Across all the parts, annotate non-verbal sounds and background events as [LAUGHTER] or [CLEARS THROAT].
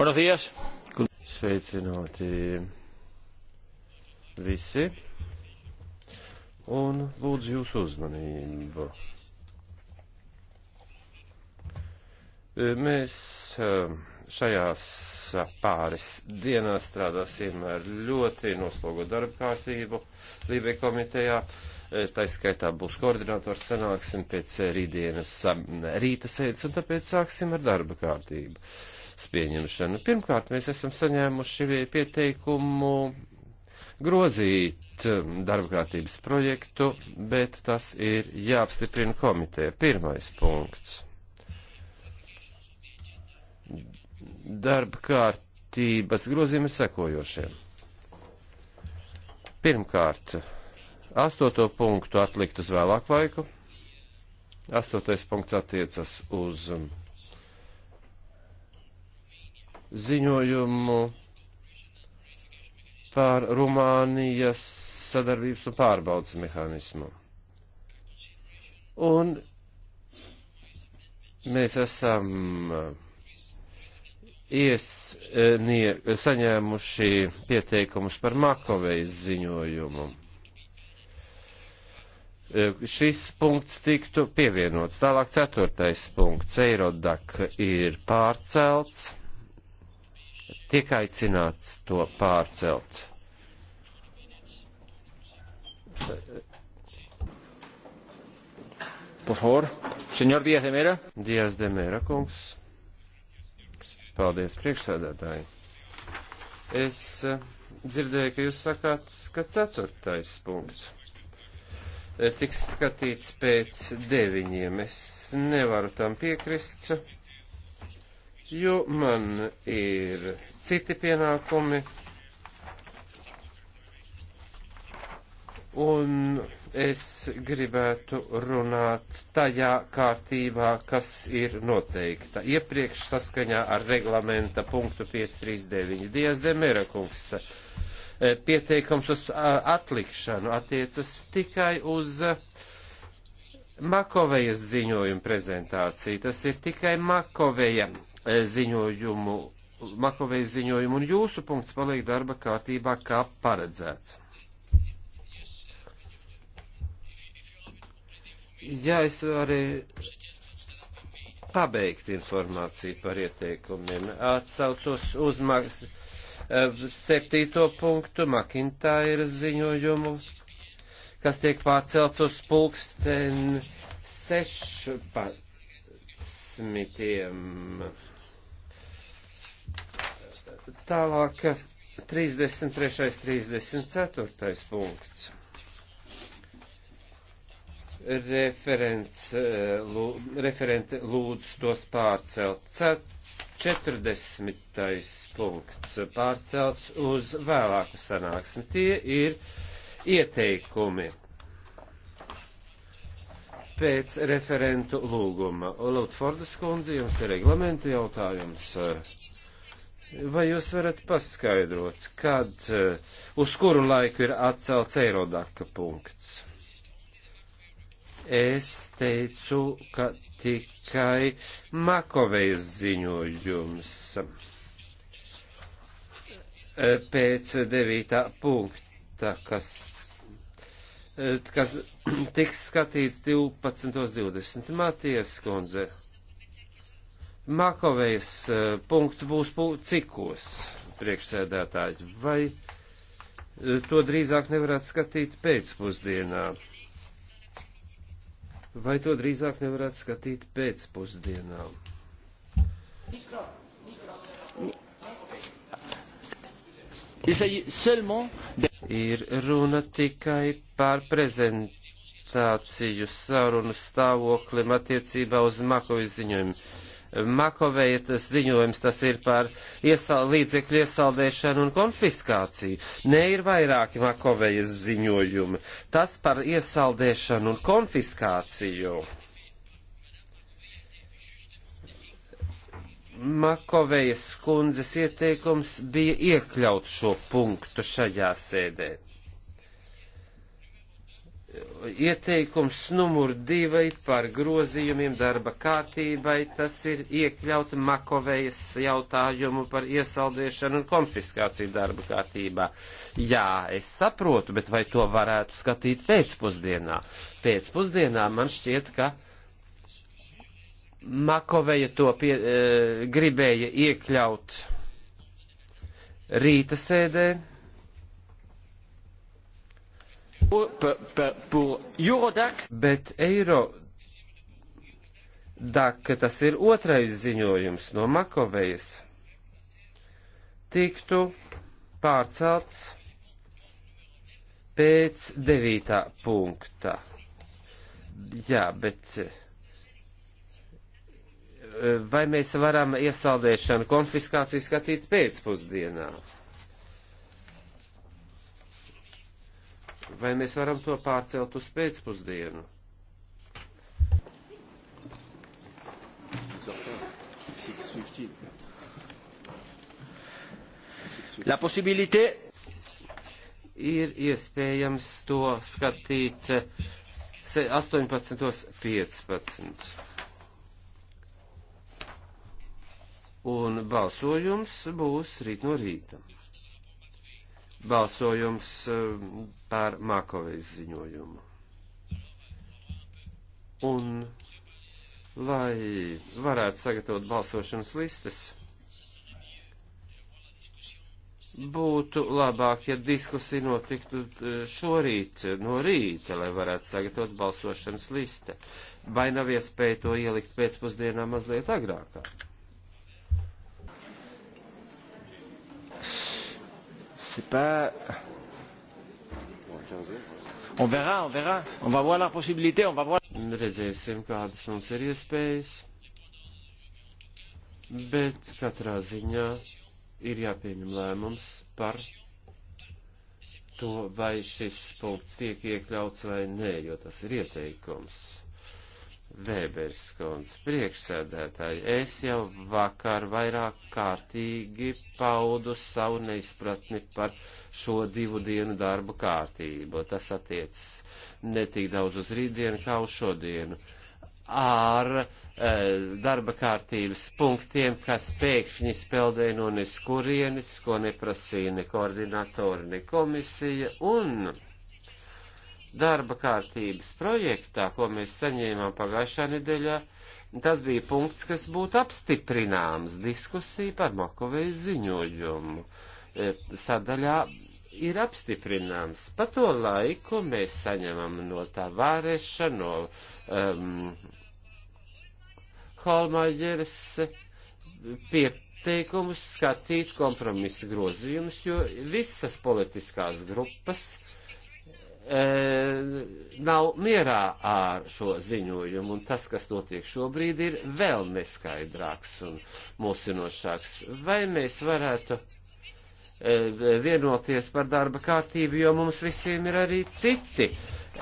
Buenos días. Sveicināti visi. Un lūdzu jūsu uzmanību. Mēs um, šajās pāris dienās strādāsim ar ļoti noslogo darba kārtību Lībija komitejā. Tā skaitā būs koordinators sanāksim pēc rītdienas um, rīta sēdes, un tāpēc sāksim ar darba kārtību pieņemšanu. Pirmkārt, mēs esam saņēmuši pieteikumu grozīt um, darbkārtības projektu, bet tas ir jāapstiprina komitē. Pirmais punkts. Darbkārtības grozījumi ir sekojošie. Pirmkārt, astoto punktu atlikt uz vēlāku laiku. Astotais punkts attiecas uz ziņojumu par Rumānijas sadarbības un pārbaudas mehānismu. Un mēs esam eh, iesnie, eh, saņēmuši pieteikumus par Makovejas ziņojumu. Eh, šis punkts tiktu pievienots. Tālāk ceturtais punkts. Eirodak ir pārcelts tiek aicināts to pārcelt. Por favor, señor Díaz de Mera. Díaz de Mera, kungs. Paldies, priekšsēdētāji. Es eh, dzirdēju, ka jūs sakāt, ka ceturtais punkts eh, tiks skatīts pēc deviņiem. Es nevaru tam piekrist, jo man ir citi pienākumi. Un es gribētu runāt tajā kārtībā, kas ir noteikta. Iepriekš saskaņā ar reglamenta punktu 539 Dievs Demerakungs eh, pieteikums uz eh, atlikšanu attiecas tikai uz eh, Makovejas ziņojumu prezentāciju. Tas ir tikai Makoveja ziņojumu uz Makovejas ziņojumu, un jūsu punkts paliek darba kārtībā kā paredzēts. Ja es arī pabeigt informāciju par ieteikumiem, atsaucos uz maks, eh, septīto punktu Makintāra ziņojumu, kas tiek pārcelts uz pulksten sešpadsmitiem. Tālāk 33. 34. punkts. Referents, eh, lū, referente lūdz tos pārcelt. Cet, 40. punkts pārcelts uz vēlāku sanāksmi. Tie ir ieteikumi pēc referentu lūguma. Lūdzu, Fordas kundze, jums ir reglamenta jautājums. Eh, Vai jūs varat paskaidrot, kad, eh, uz kuru laiku ir atcelts Eirodaka punkts? Es teicu, ka tikai Makovejs ziņojums eh, pēc devītā punkta, kas, eh, kas [CLEARS THROAT] tiks skatīts 12.20. Maties, kundze. Makovejas eh, punkts būs cikos priekšsēdētāji, vai eh, to drīzāk nevarētu skatīt pēcpusdienā? Vai to drīzāk nevarētu skatīt pēcpusdienā? Mikro, mikro. Ir runa tikai par prezentāciju sarunu stāvoklim attiecībā uz Makovi ziņojumu. Makoveitas ziņojums, tas ir par iesal, līdzekļu iesaldēšanu un konfiskāciju. Ne ir vairāki Makovejas ziņojumi. Tas par iesaldēšanu un konfiskāciju. Makovejas kundzes ieteikums bija iekļaut šo punktu šajā sēdē. Ieteikums numur divi par grozījumiem darba kārtībai, tas ir iekļaut Makovejas jautājumu par iesaldēšanu un konfiskāciju darba kārtībā. Jā, es saprotu, bet vai to varētu skatīt pēcpusdienā? Pēcpusdienā man šķiet, ka. Makoveja to pie, e, gribēja iekļaut rīta sēdē, Bet eiro Daka, tas ir otrais ziņojums no Makovejas, tiktu pārcelts pēc devītā punkta. Jā, bet vai mēs varam iesaldēšanu konfiskāciju skatīt pēcpusdienā? Vai mēs varam to pārcelt uz pēcpusdienu? La possibilité ir iespējams to skatīt 18.15. Un balsojums būs rīt no rīta balsojums eh, par Makovejas ziņojumu. Un, lai varētu sagatavot balsošanas listes, būtu labāk, ja diskusija notiktu eh, šorīt, no rīta, lai varētu sagatavot balsošanas liste. Vai nav iespēja to ielikt pēcpusdienā mazliet agrākā? C'est pas. On verra, on verra. On va voir la possibilité, on va voir. Redzēsim, kādas mums ir iespējas. Bet katrā ziņā ir jāpieņem lēmums par to, vai šis punkts tiek iekļauts vai nē, jo tas ir ieteikums. Vēberskons, priekšsēdētāji, es jau vakar vairāk kārtīgi paudu savu neizpratni par šo divu dienu darbu kārtību. Tas attiecas netik daudz uz rītdienu kā uz šodienu. Ar e, darba kārtības punktiem, kas pēkšņi speldē no neskurienes, ko neprasīja ne koordinatori, ne komisija, un darba kārtības projektā, ko mēs saņēmām pagājušā nedēļā, tas bija punkts, kas būtu apstiprināms diskusija par Makoveju ziņojumu. E, sadaļā ir apstiprināms. Pa to laiku mēs saņemam no tā vāreša, no um, Holmaģeres pieteikumus skatīt kompromisu grozījumus, jo visas politiskās grupas uh, E, nav mierā ar šo ziņojumu, un tas, kas notiek šobrīd, ir vēl neskaidrāks un mosinošāks. Vai mēs varētu e, vienoties par darba kārtību, jo mums visiem ir arī citi,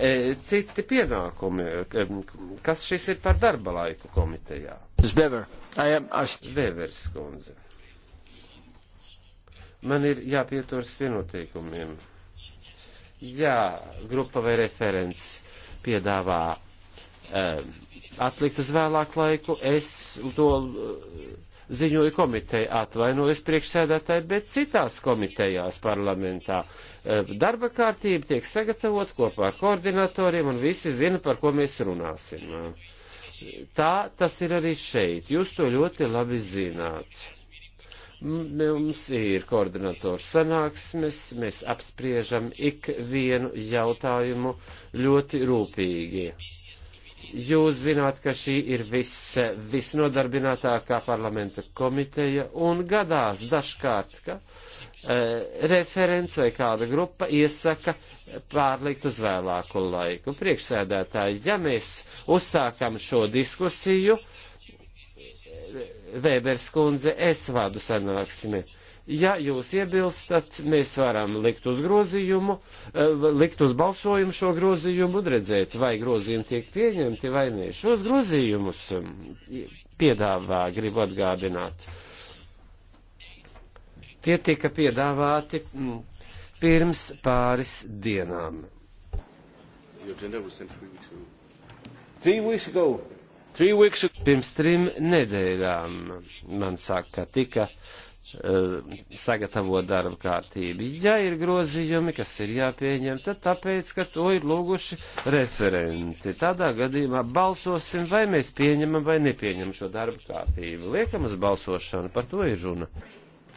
e, citi pienākumi. Kas šis ir par darba laiku komitejā? Vēvers kundze. Man ir jāpieturas pie noteikumiem. Jā, grupa vai referents piedāvā um, atlikt uz vēlāku laiku. Es to eh, ziņoju komiteju, atvainojos priekšsēdētāji, bet citās komitejās parlamentā. Eh, darba kārtība tiek sagatavot kopā ar koordinatoriem un visi zina, par ko mēs runāsim. Tā tas ir arī šeit. Jūs to ļoti labi zināt. Mums ir koordinatoru sanāksmes, mēs apspriežam ik vienu jautājumu ļoti rūpīgi. Jūs zināt, ka šī ir viss, visnodarbinātākā parlamenta komiteja un gadās dažkārt, ka e, referents vai kāda grupa iesaka pārlikt uz vēlāku laiku. Priekšsēdētāji, ja mēs uzsākam šo diskusiju, e, Vēbers kundze, es vadu sanāksmi. Ja jūs iebilstat, mēs varam likt uz grozījumu, eh, likt uz balsojumu šo grozījumu un redzēt, vai grozījumi tiek pieņemti vai nē. Šos grozījumus mm, piedāvā, gribu atgādināt. Tie tika piedāvāti mm, pirms pāris dienām. Your agenda was sent three weeks ago. Three weeks ago. Pirms trim nedēļām man saka, tika uh, eh, sagatavot darba kārtību. Ja ir grozījumi, kas ir jāpieņem, tad tāpēc, ka to ir lūguši referenti. Tādā gadījumā balsosim, vai mēs pieņemam vai nepieņemam šo darba kārtību. Liekam uz balsošanu, par to ir runa.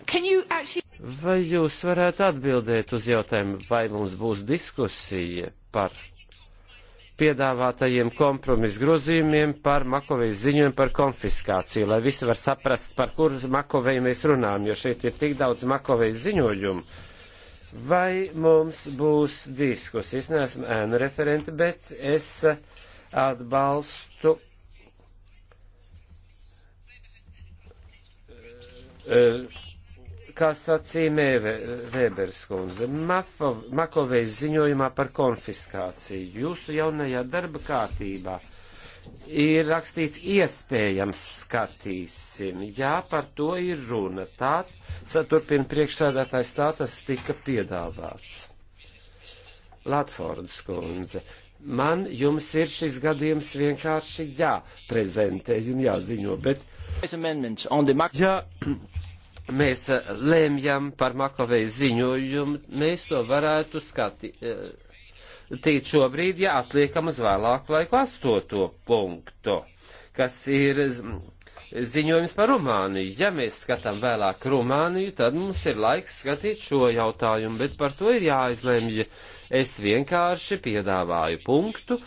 Actually... Vai jūs varētu atbildēt uz jautājumu, vai mums būs diskusija par piedāvātajiem kompromisu grozījumiem par Makovejas ziņojumu par konfiskāciju, lai visi var saprast, par kur Makoveju mēs runājam, jo šeit ir tik daudz Makovejas ziņojumu. Vai mums būs diskusijas? Neesmu ēnu referenti, bet es atbalstu uh, kā sacīja Vēberskundze, Makovejas ziņojumā par konfiskāciju. Jūsu jaunajā darba kārtībā ir rakstīts iespējams skatīsim. Jā, par to ir runa. Tā, saturpina priekšsēdētājs, tā tas tika piedāvāts. Latfordas kundze, man jums ir šis gadījums vienkārši jāprezentē un jāziņo, bet. Ja mēs eh, lēmjam par Makoveju ziņojumu, mēs to varētu skatīt eh, šobrīd, ja atliekam uz vēlāku laiku astoto punktu, kas ir ziņojums par Rumāniju. Ja mēs skatām vēlāk Rumāniju, tad mums ir laiks skatīt šo jautājumu, bet par to ir jāizlemj. Es vienkārši piedāvāju punktu,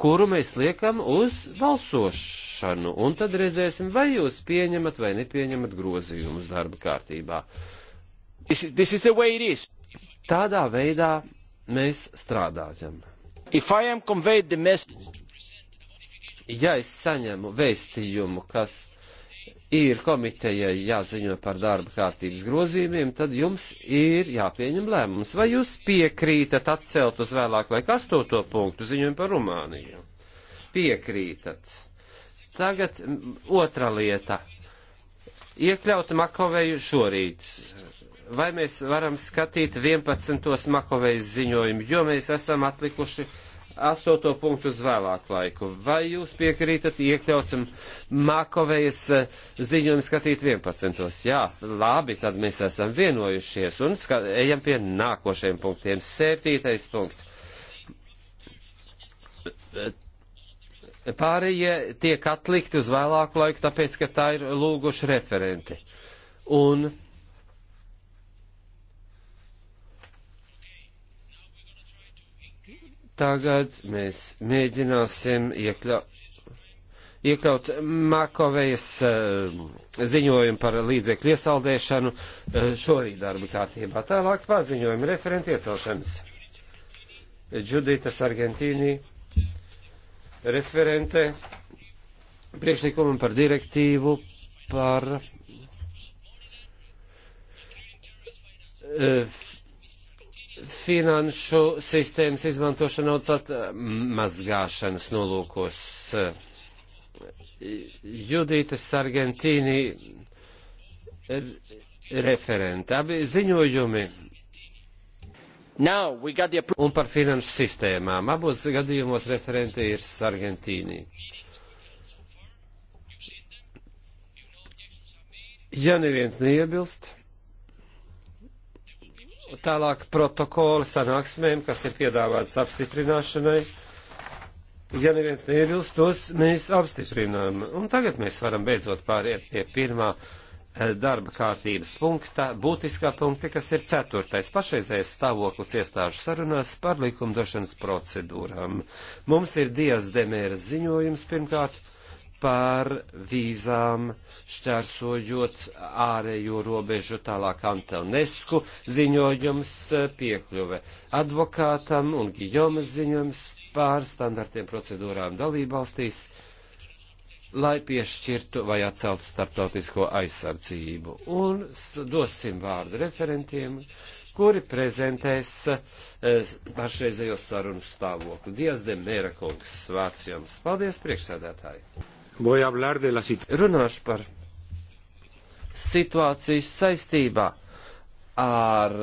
kuru mēs liekam uz balsošanu, un tad redzēsim, vai jūs pieņemat vai nepieņemat grozījumus darba kārtībā. This is, this is Tādā veidā mēs strādājam. If I am conveyed the message ja es saņemu vēstījumu, kas ir komitejai jāziņo par darba kārtības grozījumiem, tad jums ir jāpieņem lēmums. Vai jūs piekrītat atcelt uz vēlāk vai astoto punktu ziņojumu par Rumāniju? Piekrītat. Tagad otra lieta. Iekļaut Makoveju šorīt. Vai mēs varam skatīt 11. Makovejas ziņojumu, jo mēs esam atlikuši uh, astoto punktu uz vēlāku laiku. Vai jūs piekrītat iekļautam Makovejas eh, ziņojumu skatīt 11. Jā, labi, tad mēs esam vienojušies un skat, ejam pie nākošajiem punktiem. Septītais punkts. Pārējie tiek atlikti uz vēlāku laiku, tāpēc, ka tā ir lūguši referenti. Un Tagad mēs mēģināsim iekļa, iekļaut Makovejas eh, ziņojumu par līdzekļu iesaldēšanu eh, šorīt darba kārtībā. Tālāk paziņojumi referenti iecelšanas. Džudita Sargentīnī, referente priekšlikumam par direktīvu par uh, finanšu sistēmas izmantošana naudas atmazgāšanas eh, nolūkos. Judīta Sargentīni referenta. Abi ziņojumi un par finanšu sistēmām. Abos gadījumos referenti ir Sargentīni. Ja neviens neiebilst. Tālāk protokoli sanāksmēm, kas ir piedāvāts apstiprināšanai. Ja neviens neiebilst, tos mēs apstiprinām. Un tagad mēs varam beidzot pāriet pie pirmā eh, darba kārtības punkta, būtiskā punkta, kas ir ceturtais pašreizējais stāvoklis iestāžu sarunās par likumdošanas procedūrām. Mums ir Dijas Demēras ziņojums pirmkārt par vīzām šķērsojot ārējo robežu tālāk Antelnesku ziņojums eh, piekļuve advokātam un Gijomas ziņojums pār standartiem procedūrām dalībvalstīs, lai piešķirtu vai atceltu starptautisko aizsardzību. Un dosim vārdu referentiem, kuri prezentēs eh, pašreizējo sarunu stāvokli. Dievs, Demēra kungs, vārds jums. Paldies, priekšsēdētāji! Runāšu par situācijas saistībā ar,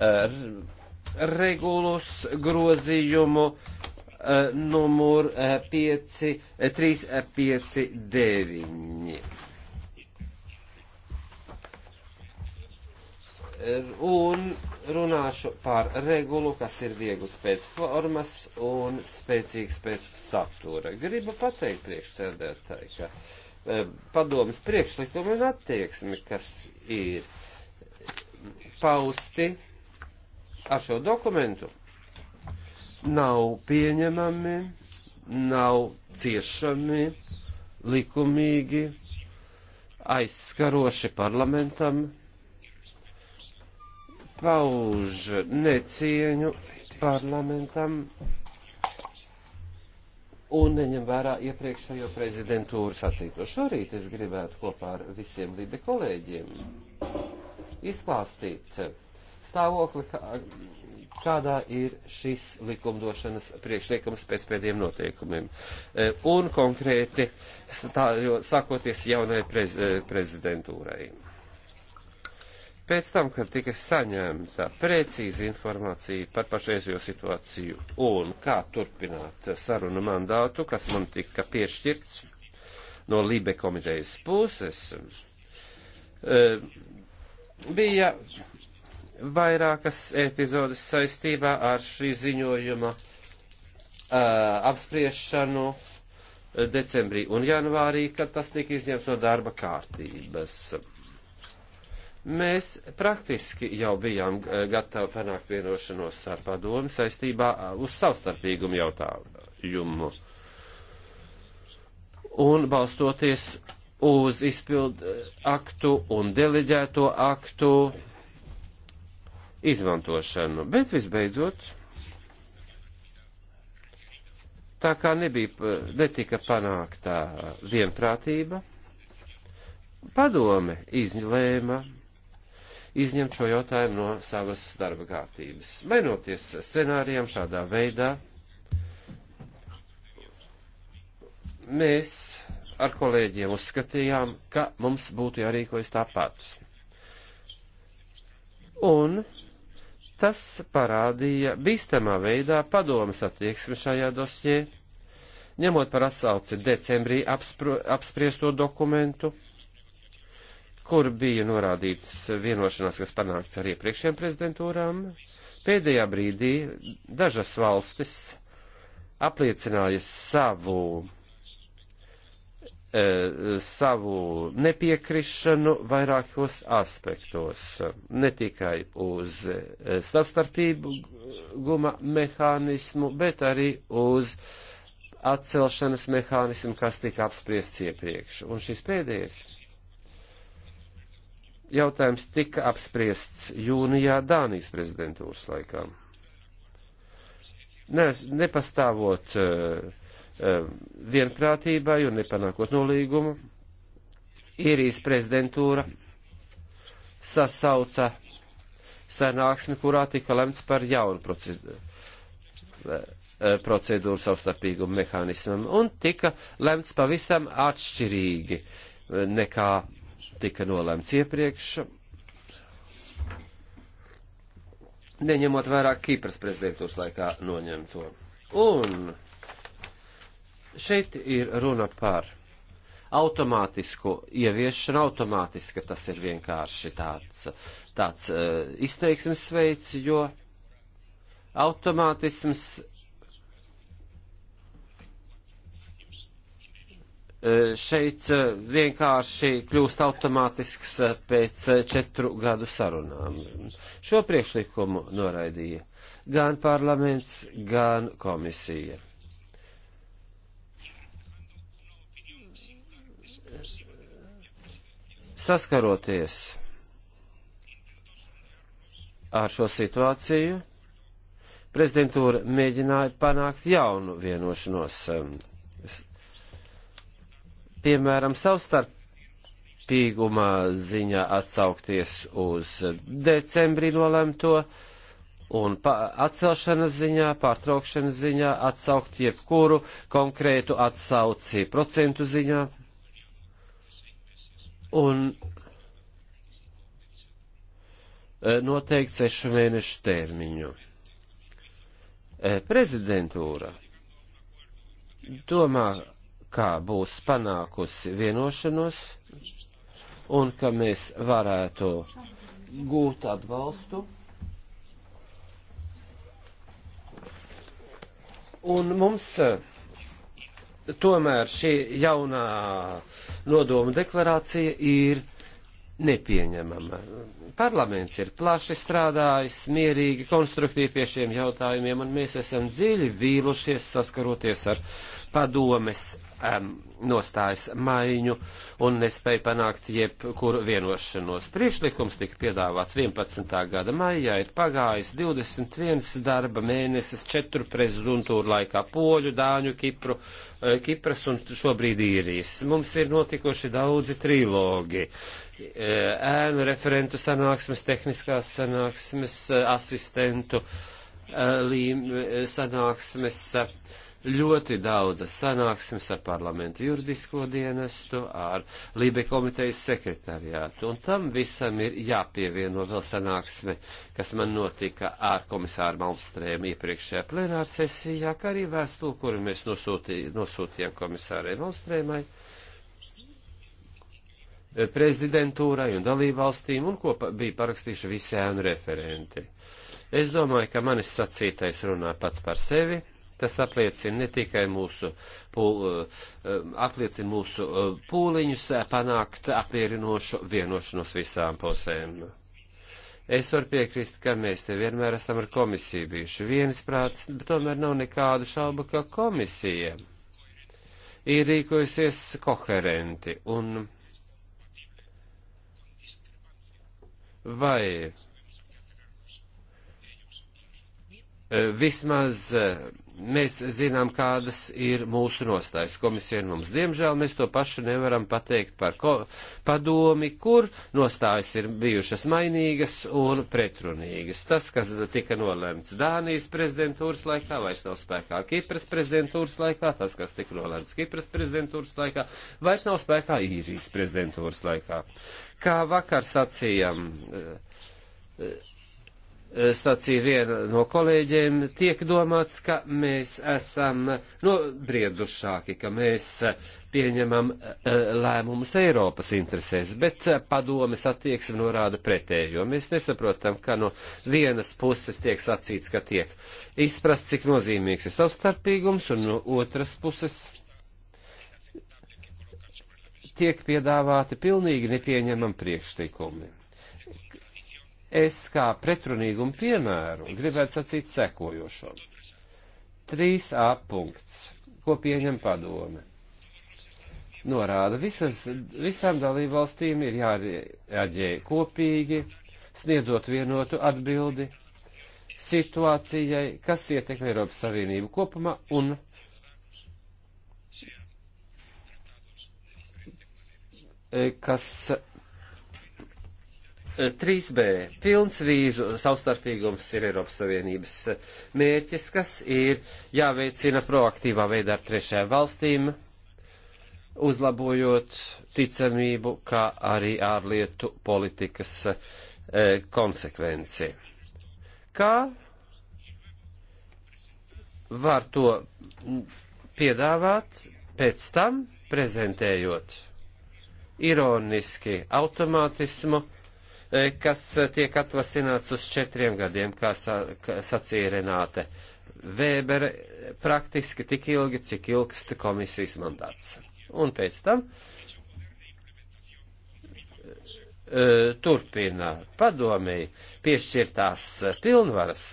ar regulus grozījumu eh, numur 5, 3, 5, 9. un runāšu par regulu, kas ir viegls pēc formas un spēcīgs pēc satura. Gribu pateikt priekšsēdētāji, ka e, padomas priekšlikumi un attieksmi, kas ir pausti ar šo dokumentu, nav pieņemami, nav ciešami, likumīgi, aizskaroši parlamentam, pauž necieņu parlamentam un neņem vērā iepriekšējo prezidentūru sacīto. Šorīt es gribētu kopā ar visiem Libe kolēģiem izklāstīt stāvokli, kā, kādā ir šis likumdošanas priekšlikums pēc pēdējiem noteikumiem. E, un konkrēti, tā, jo, sakoties jaunai prez, e, prezidentūrai. Pēc tam, kad tika saņemta precīza informācija par pašreizējo situāciju un kā turpināt sarunu mandātu, kas man tika piešķirts no Lībe komitejas puses, e, bija vairākas epizodes saistībā ar šī ziņojuma e, apspriešanu decembrī un janvārī, kad tas tika izņemts no darba kārtības. Mēs praktiski jau bijām eh, gatavi panākt vienošanos ar padomu saistībā eh, uz savstarpīgumu jautājumu. Un balstoties uz izpildu eh, aktu un deleģēto aktu izmantošanu. Bet visbeidzot, tā kā nebija, netika panāktā vienprātība, padome izlēma izņemt šo jautājumu no savas darba kārtības. Mainoties scenārijam šādā veidā, mēs ar kolēģiem uzskatījām, ka mums būtu jārīkojas tāpat. Un tas parādīja bīstamā veidā padomas attieksmi šajā dosjē, ņemot par atsauci decembrī apspro, apspriesto dokumentu kur bija norādītas vienošanās, kas panākts ar iepriekšējām prezidentūrām, pēdējā brīdī dažas valstis apliecināja savu, e, savu nepiekrišanu vairākos aspektos, ne tikai uz e, savstarpību guma mehānismu, bet arī uz atcelšanas mehānismu, kas tika apspriests iepriekš. Un šis pēdējais jautājums tika apspriests jūnijā Dānijas prezidentūras laikā. Ne, nepastāvot uh, uh, vienprātībai un nepanākot nolīgumu, īrijas prezidentūra sasauca sanāksmi, kurā tika lemts par jaunu procedūru e, procedūru savstarpīgumu mehānismam, un tika lemts pavisam atšķirīgi nekā tika nolēmts iepriekš, neņemot vērā Kīpras prezidentūras laikā noņemto. Un šeit ir runa par automātisku ieviešanu, automātiski tas ir vienkārši tāds, tāds uh, izteiksmes veids, jo automātisms Eh, šeit eh, vienkārši kļūst automātisks eh, pēc četru gadu sarunām. Šo priekšlikumu noraidīja gan parlaments, gan komisija. Saskaroties ar šo situāciju, prezidentūra mēģināja panākt jaunu vienošanos piemēram, savstarpīgumā ziņā atsaukties uz decembrī nolemto un atcelšanas ziņā, pārtraukšanas ziņā atsaukt jebkuru konkrētu atsauci procentu ziņā. Un e, noteikt sešu mēnešu termiņu. E, prezidentūra domā kā būs panākusi vienošanos un ka mēs varētu gūt atbalstu. Un mums eh, tomēr šī jaunā nodoma deklarācija ir nepieņemama. Parlaments ir plaši strādājis, mierīgi, konstruktīvi pie šiem jautājumiem, un mēs esam dziļi vīlušies saskaroties ar padomes um, nostājas maiņu un nespēja panākt jebkuru vienošanos. Priekšlikums tika piedāvāts 11. gada maijā, ir pagājis 21 darba mēnesis četru prezidentūru laikā - Poļu, Dāņu, Kipru, eh, Kipras un šobrīd īrijas. Mums ir notikuši daudzi trilogi. Eh, ēnu referentu sanāksmes, tehniskās sanāksmes, eh, asistentu līm, sanāksmes ļoti daudzas sanāksmes ar parlamentu juridisko dienestu, ar Lībe komitejas sekretariātu. Un tam visam ir jāpievieno vēl sanāksme, kas man notika ar komisāru Malmstrēmu iepriekšējā plenāra sesijā, kā arī vēstuli, kuru mēs nosūtī, nosūtījām komisārai Malmstrēmai prezidentūrai un dalībvalstīm, un ko bija parakstījuši visi ēnu referenti. Es domāju, ka manis sacītais runā pats par sevi Tas apliecina ne tikai mūsu, pūl, eh, eh, apliecina mūsu eh, pūliņus panākt apmierinošu vienošanos visām pusēm. Es varu piekrist, ka mēs te vienmēr esam ar komisiju bijuši viensprāts, bet tomēr nav nekādu šaubu, ka komisija ir rīkojusies koherenti un vai vismaz mēs zinām, kādas ir mūsu nostājas komisija un mums. Diemžēl mēs to pašu nevaram pateikt par ko, padomi, kur nostājas ir bijušas mainīgas un pretrunīgas. Tas, kas tika nolēmts Dānijas prezidentūras laikā, vairs nav spēkā Kipras prezidentūras laikā, tas, kas tika nolēmts Kipras prezidentūras laikā, vairs nav spēkā Īrijas prezidentūras laikā. Kā vakar sacījām, eh, Eh, sacīja viena no kolēģiem, tiek domāts, ka mēs esam nobriedušāki, ka mēs eh, pieņemam eh, lēmumus Eiropas interesēs, bet padomes attieksme norāda pretējo. Mēs nesaprotam, ka no vienas puses tiek sacīts, ka tiek izprast, cik nozīmīgs ir savstarpīgums, un no otras puses tiek piedāvāti pilnīgi nepieņemam priekšteikumi Es kā pretrunīgumu piemēru gribētu sacīt sekojošo. 3a punkts, ko pieņem padome. Norāda, visas, visām dalībvalstīm ir jāreaģē kopīgi, sniedzot vienotu atbildi situācijai, kas ietekmē Eiropas Savienību kopumā un kas 3b. Pilns vīzu savstarpīgums ir Eiropas Savienības mērķis, kas ir jāveicina proaktīvā veidā ar trešajām valstīm, uzlabojot ticamību, kā arī ārlietu politikas e, konsekvenci. Kā var to piedāvāt pēc tam, prezentējot ironiski automātismu, Eh, kas eh, tiek atvasināts uz četriem gadiem, kā sacīja Renāte Vēbere, eh, praktiski tik ilgi, cik ilgst komisijas mandāts. Un pēc tam turpina padomēji piešķirtās pilnvaras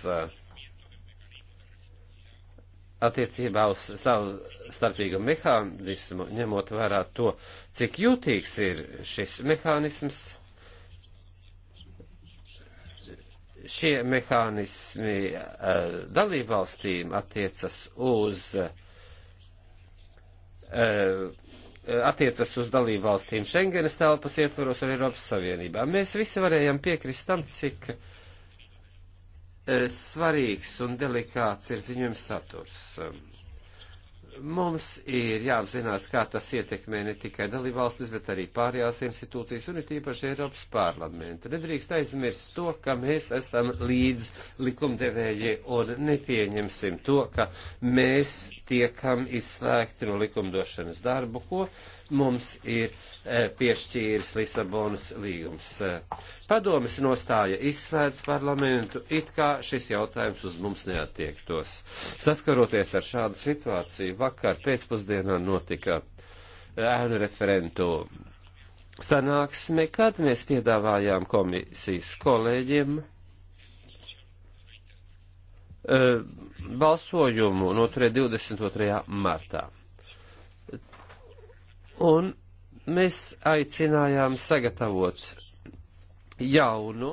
attiecībā uz savu starpīgu mehānismu, ņemot vērā to, cik jūtīgs ir šis mehānisms šie mehānismi eh, dalībvalstīm attiecas uz eh, attiecas uz dalībvalstīm Schengenes telpas ietvaros un Eiropas Savienībā. Mēs visi varējām piekrist tam, cik eh, svarīgs un delikāts ir ziņojums saturs mums ir jāapzinās, kā tas ietekmē ne tikai dalībvalstis, bet arī pārējās institūcijas un ir tīpaši Eiropas parlamentu. Nedrīkst aizmirst to, ka mēs esam līdz likumdevēji un nepieņemsim to, ka mēs tiekam izslēgti no likumdošanas darbu, ko mums ir eh, piešķīris Lisabonas līgums. Eh, Padomis nostāja izslēdz parlamentu, it kā šis jautājums uz mums neatiektos. Saskaroties ar šādu situāciju, vakar pēcpusdienā notika eh, ēnu referentu sanāksme, kad mēs piedāvājām komisijas kolēģiem balsojumu noturēt 22. martā. Un mēs aicinājām sagatavot jaunu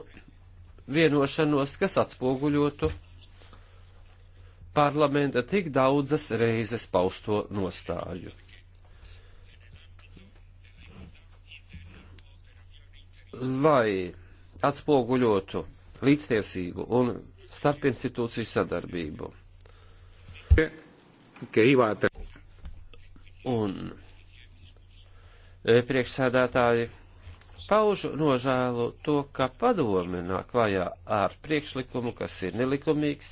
vienošanos, kas atspoguļotu parlamenta tik daudzas reizes pausto nostāju. Lai atspoguļotu līdztiesību un starpinstitūciju sadarbību. Un E, priekšsēdētāji, paužu nožēlu to, ka padome nāk klajā ar priekšlikumu, kas ir nelikumīgs.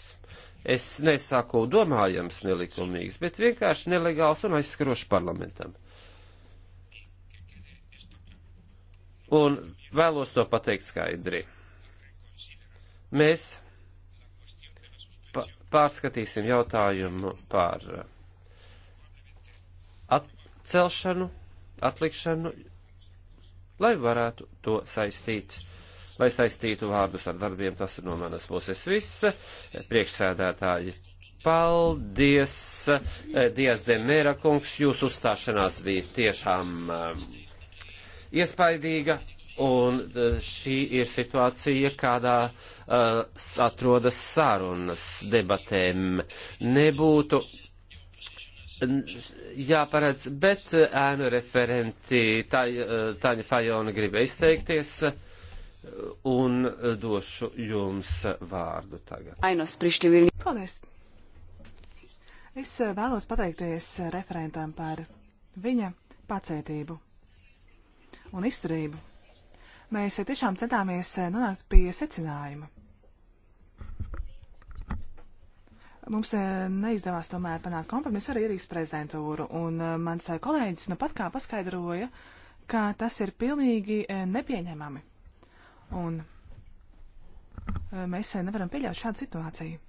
Es nesaku domājams nelikumīgs, bet vienkārši nelegāls un aizskarošs parlamentam. Un vēlos to pateikt skaidri. Mēs pārskatīsim jautājumu par uh, atcelšanu atlikšanu, lai varētu to saistīt. Lai saistītu vārdus ar darbiem, tas ir no manas puses viss. Priekšsēdētāji, paldies! Dievs Demēra kungs, jūsu uzstāšanās bija tiešām um, iespaidīga. Un uh, šī ir situācija, kādā uh, atrodas sarunas debatēm. Nebūtu jāparedz, bet eh, ēnu referenti Tāņa eh, Fajona grib izteikties eh, un došu jums vārdu tagad. Ainos Prišķivīni. Paldies. Es vēlos pateikties referentam par viņa pacietību un izturību. Mēs tiešām centāmies nonākt pie secinājuma. Mums eh, neizdevās tomēr panākt kompromisu ar Irijas prezidentūru, un eh, mans eh, kolēģis nu pat kā paskaidroja, ka tas ir pilnīgi nepieņemami. Un mēs nevaram pieļaut šādu situāciju.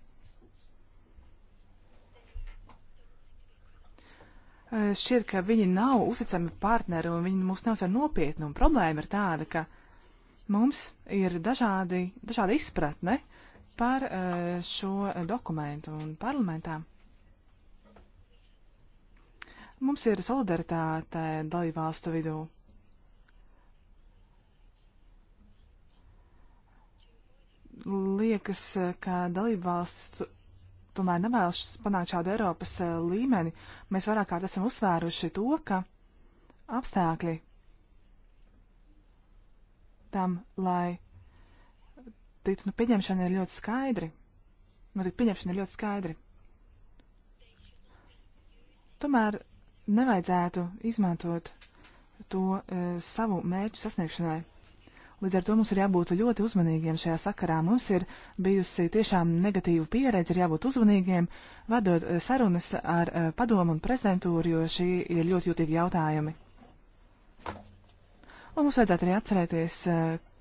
Šķiet, ka viņi nav uzticami partneri un viņi mūs neuzsver nopietni, un problēma ir tāda, ka mums ir dažādi, dažāda izpratne par eh, šo dokumentu un parlamentā. Mums ir solidaritāte dalībvalstu vidū. Liekas, ka dalībvalsts tomēr nevēlas panākt šādu Eiropas eh, līmeni. Mēs vairāk kārt esam uzsvēruši to, ka apstākļi tam, lai notiktu nu, pieņemšana ir ļoti skaidri. Notiktu nu, pieņemšana ir ļoti skaidri. Tomēr nevajadzētu izmantot to e, savu mērķu sasniegšanai. Līdz ar to mums ir jābūt ļoti uzmanīgiem šajā sakarā. Mums ir bijusi tiešām negatīva pieredze, ir jābūt uzmanīgiem, vadot e, sarunas ar e, padomu un prezidentūru, jo šī ir ļoti jūtīgi jautājumi. Un mums vajadzētu arī atcerēties, e,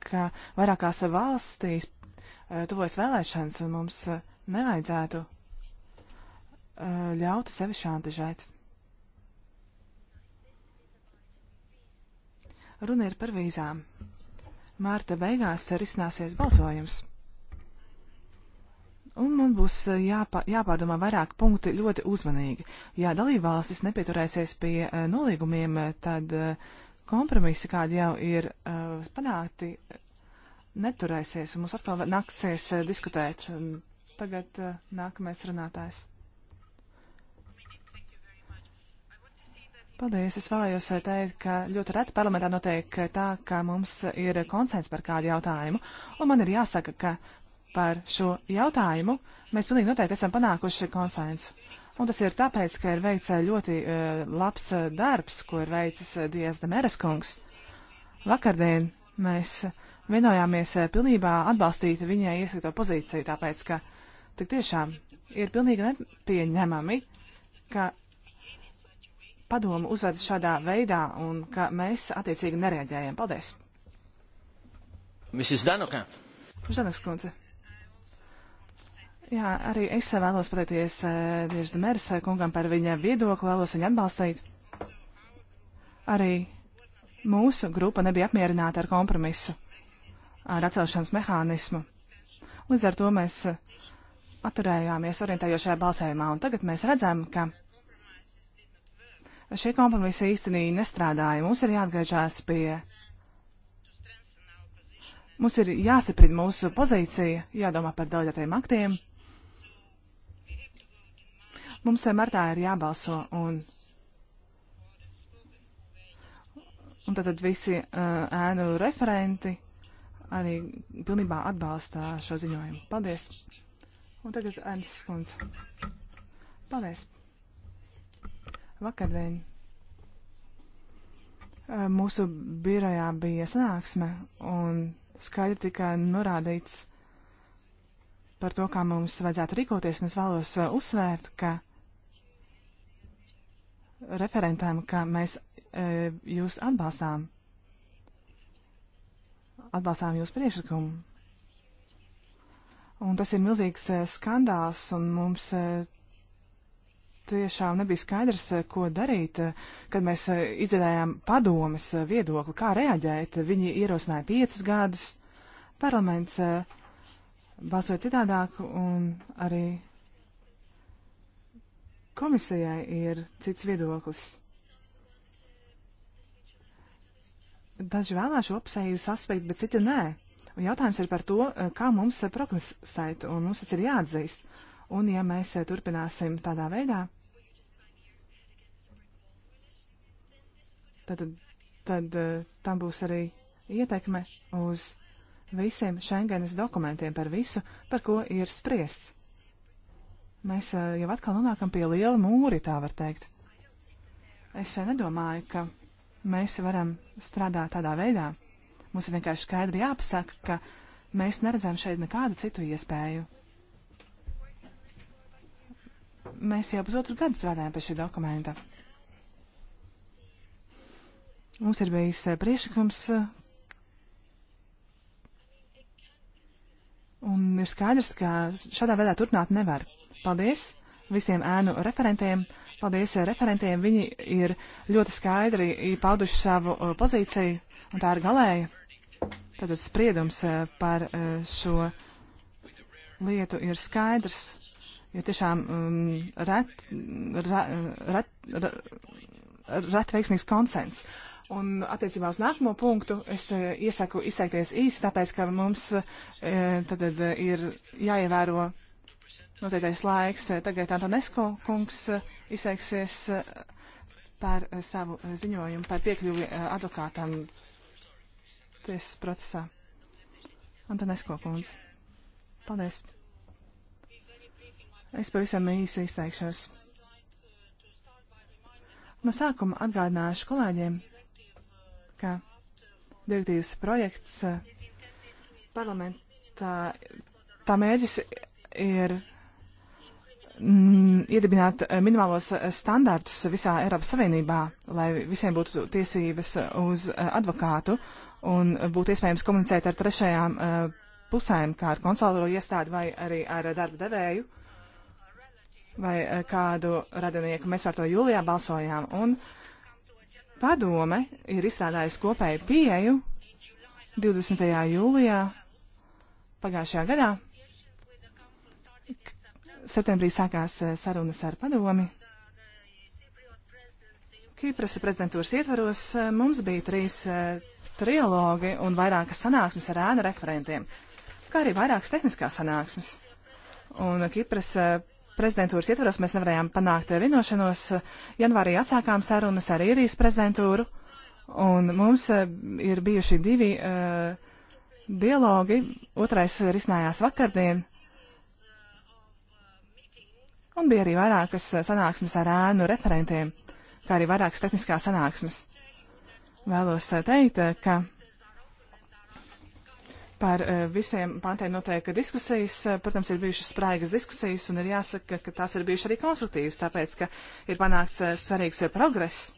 ka vairākās valstīs eh, tuvojas vēlēšanas, un mums eh, nevajadzētu eh, ļaut sevi šantažēt. Runa ir par vīzām. Mārta beigās risināsies balsojums. Un man būs jāpā, jāpārdomā vairāk punkti ļoti uzmanīgi. Ja dalībvalstis nepieturēsies pie nolīgumiem, tad uh, kompromisi, kādi jau ir uh, panākti, neturēsies, un mums atkal nāksies uh, diskutēt. Tagad uh, nākamais runātājs. Paldies, es vēlējos uh, teikt, ka ļoti reti parlamentā notiek uh, tā, ka mums ir konsens par kādu jautājumu, un man ir jāsaka, ka par šo jautājumu mēs pilnīgi noteikti esam panākuši konsensu. Un tas ir tāpēc, ka ir veikts eh, ļoti uh, labs uh, darbs, ko ir veicis uh, Dievs Demeres kungs. Vakardien mēs vienojāmies uh, pilnībā atbalstīt viņai ieskrito pozīciju, tāpēc, ka tik tiešām ir pilnīgi nepieņemami, ka padomu uzvedas šādā veidā un ka mēs attiecīgi nereaģējam. Paldies! Mrs. Danuka. Žanaks kundze. Jā, arī es vēlos pateikties eh, Diežda Mērs eh, kungam par viņa viedokli, vēlos viņu atbalstīt. Arī mūsu grupa nebija apmierināta ar kompromisu, ar atcelšanas mehānismu. Līdz ar to mēs eh, atturējāmies orientējošajā balsējumā, un tagad mēs redzam, ka šie kompromisi īstenībā nestrādāja. Mums ir jāatgriežas pie Mums ir jāstiprina mūsu pozīcija, jādomā par daudziem aktiem, Mums martā ir jābalso un. Un tad visi uh, ēnu referenti arī pilnībā atbalsta šo ziņojumu. Paldies! Un tagad Ernsts Skundze. Paldies! Vakardien uh, mūsu birojā bija sanāksme un skaidri tika norādīts par to, kā mums vajadzētu rīkoties, un es vēlos uh, uzsvērt, ka referentam, ka mēs e, jūs atbalstām. Atbalstām jūsu priekšlikumu. Un tas ir milzīgs e, skandāls, un mums e, tiešām nebija skaidrs, ko darīt, kad mēs izdzirdējām padomas viedokli, kā reaģēt. Viņi ierosināja piecus gadus, parlaments balsoja citādāk, un arī Komisijai ir cits viedoklis. Daži vēlās šo apsējus aspektu, bet citi nē. Un jautājums ir par to, eh, kā mums prognozēt, un mums tas ir jāatzīst. Un ja mēs eh, turpināsim tādā veidā, tad, tad eh, tam būs arī ietekme uz visiem Schengenes dokumentiem par visu, par ko ir spriests. Mēs jau atkal nonākam pie liela mūri, tā var teikt. Es nedomāju, ka mēs varam strādāt tādā veidā. Mums ir vienkārši skaidri jāpasaka, ka mēs neredzam šeit nekādu citu iespēju. Mēs jau pusotru gadu strādājam pie šī dokumenta. Mums ir bijis priekšlikums, un ir skaidrs, ka šādā veidā turpināt nevar. Paldies visiem ēnu referentiem. Paldies eh, referentiem. Viņi ir ļoti skaidri pauduši savu eh, pozīciju, un tā ir galēja. Tātad spriedums eh, par šo lietu ir skaidrs, jo tiešām um, ret, ret, ret, ret, ret veiksmīgs konsens. Un attiecībā uz nākamo punktu es iesaku izteikties īsi, tāpēc, ka mums tad ir jāievēro noteiktais laiks. Tagad Antonesko kungs izteiksies par savu ziņojumu par piekļuvi advokātam tiesas procesā. Antonesko kundze. Paldies. Es pavisam īsi izteikšos. No sākuma atgādināšu kolēģiem, ka direktīvas projekts eh, parlamentā tā mērķis ir Mm, iedibināt eh, minimālos eh, standārtus visā Eiropas Savienībā, lai visiem būtu tiesības eh, uz advokātu un būtu iespējams komunicēt ar trešajām pusēm, kā ar konsulāro iestādi vai arī ar darba devēju vai kādu radinieku. Mēs par to jūlijā balsojām un padome ir izstrādājusi kopēju pieeju 20. jūlijā pagājušajā gadā septembrī sākās eh, sarunas ar padomi. Kīpras prezidentūras ietvaros eh, mums bija trīs eh, trilogi un vairākas sanāksmes ar ēnu referentiem, kā arī vairākas tehniskās sanāksmes. Un Kīpras prezidentūras ietvaros mēs nevarējām panākt vienošanos. Janvārī atsākām sarunas ar īrijas prezidentūru, un mums ir bijuši divi uh, dialogi. Otrais risinājās vakardien, un bija arī vairākas eh, sanāksmes ar ēnu referentiem, kā arī vairākas tehniskās sanāksmes. Vēlos eh, teikt, eh, ka par visiem pantiem noteikti diskusijas, protams, ir bijušas spraigas diskusijas, un ir jāsaka, ka tās ir bijušas arī konstruktīvas, tāpēc, ka ir panākts svarīgs progress.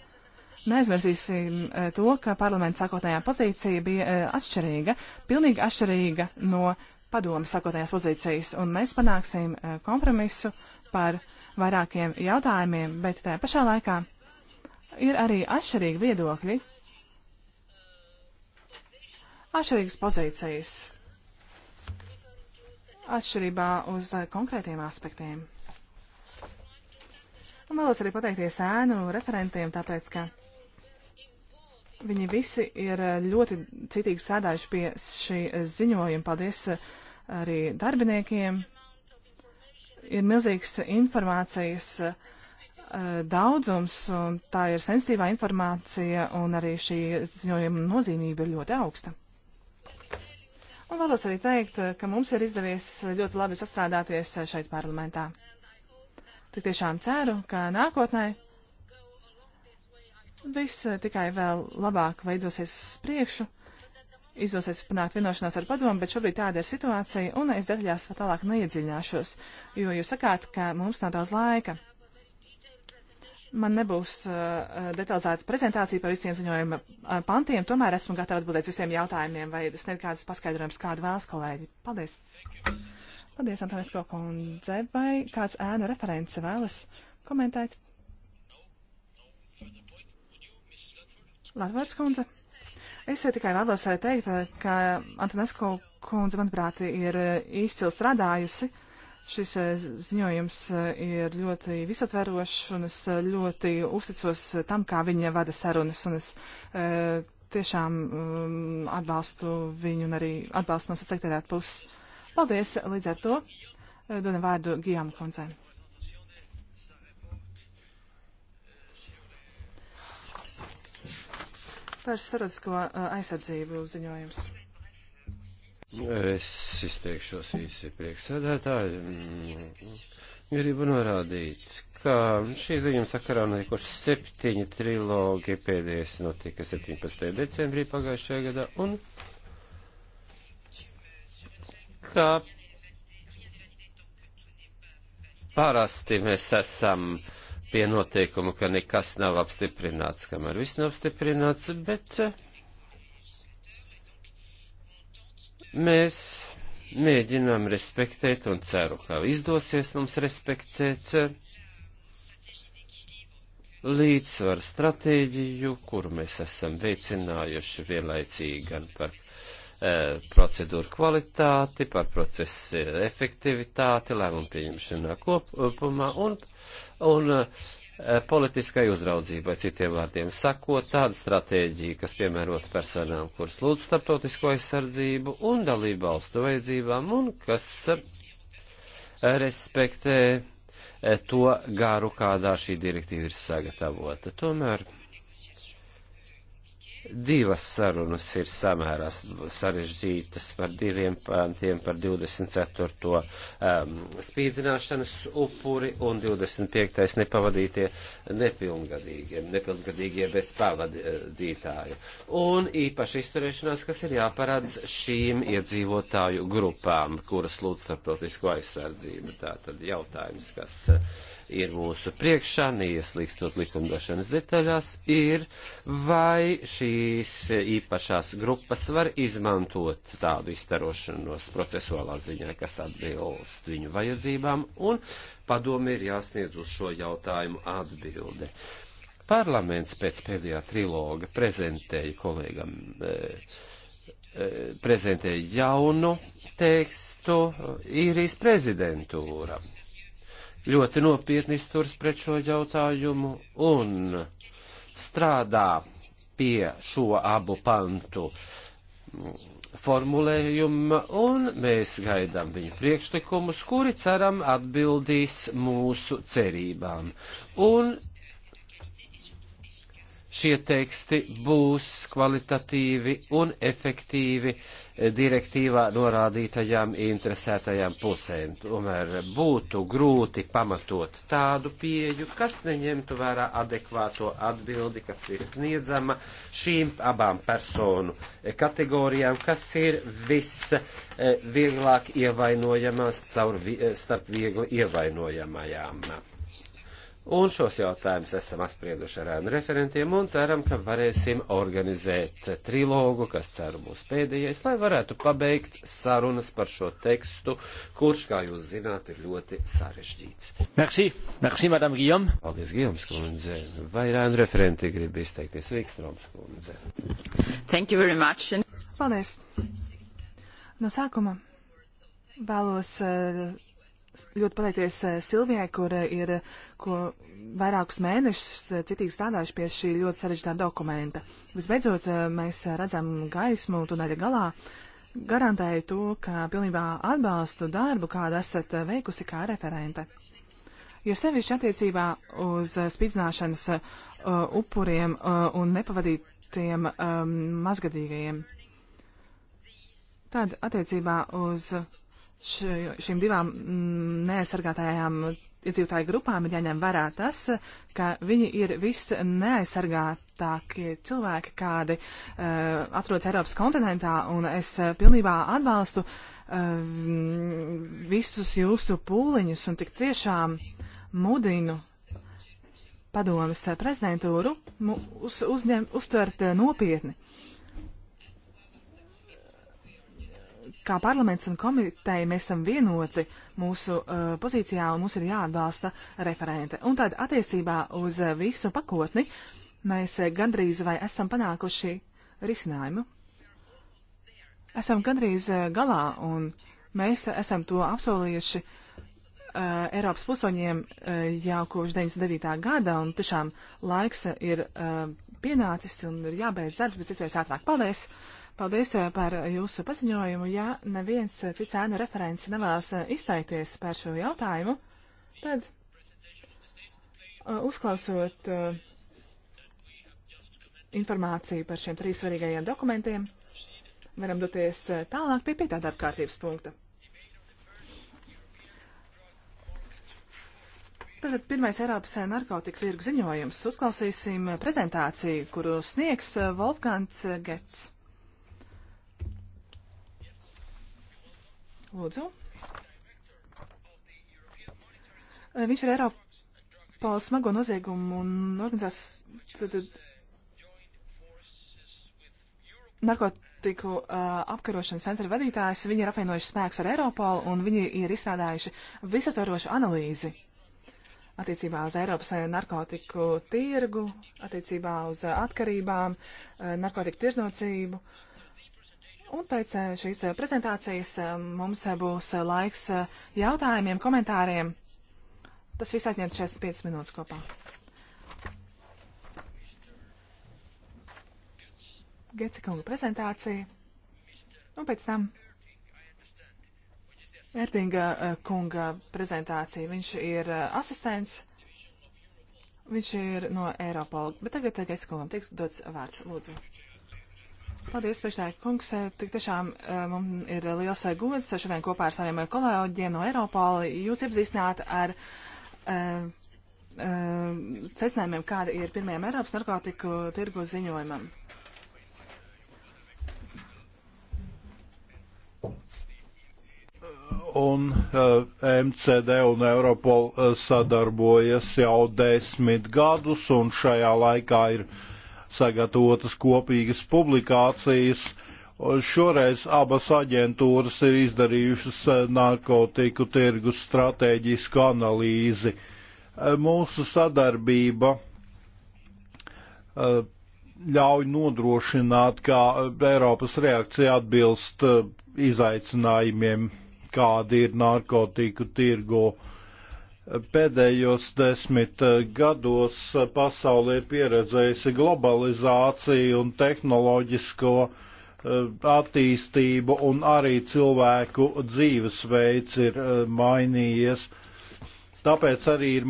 Neaizmirsīsim to, ka parlamenta sākotnējā pozīcija bija atšķirīga, pilnīgi atšķirīga no padomas sākotnējās pozīcijas, un mēs panāksim kompromisu uh, par vairākiem jautājumiem, bet tajā pašā laikā ir arī atšķirīgi viedokļi, atšķirīgas pozīcijas atšķirībā uz eh, konkrētiem aspektiem. Un vēlos arī pateikties ēnu referentiem, tāpēc, ka viņi visi ir eh, ļoti citīgi strādājuši pie šī eh, ziņojuma. Paldies arī darbiniekiem, ir milzīgs informācijas uh, daudzums, un tā ir sensitīvā informācija, un arī šī ziņojuma nozīmība ir ļoti augsta. Un vēlos arī teikt, eh, ka mums ir izdevies ļoti labi sastrādāties eh, šeit parlamentā. Tik tiešām ceru, ka nākotnē viss tikai vēl labāk veidosies uz priekšu izdosies panākt vienošanās ar padomu, bet šobrīd tāda ir situācija, un es detaļās tālāk neiedziļināšos, jo jūs sakāt, ka mums nav daudz laika. Man nebūs uh, uh detalizēta prezentācija par visiem ziņojuma uh, pantiem, tomēr esmu gatava atbildēt visiem jautājumiem vai sniegt kādus paskaidrojumus, kādu vēlas kolēģi. Paldies! Paldies, Antonisko kundze, vai kāds ēnu referents vēlas komentēt? Latvārs kundze. Es tikai vēlos eh, teikt, eh, ka Antonesko kundze, manuprāt, ir eh, izcili strādājusi. Šis ziņojums ir ļoti visatverošs, un es ļoti uzticos tam, kā viņa vada sarunas, un es e, tiešām um, atbalstu viņu un arī atbalstu no sasekretārāt puses. Paldies, līdz ar to dodam vārdu Gijām kundzēm. par starptautisko aizsardzību ziņojums. Es izteikšos īsi priekšsēdētāji. Mm, gribu norādīt, ka šī ziņojuma sakarā notikuši septiņi trilogi, pēdējais notika 17. decembrī pagājušajā gadā, un kā parasti mēs esam uh, pie noteikumu, ka nekas nav apstiprināts, kamēr viss nav apstiprināts, bet eh, mēs mēģinām respektēt un ceru, ka izdosies mums respektēt eh, līdzsvaru stratēģiju, kuru mēs esam veicinājuši vienlaicīgi gan par E, procedūru kvalitāti, par procesu efektivitāti, lēmumu pieņemšanā kopumā un, un e, politiskai uzraudzībai, citiem vārdiem sakot, tāda stratēģija, kas piemērota personām, kuras lūdz starptautisko aizsardzību un dalību valstu vajadzībām un kas e, respektē to garu, kādā šī direktīva ir sagatavota. Tomēr Divas sarunas ir samērā sarežģītas par diviem pantiem, par 24. Um, spīdzināšanas upuri un 25. nepavadītie nepilngadīgie, nepilngadīgie bez pavadītāju. Un īpaši izturēšanās, kas ir jāparādz šīm iedzīvotāju grupām, kuras lūdz starptautisko aizsardzību. Tā tad jautājums, kas ir mūsu priekšā, neieslīkstot likumdošanas detaļās, ir vai šīs īpašās grupas var izmantot tādu izstarošanos procesuālā ziņā, kas atbilst viņu vajadzībām, un padomi ir jāsniedz uz šo jautājumu atbildi. Parlaments pēc pēdējā triloga prezentēja kolēgam. Eh, eh prezentēja jaunu tekstu īrijas prezidentūra ļoti nopietni izturs pret šo jautājumu un strādā pie šo abu pantu formulējuma, un mēs gaidām viņu priekšlikumus, kuri ceram atbildīs mūsu cerībām. Un šie teksti būs kvalitatīvi un efektīvi eh, direktīvā norādītajām interesētajām pusēm. Tomēr būtu grūti pamatot tādu pieju, kas neņemtu vērā adekvāto atbildi, kas ir sniedzama šīm abām personu eh, kategorijām, kas ir visvieglāk ievainojamās caur, eh, starp viegli ievainojamajām. Un šos jautājumus esam apsprieduši ar ēnu referentiem un ceram, ka varēsim organizēt trilogu, kas ceru būs pēdējais, lai varētu pabeigt sarunas par šo tekstu, kurš, kā jūs zināt, ir ļoti sarežģīts. Merci, merci, madame Guillaume. Paldies, Guillaume skundze. Vai ēnu referenti grib izteikties Rīkstroms skundze? Thank you very much. Paldies. No sākuma vēlos. Uh, ļoti pateikties eh, Silvijai, kur eh, ir ko vairākus mēnešus eh, citīgi strādājuši pie šī ļoti sarežģītā dokumenta. Visbeidzot, mēs redzam gaismu tuneļa galā. Garantēju to, ka pilnībā atbalstu darbu, kādu esat veikusi kā referente. Jo sevišķi attiecībā uz spīdzināšanas uh, upuriem uh, un nepavadītiem um, mazgadīgajiem. Tad attiecībā uz uh, šīm divām mm, neaizsargātajām iedzīvotāju grupām ir jāņem vērā tas, ka viņi ir viss neaizsargātākie cilvēki, kādi uh, atrodas Eiropas kontinentā, un es uh, pilnībā atbalstu uh, visus jūsu pūliņus un tik tiešām mudinu padomas prezidentūru uz, uzņem, uztvert nopietni. Uh, kā parlaments un komiteja mēs esam vienoti mūsu uh, pozīcijā un mums ir jāatbalsta referente. Un tad attiecībā uz uh, visu pakotni mēs uh, gandrīz vai esam panākuši risinājumu. Esam gandrīz uh, galā un mēs uh, esam to apsolījuši uh, Eiropas pusoņiem uh, jau kopš 99. gada un tiešām laiks uh, ir uh, pienācis un ir jābeidz darbs, bet es vēl ātrāk pavēs. Uh, Paldies eh, par jūsu paziņojumu. Ja neviens eh, cits ēnu referents nevēlas eh, izteikties par šo jautājumu, tad uzklausot informāciju par šiem trīs svarīgajiem dokumentiem, varam doties tālāk pie pietā darba kārtības punkta. Tātad pirmais Eiropas narkotika tirgu ziņojums. Uzklausīsim prezentāciju, kuru sniegs Wolfgangs Gets. Lūdzu. Viņš ir Eiropā smago noziegumu un organizās narkotiku uh, apkarošanas centra vadītājs. Viņi ir apvienojuši spēkus ar Eiropolu un viņi ir izstrādājuši visatvarošu analīzi attiecībā uz Eiropas narkotiku tirgu, attiecībā uz atkarībām, narkotiku tirzniecību. Uh, Un pēc eh, šīs eh, prezentācijas eh, mums būs laiks jautājumiem, komentāriem. Tas viss aizņem 45 minūtes kopā. Gecikunga prezentācija. Un pēc tam Ertinga kunga prezentācija. Viņš ir asistents. Viņš ir no Eiropola. Bet tagad Gecikungam tiks dots vārds. Lūdzu. Paldies, priekšstādā kungs. Eh, tik tiešām eh, mums ir liels eh, gods šodien kopā ar saviem kolēģiem no Eiropola jūs iepazīstināt ar uh, uh, secinājumiem, kāda ir pirmajam Eiropas narkotiku tirgu ziņojumam. Un uh, MCD un Europol sadarbojas jau desmit gadus, un šajā laikā ir uh, sagatavotas kopīgas publikācijas. Šoreiz abas aģentūras ir izdarījušas eh, narkotiku tirgus stratēģisku analīzi. Eh, mūsu sadarbība eh, ļauj nodrošināt, ka Eiropas reakcija atbilst izaicinājumiem, kādi ir narkotiku tirgo. Uh, Pēdējos desmit gados pasaulē ir pieredzējusi globalizāciju un tehnoloģisko e, attīstību, un arī cilvēku dzīvesveids ir e, mainījies. Tāpēc arī ir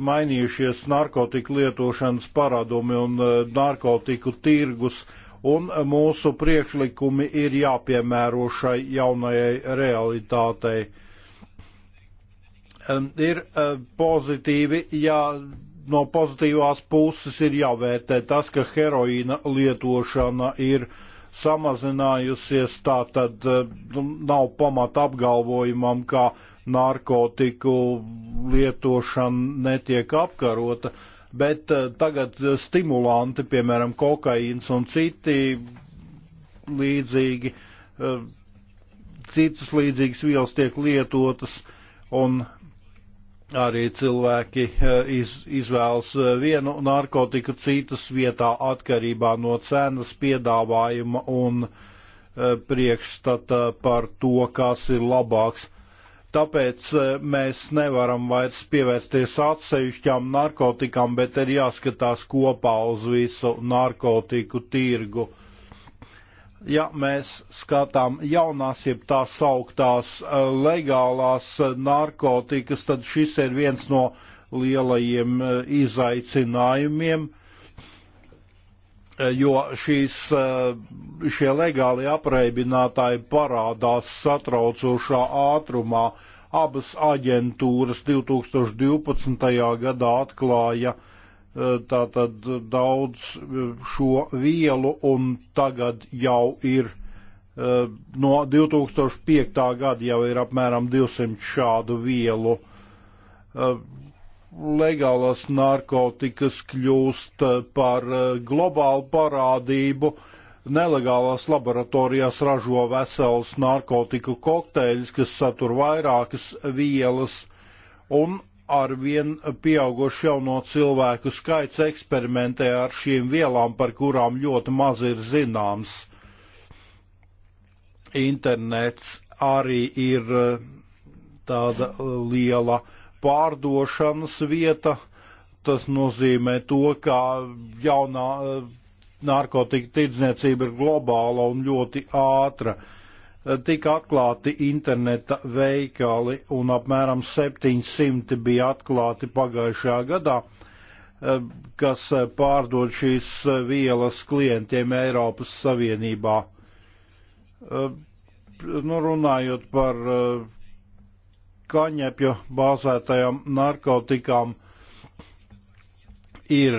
mainījušies narkotiku lietošanas paradumi un e, narkotiku tirgus, un mūsu priekšlikumi ir jāpiemēro šai jaunajai realitātei. Ir e, pozitīvi, ja no pozitīvās puses ir jāvērtē tas, ka heroīna lietošana ir samazinājusies, tā tad e, nu, nav pamata apgalvojumam, ka narkotiku lietošana netiek apkarota, bet e, tagad stimulanti, piemēram, kokaīns un citi līdzīgi, citas līdzīgas vielas tiek lietotas, un arī cilvēki eh, iz, izvēlas eh, vienu narkotiku citas vietā atkarībā no cenas piedāvājuma un eh, priekšstata par to, kas ir labāks. Tāpēc mēs nevaram vairs pievērsties atsevišķām narkotikām, bet ir jāskatās kopā uz visu narkotiku tirgu. Uh, ja mēs skatām jaunās, jeb tā sauktās eh, legālās eh, narkotikas, tad šis ir viens no lielajiem eh, izaicinājumiem, jo šīs, šie legāli apreibinātāji parādās satraucošā ātrumā. Abas aģentūras 2012. gadā atklāja, ka tātad daudz e, šo vielu un tagad jau ir e, no 2005. gada jau ir apmēram 200 šādu vielu. E, Legālas narkotikas kļūst par globālu parādību. Nelegālās laboratorijās ražo vesels narkotiku kokteļus, kas satur vairākas vielas, un arvien pieauguši jauno cilvēku skaits eksperimentē ar šīm vielām, par kurām ļoti maz ir zināms. Internets arī ir uh, tāda uh, liela pārdošanas vieta. Tas nozīmē to, ka jaunā uh, narkotika tirdzniecība ir globāla un ļoti ātra. Uh, tika atklāti interneta veikali un apmēram 700 bija atklāti pagājušajā gadā, eh, kas eh, pārdod šīs eh, vielas klientiem Eiropas Savienībā. Nu, runājot par kaņepju bāzētajām narkotikām, ir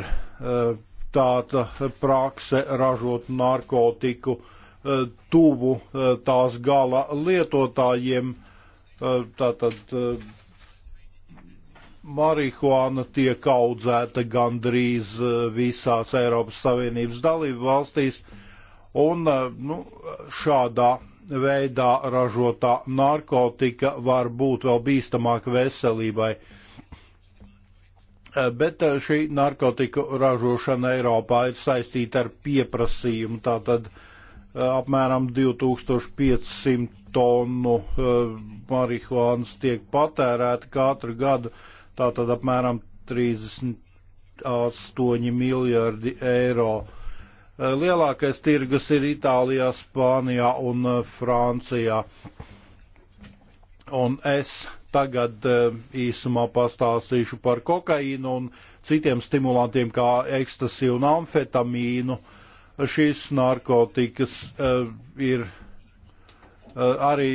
tāda prakse ražot narkotiku uh, Eh, tuvu eh, tās gala lietotājiem. Eh, tātad marihuāna tiek audzēta gandrīz visās Eiropas Savienības dalību valstīs, un nu, šādā veidā ražotā narkotika var būt vēl bīstamāka veselībai. Bet šī narkotiku ražošana Eiropā ir saistīta ar pieprasījumu, tātad uh, apmēram 2500 tonu eh, marihuānas tiek patērēta katru gadu, tātad apmēram 38 miljardi eiro. Eh, lielākais tirgus ir Itālijā, Spānijā un eh, Francijā. Un es tagad īsumā pastāstīšu par kokaīnu un citiem stimulantiem kā ekstasi un amfetamīnu. Uh, šīs narkotikas eh, ir eh, arī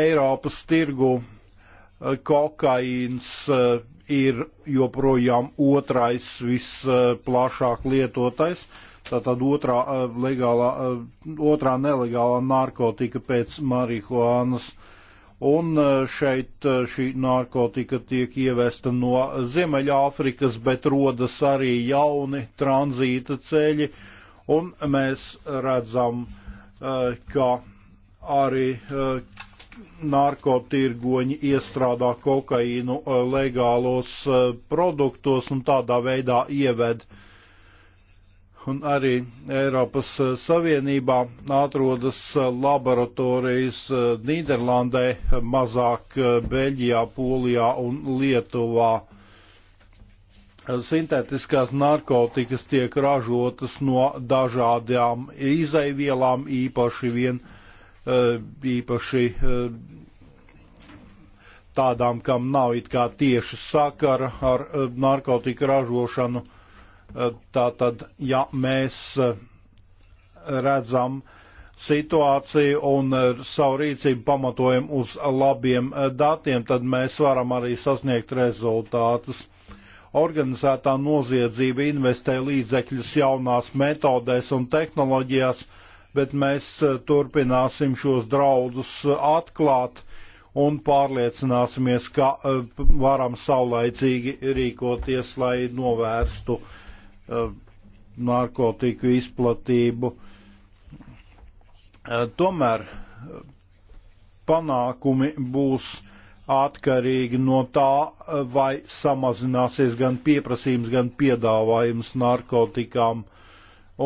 Eiropas tirgu. Eh, Kokaīns ir joprojām otrais visplašāk lietotais, tātad otrā, legālā, otrā nelegālā narkotika pēc marihuānas. Un šeit šī narkotika tiek ievesta no Ziemeļāfrikas, bet rodas arī jauni tranzīta ceļi Un mēs redzam, eh, ka arī eh, narkotirgoņi iestrādā kokaīnu eh, legālos produktos un tādā veidā ieved. Un arī Eiropas Savienībā atrodas laboratorijas Nīderlandē, mazāk Beļģijā, Polijā un Lietuvā sintētiskās narkotikas tiek ražotas no dažādām izaivielām, īpaši vien e, īpaši e, tādām, kam nav it kā tieši sakara ar e, narkotika ražošanu. Tātad, ja mēs redzam situāciju un savu rīcību pamatojam uz labiem datiem, tad mēs varam arī sasniegt rezultātus organizētā noziedzība investē līdzekļus jaunās metodēs un tehnoloģijās, bet mēs e, turpināsim šos draudus e, atklāt un pārliecināsimies, ka e, varam saulaicīgi rīkoties, lai novērstu narkotiku izplatību. Tomēr panākumi būs atkarīgi no tā, vai samazināsies gan pieprasījums, gan piedāvājums narkotikām.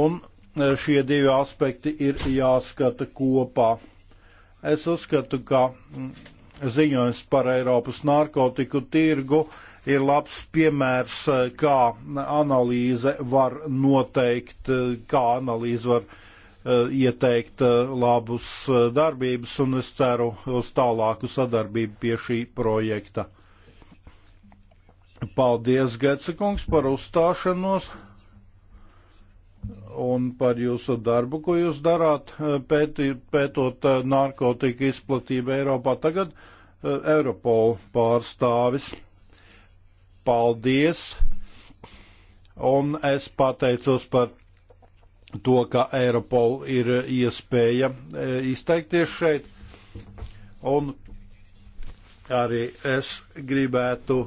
Un e, šie divi aspekti ir jāskata kopā. Es uzskatu, ka mm, ziņojums par Eiropas narkotiku tirgu ir labs piemērs, e, kā analīze var noteikt, e, kā analīze var noteikt Eh, ieteikt eh, labus eh, darbības, un es ceru uz tālāku sadarbību pie šī projekta. Paldies, Gecekungs, par uzstāšanos un par jūsu darbu, ko jūs darāt, pēti, pētot narkotika izplatību Eiropā. Tagad Eiropola pārstāvis. Paldies! Un es pateicos par to, ka Eiropol ir eh, iespēja eh, izteikties šeit. Un arī es gribētu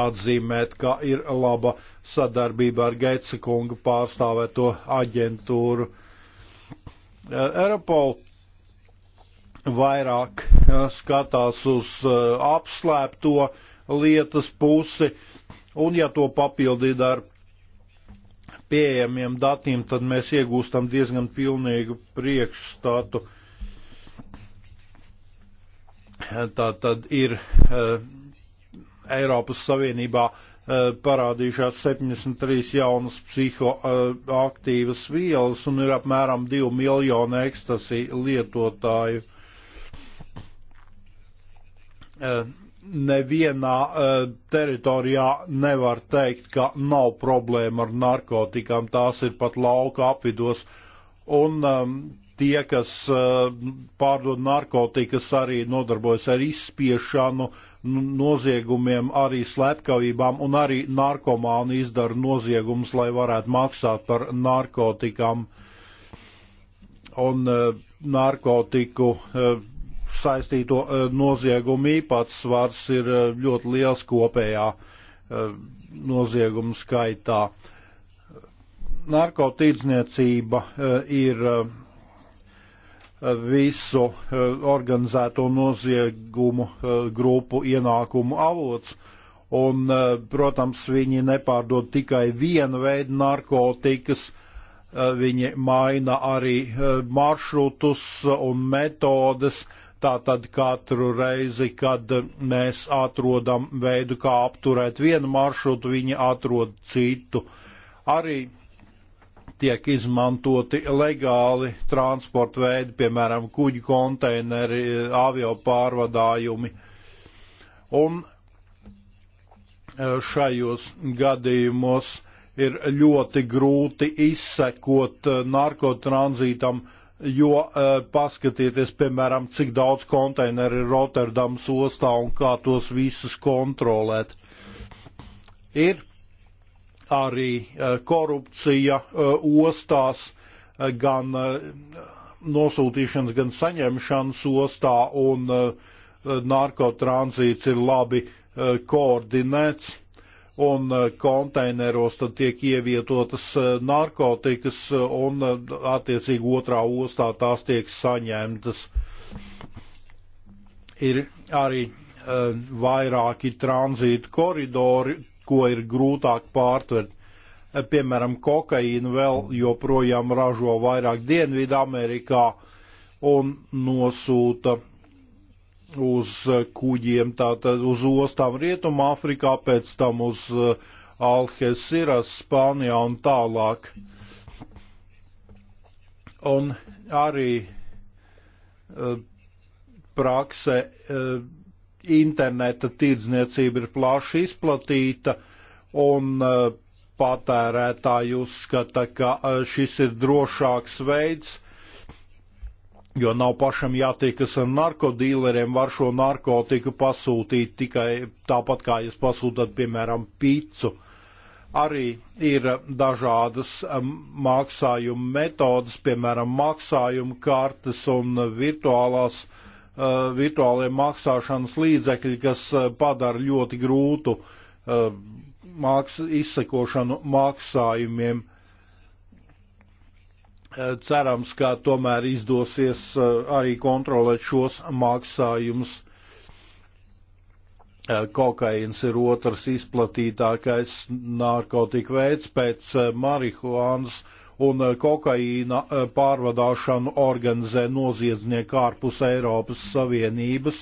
atzīmēt, ka ir laba sadarbība ar Geitsa kungu pārstāvēto aģentūru. Eh, Eiropol vairāk skatās uz apslēpto lietas pusi, un ja to papildīt ar pieejamiem datiem, tad mēs iegūstam diezgan pilnīgu priekšstatu. Tā tad ir e, Eiropas Savienībā e, parādījušās 73 jaunas psihoaktīvas e, vielas un ir apmēram 2 miljoni ekstasi lietotāju nevienā eh, teritorijā nevar teikt, ka nav problēma ar narkotikām, tās ir pat lauka apvidos. Un um, tie, kas uh, pārdod narkotikas, arī nodarbojas ar izspiešanu, noziegumiem, arī slepkavībām, un arī narkomāni izdara noziegumus, lai varētu maksāt par narkotikām. Un uh, narkotiku uh, saistīto e, noziegumu īpatsvars ir e, ļoti liels kopējā e, noziegumu skaitā. Narkotīdzniecība ir visu organizēto noziegumu grupu ienākumu avots, un, protams, viņi nepārdod tikai vienu veidu narkotikas, viņi maina arī maršrutus un metodes, uh, Tātad katru reizi, kad mēs atrodam veidu, kā apturēt vienu maršrutu, viņi atrod citu. Arī tiek izmantoti legāli transporta veidi, piemēram, kuģi konteineri, avio pārvadājumi. Un e, šajos gadījumos ir ļoti grūti izsekot e, narkotranzītam jo eh, paskatieties, piemēram, cik daudz konteineru ir Rotterdams ostā un kā tos visus kontrolēt. Ir arī eh, korupcija eh, ostās, gan nosūtīšanas, gan saņemšanas ostā, un narkotranzīts ir labi koordinēts un eh, konteineros tad tiek ievietotas eh, narkotikas, eh, un attiecīgi otrā ostā tās tiek saņemtas. Ir arī uh, vairāki tranzīta koridori, ko ir grūtāk pārtvert. Piemēram, kokaīnu vēl joprojām ražo vairāk Dienvidu Amerikā un nosūta uz eh, kuģiem, tātad uz ostām Rietumā Afrikā, pēc tam uz eh, Alhesiras, Spānijā un tālāk. Un arī eh, prakse interneta tirdzniecība ir plaši izplatīta un patērētāji uzskata, ka šis ir drošāks veids jo nav pašam jātiekas ar narkodīleriem, var šo narkotiku pasūtīt tikai tāpat, kā jūs pasūtat, piemēram, pīcu. Arī ir dažādas um, maksājuma metodas, piemēram, maksājuma kartes un virtuālās, uh, virtuālie maksāšanas līdzekļi, kas uh, padara ļoti grūtu uh, māks, izsekošanu maksājumiem cerams, ka tomēr izdosies eh, arī kontrolēt šos maksājumus. Eh, Kokaīns ir otrs izplatītākais narkotika veids pēc eh, marihuānas un kokaīna pārvadāšanu organizē noziedznieki ārpus Eiropas Savienības.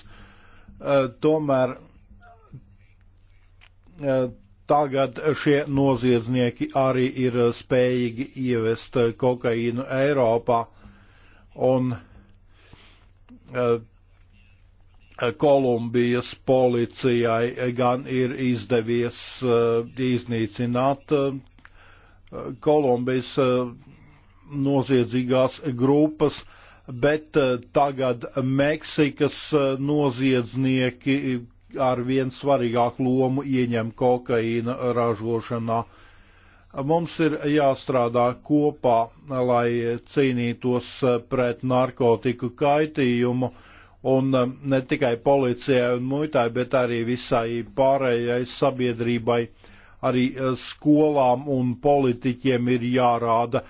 Tomēr tagad šie noziedznieki arī ir spējīgi ievest kokaīnu Eiropā. Un e, Kolumbijas policijai gan ir izdevies e, iznīcināt e, Kolumbijas noziedzīgās grupas, bet tagad Meksikas noziedznieki ar vien svarīgāku lomu ieņem kokaīna ražošanā. Mums ir jāstrādā kopā, lai cīnītos pret narkotiku kaitījumu, un um, ne tikai policijai un muitai, bet arī visai pārējai sabiedrībai, arī uh, skolām un politiķiem ir jārāda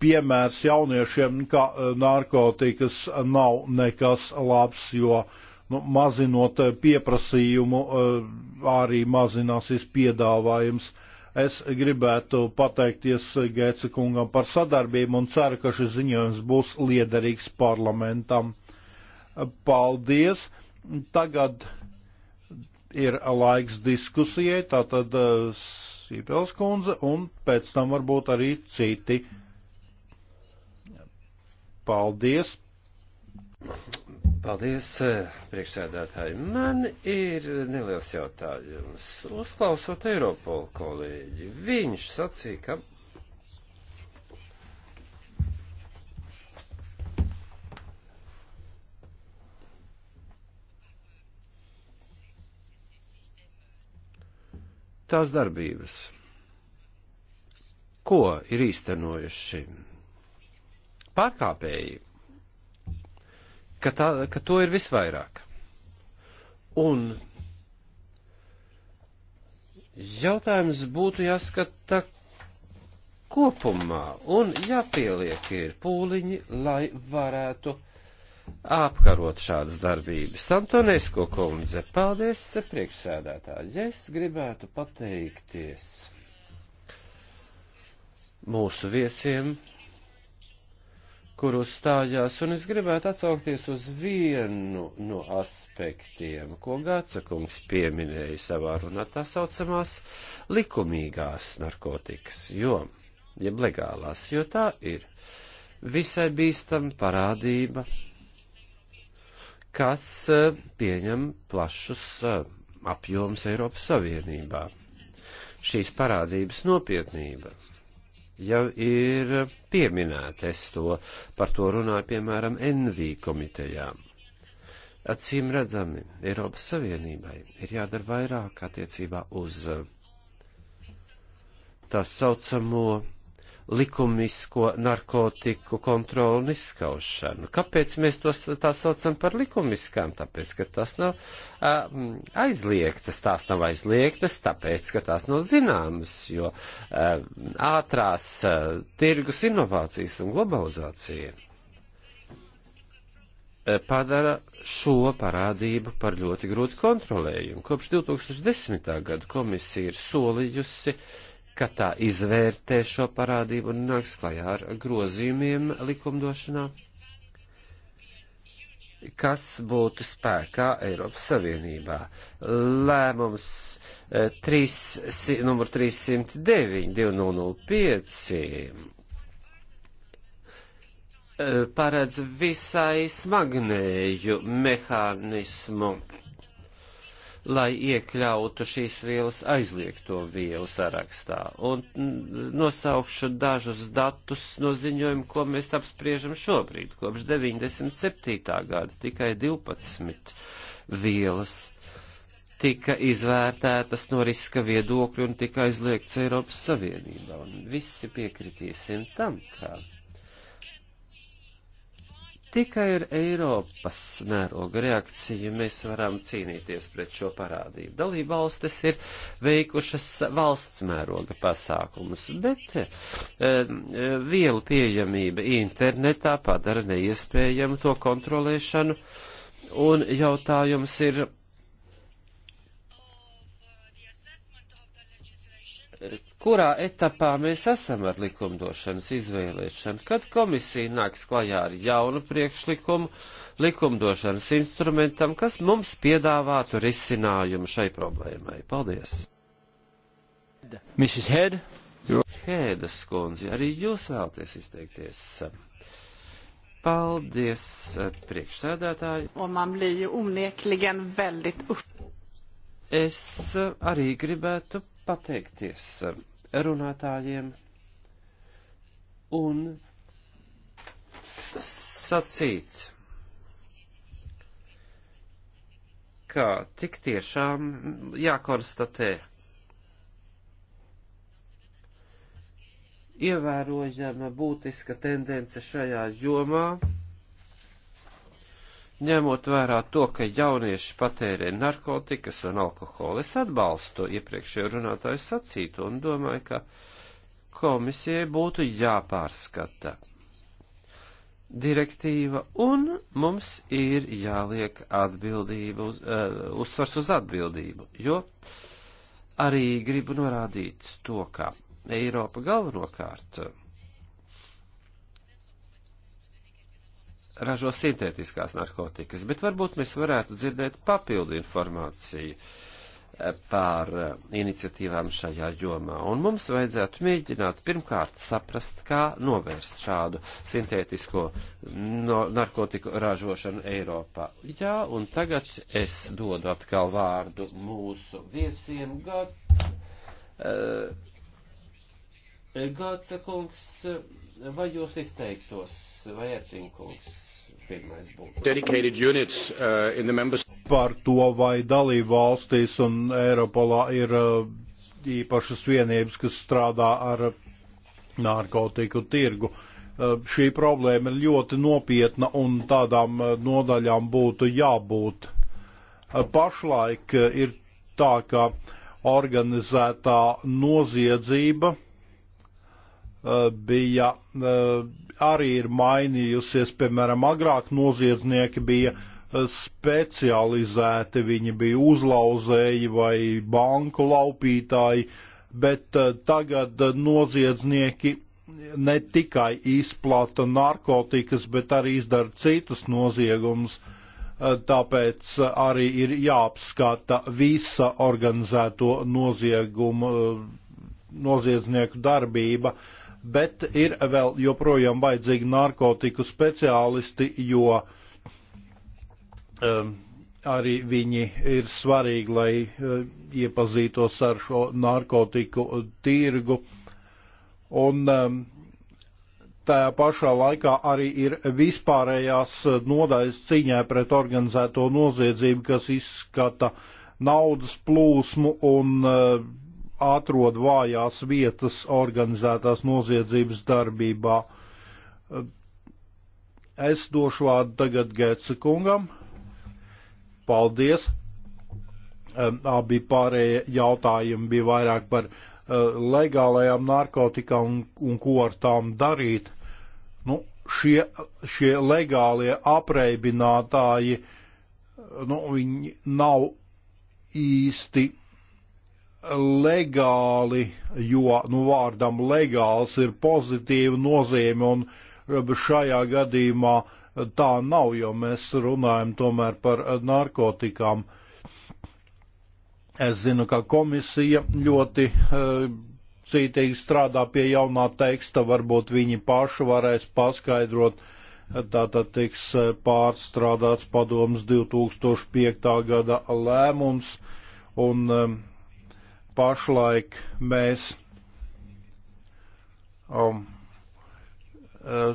piemērs jauniešiem, ka uh, narkotikas nav nekas labs, jo uh, nu, mazinot eh, pieprasījumu, eh, arī mazināsies piedāvājums. Es gribētu pateikties eh, Gēca kungam par sadarbību un ceru, ka šis ziņojums būs liederīgs parlamentam. Paldies! Tagad ir laiks diskusijai, tātad Sīpels kundze un pēc tam varbūt arī citi. Paldies! Paldies, eh, priekšsēdētāji. Man ir neliels jautājums. Uzklausot Eiropolu kolēģi, viņš sacīja, ka tās darbības, ko ir īstenojuši pārkāpēji, ka, tā, ka to ir visvairāk. Un jautājums būtu jāskata kopumā un jāpieliek ir pūliņi, lai varētu apkarot šādas darbības. Antonesko kundze, paldies priekšsēdētāji. Es gribētu pateikties mūsu viesiem kur uzstājās, un es gribētu atsaukties uz vienu no aspektiem, ko Gācakungs pieminēja savā runā, tā saucamās likumīgās narkotikas, jo, jeb legālās, jo tā ir visai bīstama parādība, kas eh, pieņem plašus eh, apjoms Eiropas Savienībā. Šīs parādības nopietnība jau ir pieminēta. Es to par to runāju, piemēram, NV komitejā. Acīm redzami, Eiropas Savienībai ir jādara vairāk attiecībā uz tā saucamo likumisko narkotiku kontroli un izskaušanu. Kāpēc mēs tos tā saucam par likumiskām? Tāpēc, ka tas nav uh, aizliegtas, tās nav aizliegtas, tāpēc, ka tās nav zināmas, jo uh, ātrās uh, tirgus inovācijas un globalizācija padara šo parādību par ļoti grūti kontrolējumu. Kopš 2010. gada komisija ir solījusi uh, ka tā izvērtē šo parādību un nāks klajā ar grozījumiem likumdošanā, kas būtu spēkā Eiropas Savienībā. Lēmums 3, eh, numur 309 2005 eh, paredz visai smagnēju mehānismu lai iekļautu šīs vielas aizliegto vielu sarakstā. Un nosaukšu dažus datus no ziņojuma, ko mēs apspriežam šobrīd. Kopš 97. gada tikai 12 vielas tika izvērtētas no riska viedokļa un tika aizliegts Eiropas Savienībā. Un visi piekritīsim tam, ka Tikai ar Eiropas mēroga reakciju mēs varam cīnīties pret šo parādību. Dalība valstis ir veikušas valsts mēroga pasākumus, bet e, vielu pieejamība internetā padara neiespējamu to kontrolēšanu, un jautājums ir kurā etapā mēs esam ar likumdošanas izvēlēšanu, kad komisija nāks klajā ar jaunu priekšlikumu likumdošanas instrumentam, kas mums piedāvātu risinājumu šai problēmai. Paldies! Mrs. Head. Hēdas kundze, arī jūs vēlaties izteikties. Paldies, priekšsēdētāji. Es arī gribētu pateikties eh, runātājiem un sacīt, ka tik tiešām jākonstatē ievērojama būtiska tendence šajā jomā ņemot vērā to, ka jaunieši patērē narkotikas un alkoholu. Es atbalstu iepriekšējo runātāju sacīto un domāju, ka komisijai būtu jāpārskata direktīva un mums ir jāliek atbildība, uz, uh, uzsvars uz atbildību, jo arī gribu norādīt to, ka Eiropa galvenokārt uh, ražo sintētiskās narkotikas, bet varbūt mēs varētu dzirdēt papildu informāciju eh, par eh, iniciatīvām šajā jomā. Un mums vajadzētu mēģināt pirmkārt saprast, kā novērst šādu sintētisko no narkotiku ražošanu Eiropā. Jā, un tagad es dodu atkal vārdu mūsu viesiem. Gat, uh, eh, Gāca kungs, vai jūs izteiktos, vai Erčīnkungs? pirmais būtu. Uh, Par to, vai dalību valstīs un Eiropolā ir uh, īpašas vienības, kas strādā ar narkotiku tirgu. Uh, šī problēma ir ļoti nopietna un tādām nodaļām būtu jābūt. Pašlaik ir tā, ka organizētā noziedzība Eh, bija eh, arī ir mainījusies, piemēram, agrāk noziedznieki bija eh, specializēti, viņi bija uzlauzēji vai banku laupītāji, bet tagad noziedznieki ne tikai izplata narkotikas, bet arī izdara citus noziegumus, tāpēc arī ir jāapskata visa organizēto noziegumu, noziedznieku darbība. Uh, bet ir vēl joprojām vajadzīgi narkotiku speciālisti, jo um, arī viņi ir svarīgi, lai uh, iepazītos ar šo narkotiku tirgu. Un um, tajā pašā laikā arī ir vispārējās nodaļas cīņā pret organizēto noziedzību, kas izskata naudas plūsmu un uh, atrod vājās vietas organizētās noziedzības darbībā. Es došu vārdu tagad Gēca kungam. Paldies! Abi pārējie jautājumi bija vairāk par eh, legālajām narkotikām un, un ko ar tām darīt. Nu, šie, šie legālie apreibinātāji, nu, viņi nav īsti legāli, jo nu, vārdam legāls ir pozitīva nozīme, un eh, šajā gadījumā eh, tā nav, jo mēs runājam tomēr par eh, narkotikām. Es zinu, ka komisija ļoti cītīgi strādā pie jaunā teksta, varbūt viņi paši varēs paskaidrot, tātad tiks pārstrādāts padoms 2005. gada lēmums, un pašlaik mēs um,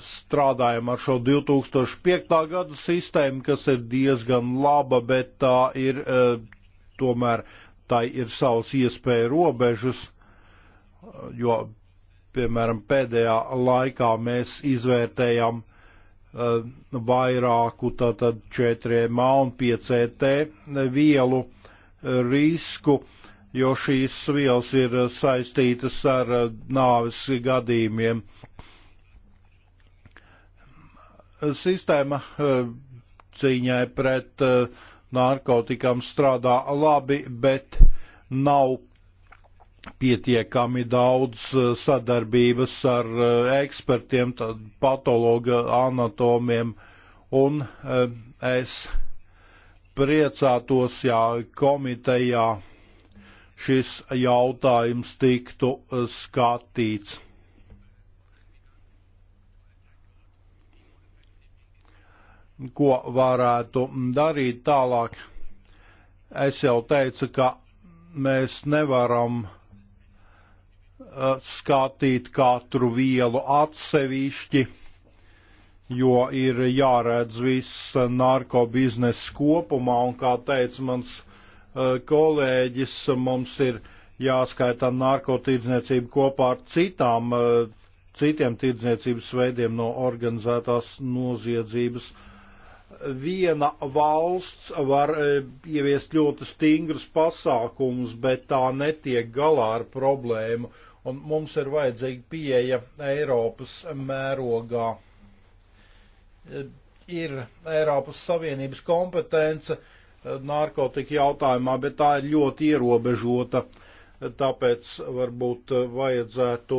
strādājam ar šo 2005. gada sistēmu, kas ir diezgan laba, bet tā ir uh, tomēr tai ir savas iespēja robežas, jo, piemēram, pēdējā laikā mēs izvērtējam uh, vairāku tātad 4M un 5T vielu risku, uh, jo šīs vielas ir saistītas ar eh, nāves gadījumiem. Sistēma eh, cīņai pret eh, narkotikām strādā labi, bet nav pietiekami daudz sadarbības ar ekspertiem, patologa anatomiem, un es priecātos, ja komitejā šis jautājums tiktu uh, skatīts. Ko varētu darīt tālāk? Es jau teicu, ka mēs nevaram uh, skatīt katru vielu atsevišķi, jo ir jāredz viss uh, narkobiznes kopumā, un, kā teica mans uh, Eh, kolēģis, mums ir jāskaita narkotīdzniecība kopā ar citām, eh, citiem tirdzniecības veidiem no organizētās noziedzības. Viena valsts var eh, ieviest ļoti stingrus pasākumus, bet tā netiek galā ar problēmu, un mums ir vajadzīga pieeja Eiropas mērogā. Ir Eiropas Savienības kompetence uh, narkotika jautājumā, bet tā ir ļoti ierobežota. Tāpēc varbūt vajadzētu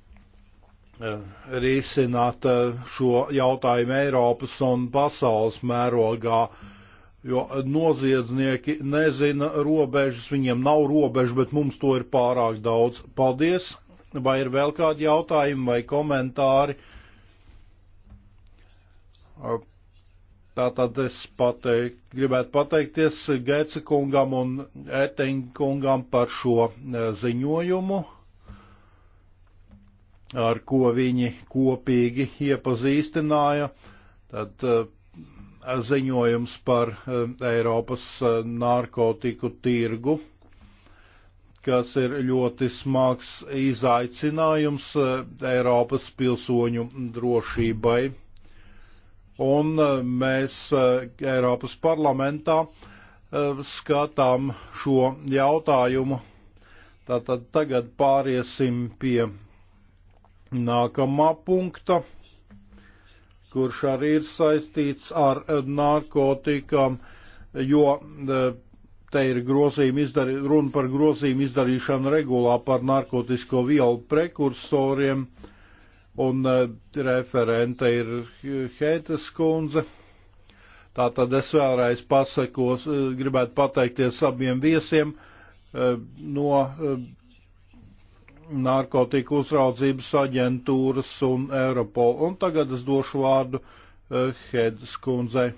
eh, risināt eh, šo jautājumu Eiropas un pasaules mērogā, jo noziedznieki nezina robežas, viņiem nav robežas, bet mums to ir pārāk daudz. Paldies! Vai ir vēl kādi jautājumi vai komentāri? Eh, Tātad es pateik, gribētu pateikties Gēca kungam un Ēteņa kungam par šo e, ziņojumu, ar ko viņi kopīgi iepazīstināja. Tad e, ziņojums par e, Eiropas narkotiku tirgu, kas ir ļoti smags izaicinājums Eiropas pilsoņu drošībai un e, mēs e, Eiropas parlamentā e, skatām šo jautājumu. Tātad tagad pāriesim pie nākamā punkta, kurš arī ir saistīts ar narkotikām, jo te ir izdari, runa par grozījumu izdarīšanu regulā par narkotisko vielu prekursoriem. Uh, un e, referente ir Heitas kundze. Tātad es vēlreiz pasakos, e, gribētu pateikties abiem viesiem e, no narkotiku uzraudzības aģentūras un Europol. Un tagad es došu vārdu Hedas kundzei.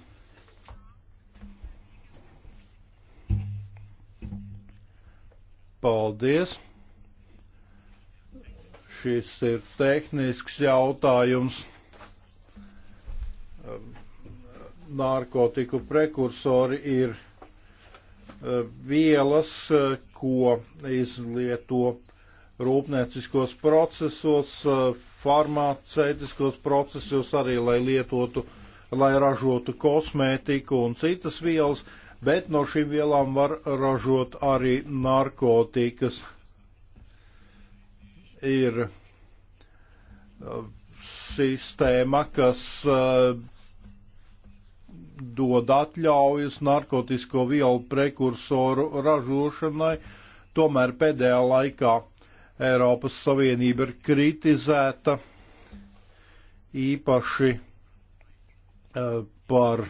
Paldies! šis ir tehnisks jautājums. Narkotiku prekursori ir e, vielas, e, ko izlieto rūpnieciskos procesos, e, farmaceitiskos procesos, arī lai lietotu, lai ražotu kosmētiku un citas vielas, bet no šīm vielām var ražot arī narkotikas ir uh, sistēma, kas uh, dod atļaujas narkotisko vielu prekursoru ražošanai, tomēr pēdējā laikā Eiropas Savienība ir kritizēta īpaši uh, par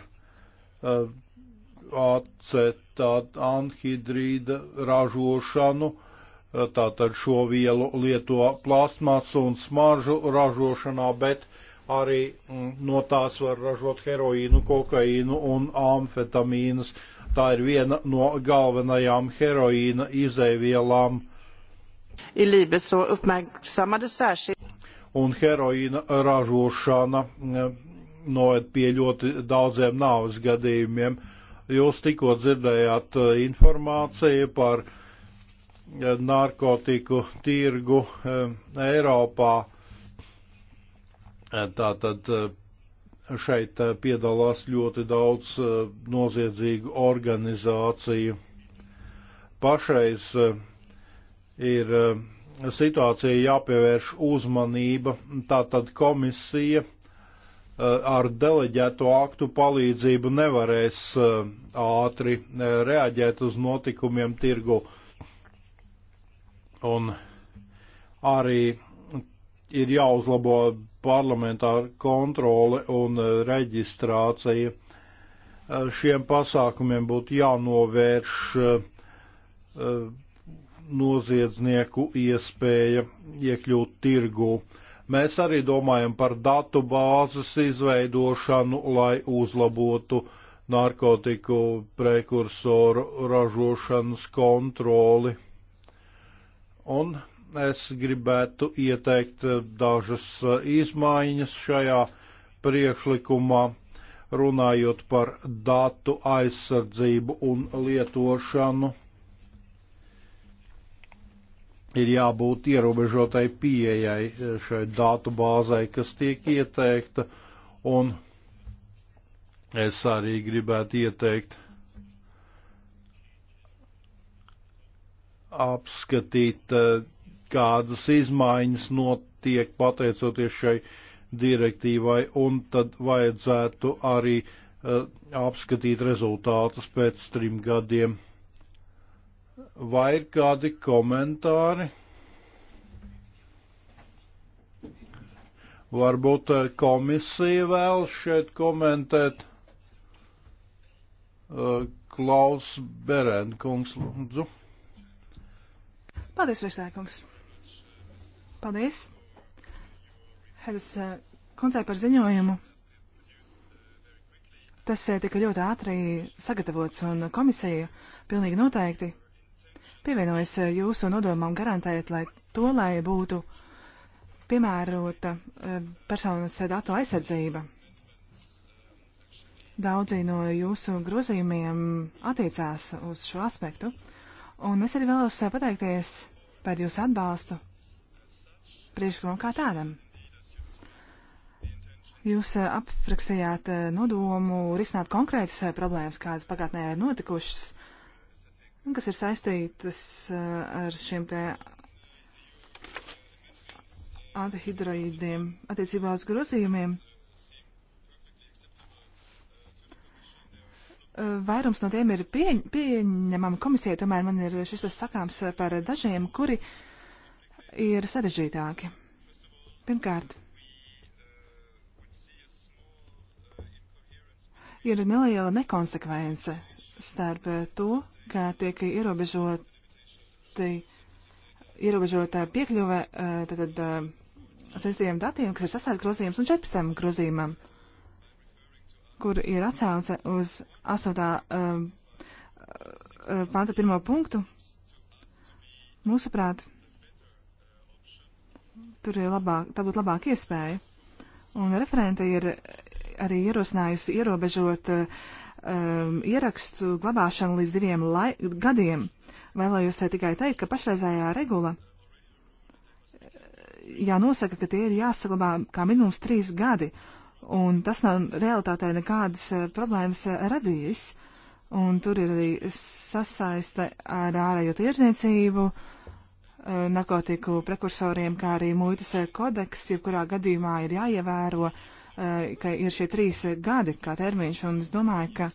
acetāt anhidrīda ražošanu, uh, tātad šo vielu lieto plasmasu un smaržu ražošanā, bet arī mm, no tās var ražot heroīnu, kokaīnu un amfetamīnas. Tā ir viena no galvenajām heroīna izēvielām. Un heroīna ražošana mm, noved pie ļoti daudziem nāves gadījumiem. Jūs tikko dzirdējāt eh, informāciju par uh, narkotiku tirgu eh, Eiropā. Eh, tātad eh, šeit piedalās ļoti daudz noziedzīgu organizāciju. Pašreiz ir situācija jāpievērš uzmanība, tātad komisija ar deleģēto aktu palīdzību nevarēs ātri reaģēt uz notikumiem tirgu. Un arī ir jāuzlabo parlamentāra kontrole un reģistrācija. Eh, šiem pasākumiem būtu jānovērš eh, noziedznieku iespēja iekļūt tirgu. Mēs arī domājam par datu bāzes izveidošanu, lai uzlabotu narkotiku prekursoru ražošanas kontroli. Un es gribētu ieteikt dažas eh, izmaiņas šajā priekšlikumā, runājot par datu aizsardzību un lietošanu. Ir jābūt ierobežotai pieejai eh, šai datu bāzai, kas tiek ieteikta, un es arī gribētu ieteikt apskatīt, eh, kādas izmaiņas notiek pateicoties šai direktīvai, un tad vajadzētu arī eh, apskatīt rezultātus pēc trim gadiem. Vai ir kādi komentāri? Varbūt eh, komisija vēl šeit komentēt. Klaus Berenkungs, lūdzu. Paldies, priekšsēkums. Paldies. Hedas eh, koncē par ziņojumu. Tas eh, tika ļoti ātri sagatavots, un komisija pilnīgi noteikti pievienojas eh, jūsu nodomam garantēt, lai to, lai būtu piemērota personas datu aizsardzība. Daudzi no jūsu grozījumiem attiecās uz šo aspektu. Un es arī vēlos eh, pateikties par jūsu atbalstu priekšlikumam kā tādam. Jūs eh, aprakstījāt eh, nodomu risināt konkrētas problēmas, kādas pagātnē ir notikušas, un kas ir saistītas ar šiem te antihidroīdiem attiecībā uz grozījumiem. Vairums no tiem ir pieņ pieņemami komisijai, tomēr man ir šis tas sakāms par dažiem, kuri ir sarežģītāki. Pirmkārt, ir neliela nekonsekvence starp to, kā tiek ierobežoti, ierobežota piekļuve eh, tātad eh, sestiem datiem, kas ir sastāsts grozījums un 14 grozījumam. Uh, kur ir atsauce uz 8. Um, uh, panta pirmo punktu, mūsuprāt, tur ir labāk, tā būtu labāka iespēja. Un referente ir arī ierosinājusi ierobežot um, ierakstu glabāšanu līdz diviem lai, gadiem. Vēlējos tikai teikt, ka pašreizējā regula uh, jānosaka, ka tie ir jāsaglabā kā minimums trīs gadi, un tas nav realitātē nekādas eh, problēmas eh, radījis. Un tur ir arī sasaiste ar ārējo tirzniecību, eh, narkotiku prekursoriem, kā arī muitas kodeks, jebkurā gadījumā ir jāievēro, ka ir šie trīs gadi kā termiņš, un es domāju, ka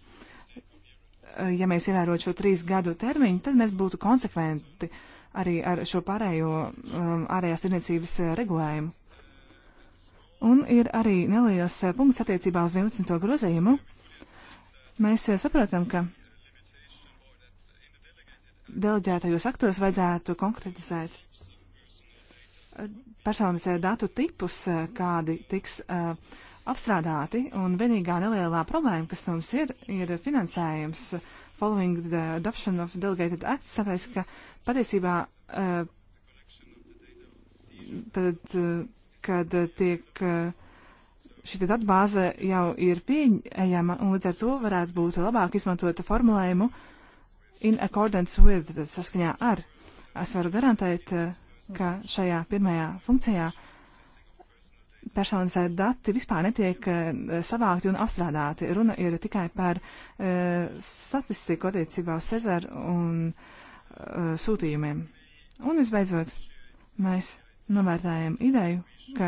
ja mēs ievērotu šo trīs gadu termiņu, tad mēs būtu konsekventi arī ar šo pārējo um, ārējās tirniecības regulējumu. Un ir arī neliels eh, punkts attiecībā uz 11. grozījumu. Mēs eh, saprotam, ka deleģētajos aktos vajadzētu konkretizēt eh, personas datu tipus, kādi tiks uh, apstrādāti, un vienīgā nelielā problēma, kas mums ir, ir finansējums following the adoption of delegated acts, tāpēc, ka patiesībā uh, tad uh, kad eh, tiek eh, šī datbāze jau ir pieejama, un līdz ar to varētu būt labāk izmantot formulējumu in accordance with, saskaņā ar. Es varu garantēt, eh, ka šajā pirmajā funkcijā personas dati vispār netiek savākti un apstrādāti. Runa ir tikai par uh, statistiku attiecībā uz Cezaru un uh, sūtījumiem. Un visbeidzot, mēs novērtējam ideju, ka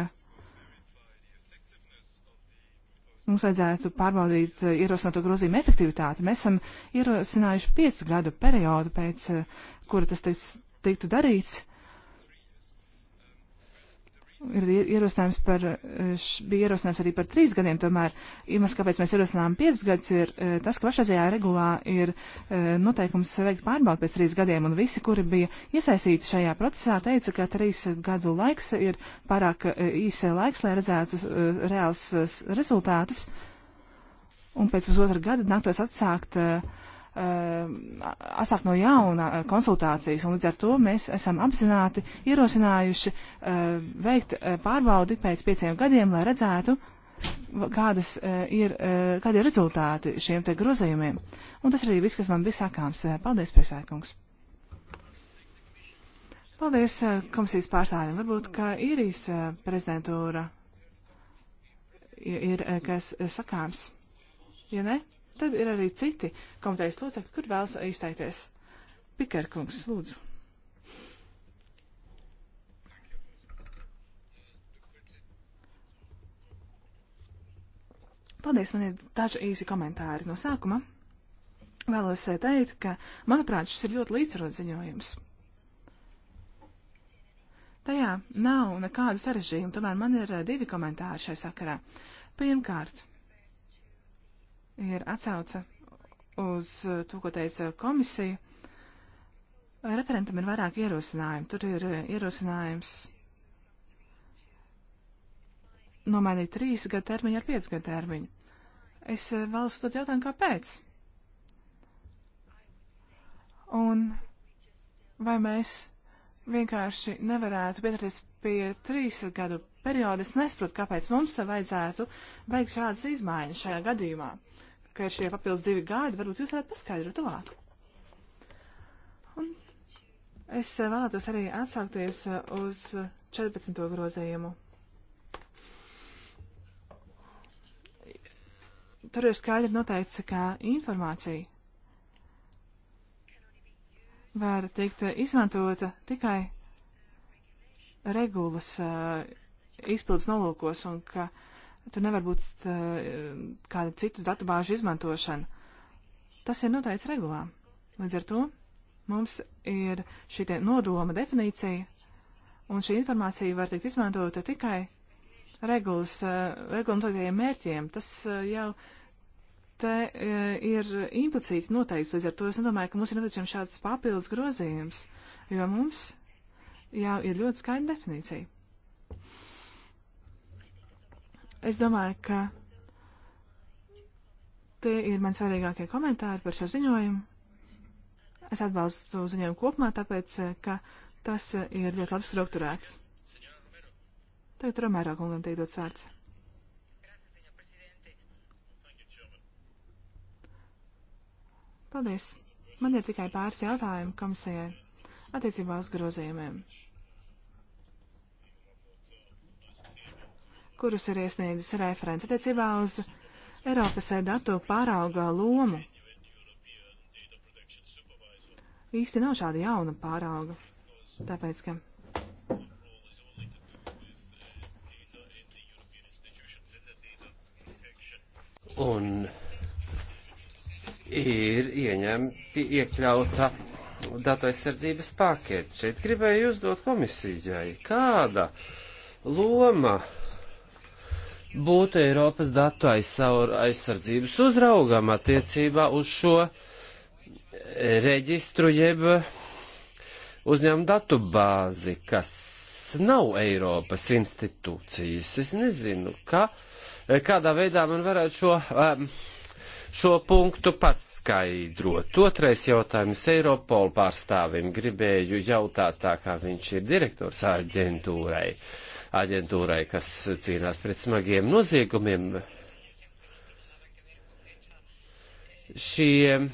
mums vajadzētu pārbaudīt eh, ierosināto grozījumu efektivitāti. Mēs esam ierosinājuši piecu gadu periodu, pēc eh, kura tas tiks, tiktu darīts ir ierosinājums par, eh, š, bija ierosinājums arī par trīs gadiem, tomēr iemesls, kāpēc mēs ierosinām piecus gadus, ir eh, tas, ka pašreizajā regulā ir eh, noteikums veikt pārbaudu pēc trīs gadiem, un visi, kuri bija iesaistīti šajā procesā, teica, ka trīs gadu laiks ir pārāk īsa laiks, lai redzētu reāls rezultātus, un pēc pusotra gada nāktos atsākt uh, Uh, atsākt no jauna uh, konsultācijas, un līdz ar to mēs esam apzināti ierosinājuši uh, veikt pārbaudi pēc pieciem gadiem, lai redzētu, kādas ir, kādi ir rezultāti šiem te grozījumiem. Un tas arī viss, kas man bija sakāms. Paldies, priekšsēkungs! Paldies komisijas pārstāvjiem. Varbūt, ka īrijas prezidentūra ir kas sakāms. Ja ne? Tad ir arī citi komitejas locekļi, kur vēlas izteikties. Pikerkungs, lūdzu. Paldies, man ir daži īsi komentāri no sākuma. Vēlos eh, teikt, ka, manuprāt, šis ir ļoti līdzsvarots ziņojums. Tajā nav nekādu sarežģījumu, tomēr man ir eh, divi komentāri šai sakarā. Pirmkārt, ir atsauce uz eh, to, ko teica komisija. Referentam ir vairāk ierosinājumu. Tur ir eh, ierosinājums nomainīt trīs gadu termiņu ar piec gadu termiņu. Es eh, vēlos uzdot jautājumu, kāpēc? Un vai mēs vienkārši nevarētu pieturēties pie trīs gadu perioda? Es nesaprotu, kāpēc mums vajadzētu veikt šādas izmaiņas šajā gadījumā. Uh, ka ir šie papildus divi gadi, varbūt jūs varētu paskaidrot tuvāk. Un es eh, vēlētos arī atsaukties eh, uz 14. Eh, grozējumu. Tur ir skaidri noteikts, ka informācija var tikt izmantota tikai regulas uh, izpildus nolūkos un ka uh, Tur nevar būt eh, kāda citu datubāžu izmantošana. Tas ir noteikts regulā. Līdz ar to mums ir šī nodoma definīcija, un šī informācija var tikt izmantota tikai regulas, eh, regulamentotajiem mērķiem. Tas eh, jau te ir implicīti noteikts, līdz ar to es nedomāju, ka mums ir nepieciešams šāds papildus grozījums, jo mums jau ir ļoti skaidra definīcija. Es domāju, ka tie ir man svarīgākie komentāri par šo ziņojumu. Es atbalstu ziņojumu kopumā, tāpēc, ka tas ir ļoti labi strukturēts. Tagad Romēro kungam tiek dots vārds. Paldies. Man ir tikai pāris jautājumi komisijai attiecībā uz grozījumiem. kurus ir iesniedzis referents attiecībā uz Eiropas datu pārauga lomu. Īsti nav šāda jauna pārauga, tāpēc ka un ir ieņemti iekļauta datu aizsardzības pakete. Šeit gribēju uzdot komisijai, kāda loma uh, būtu Eiropas datu aizsardzības uzraugam attiecībā uz šo reģistru jeb uzņēmumu datu bāzi, kas nav Eiropas institūcijas. Es nezinu, kā, kādā veidā man varētu šo, um, šo punktu paskaidrot. Otrais jautājums Eiropola pārstāvim gribēju jautāt tā, kā viņš ir direktors aģentūrai. Uh, aģentūrai, kas cīnās pret smagiem noziegumiem. Šie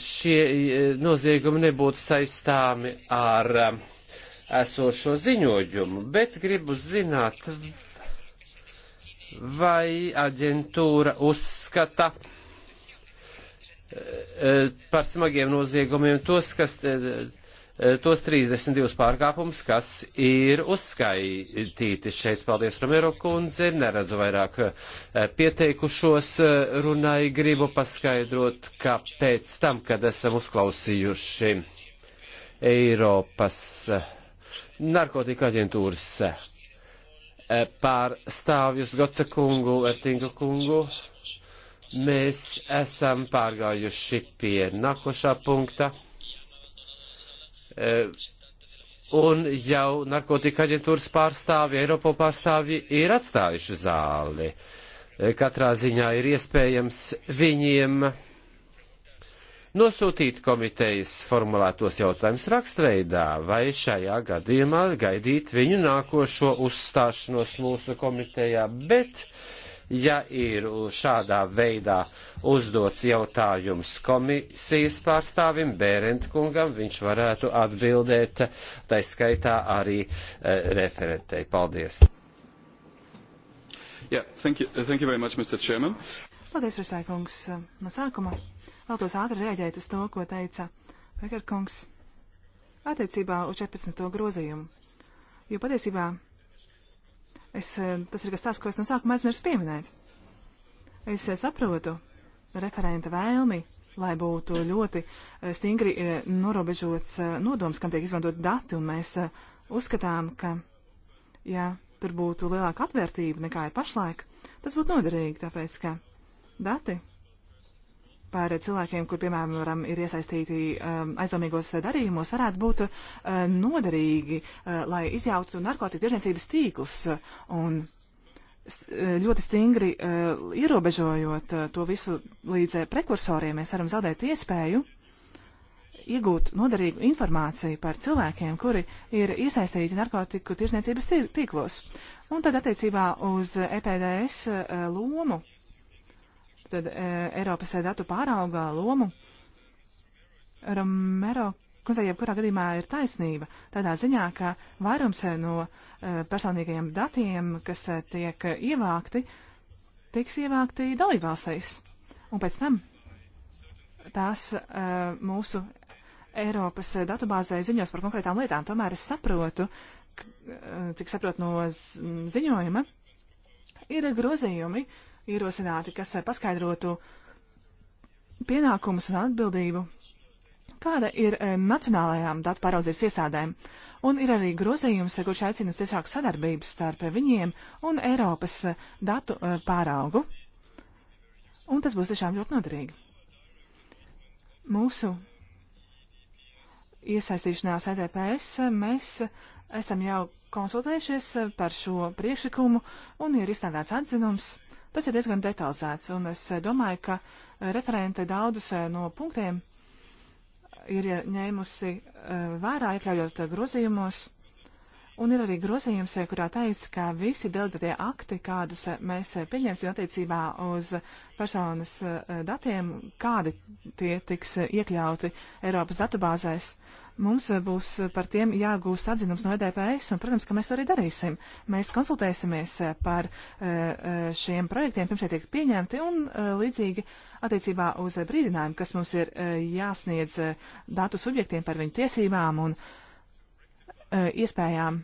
šie noziegumi nebūtu saistāmi ar esošo ziņojumu, bet gribu zināt, vai aģentūra uzskata eh, eh, par smagiem noziegumiem tos, kas eh, Eh, tos 32 pārkāpumus, kas ir uzskaitīti šeit. Paldies, Romero kundze, neredzu vairāk eh, pieteikušos eh, runai, gribu paskaidrot, ka pēc tam, kad esam uzklausījuši Eiropas narkotika aģentūras pārstāvjus Goca kungu, Ertinga kungu, mēs esam pārgājuši pie nākošā punkta. Eh, un jau narkotika aģentūras pārstāvji, Eiropo pārstāvji ir atstājuši zāli. Eh, katrā ziņā ir iespējams viņiem nosūtīt komitejas formulētos jautājumus rakstveidā, vai šajā gadījumā gaidīt viņu nākošo uzstāšanos mūsu komitejā, bet uh, ja ir šādā veidā uzdots jautājums komisijas pārstāvim Bērentkungam, viņš varētu atbildēt, tai skaitā arī uh, referentei. Paldies! Yeah, thank you, thank you very much, Mr. Chairman. Paldies, Prasēkungs. No sākuma vēlos ātri reaģēt uz to, ko teica Pekarkungs attiecībā uz 14. grozījumu. Jo patiesībā Es, eh, tas ir kas tās, ko es no sākuma aizmirsu pieminēt. Es eh, saprotu referenta vēlmi, lai būtu ļoti eh, stingri norobežots nodoms, kam tiek izmantot dati, un mēs uzskatām, ka, ja tur būtu lielāka atvērtība nekā ir pašlaik, tas būtu noderīgi, tāpēc, ka dati par cilvēkiem, kur, piemēram, ir iesaistīti um, aizdomīgos darījumos, varētu būt uh, noderīgi, uh, lai izjautu narkotiku tirdzniecības tīklus un st uh, ļoti stingri uh, ierobežojot uh, to visu līdz uh, prekursoriem, mēs varam zaudēt iespēju iegūt noderīgu informāciju par cilvēkiem, kuri ir iesaistīti narkotiku tirzniecības tīklos. Un tad attiecībā uz EPDS uh, lomu tad e, Eiropas datu pāraugā lomu. Romero kundzei jebkurā gadījumā ir taisnība tādā ziņā, ka vairums e, no e, personīgajiem datiem, kas tiek ievākti, tiks ievākti dalībvalstīs. Un pēc tam tās mūsu Eiropas datubāzē ziņos par konkrētām lietām. Tomēr es saprotu, cik saprotu no ziņojuma, ir grozījumi, uh, ierosināti, kas eh, paskaidrotu pienākumus un atbildību, kāda ir eh, nacionālajām datu pāraudzības iestādēm. Un ir arī grozījums, eh, kurš aicina uz ciešāku sadarbību starp viņiem un Eiropas datu pāraugu. Un tas būs tiešām ļoti noderīgi. Mūsu iesaistīšanās EDPS mēs esam jau konsultējušies par šo priekšlikumu un ir izstrādāts atzinums. Tas ir diezgan detalizēts, un es eh, domāju, ka eh, referente daudzus eh, no punktiem ir ņēmusi vērā, iekļaujot grozījumos. Un ir arī grozījums, kurā teica, ka visi delegatie akti, kādus mēs pieņemsim attiecībā uz personas datiem, kādi tie tiks iekļauti Eiropas datubāzēs, Mums eh, būs eh, par tiem jāgūst atzinums no EDPS, un, protams, ka mēs to arī darīsim. Mēs konsultēsimies eh, par šiem projektiem, pirms tie tiek pieņemti, un līdzīgi attiecībā uz brīdinājumu, kas mums ir jāsniedz datu subjektiem par viņu tiesībām un iespējām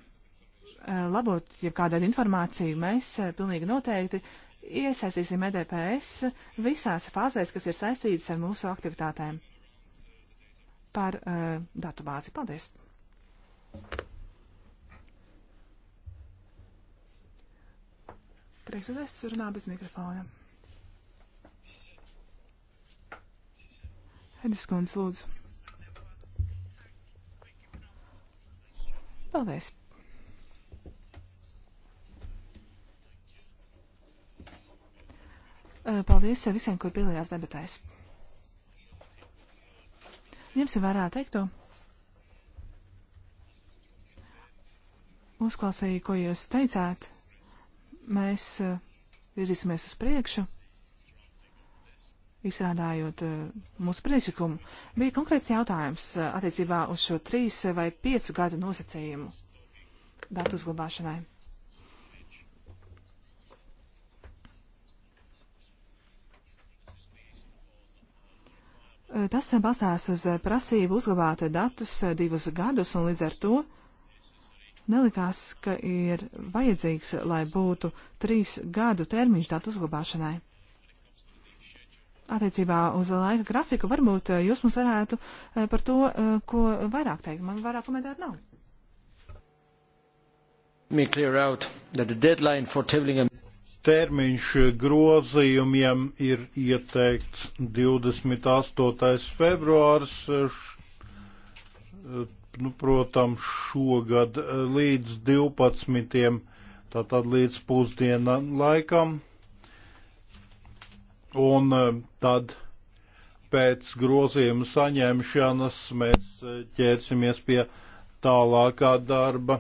labot, ja kāda informācija mēs pilnīgi noteikti iesaistīsim EDPS visās fāzēs, kas ir saistītas ar mūsu aktivitātēm par uh, datu bāzi. Paldies! Priekšsēdēs runā bez mikrofona. Hedis Kunds, lūdzu. Paldies! Uh, paldies visiem, kur piedalījās debatēs. Ņemsim vērā teikto. Uzklausīju, ko jūs teicāt. Mēs uh, virzīsimies uz priekšu izstrādājot uh, mūsu priekšlikumu, bija konkrēts jautājums uh, attiecībā uz šo trīs vai piecu gadu nosacījumu datu uzglabāšanai. Eh, tas eh, balstās uz eh, prasību uzglabāt datus divus gadus, un līdz ar to nelikās, ka ir vajadzīgs, lai būtu trīs gadu termiņš datu uzglabāšanai. Attiecībā uz laika grafiku varbūt jūs mums varētu par to, ko vairāk teikt. Man vairāk komentāru nav. Me clear out that the deadline for tabling a termiņš grozījumiem ir ieteikts 28. februārs, nu, protams, šogad līdz 12. tātad līdz pusdiena laikam. Un e, tad pēc grozījuma saņemšanas mēs e, ķērsimies pie tālākā darba.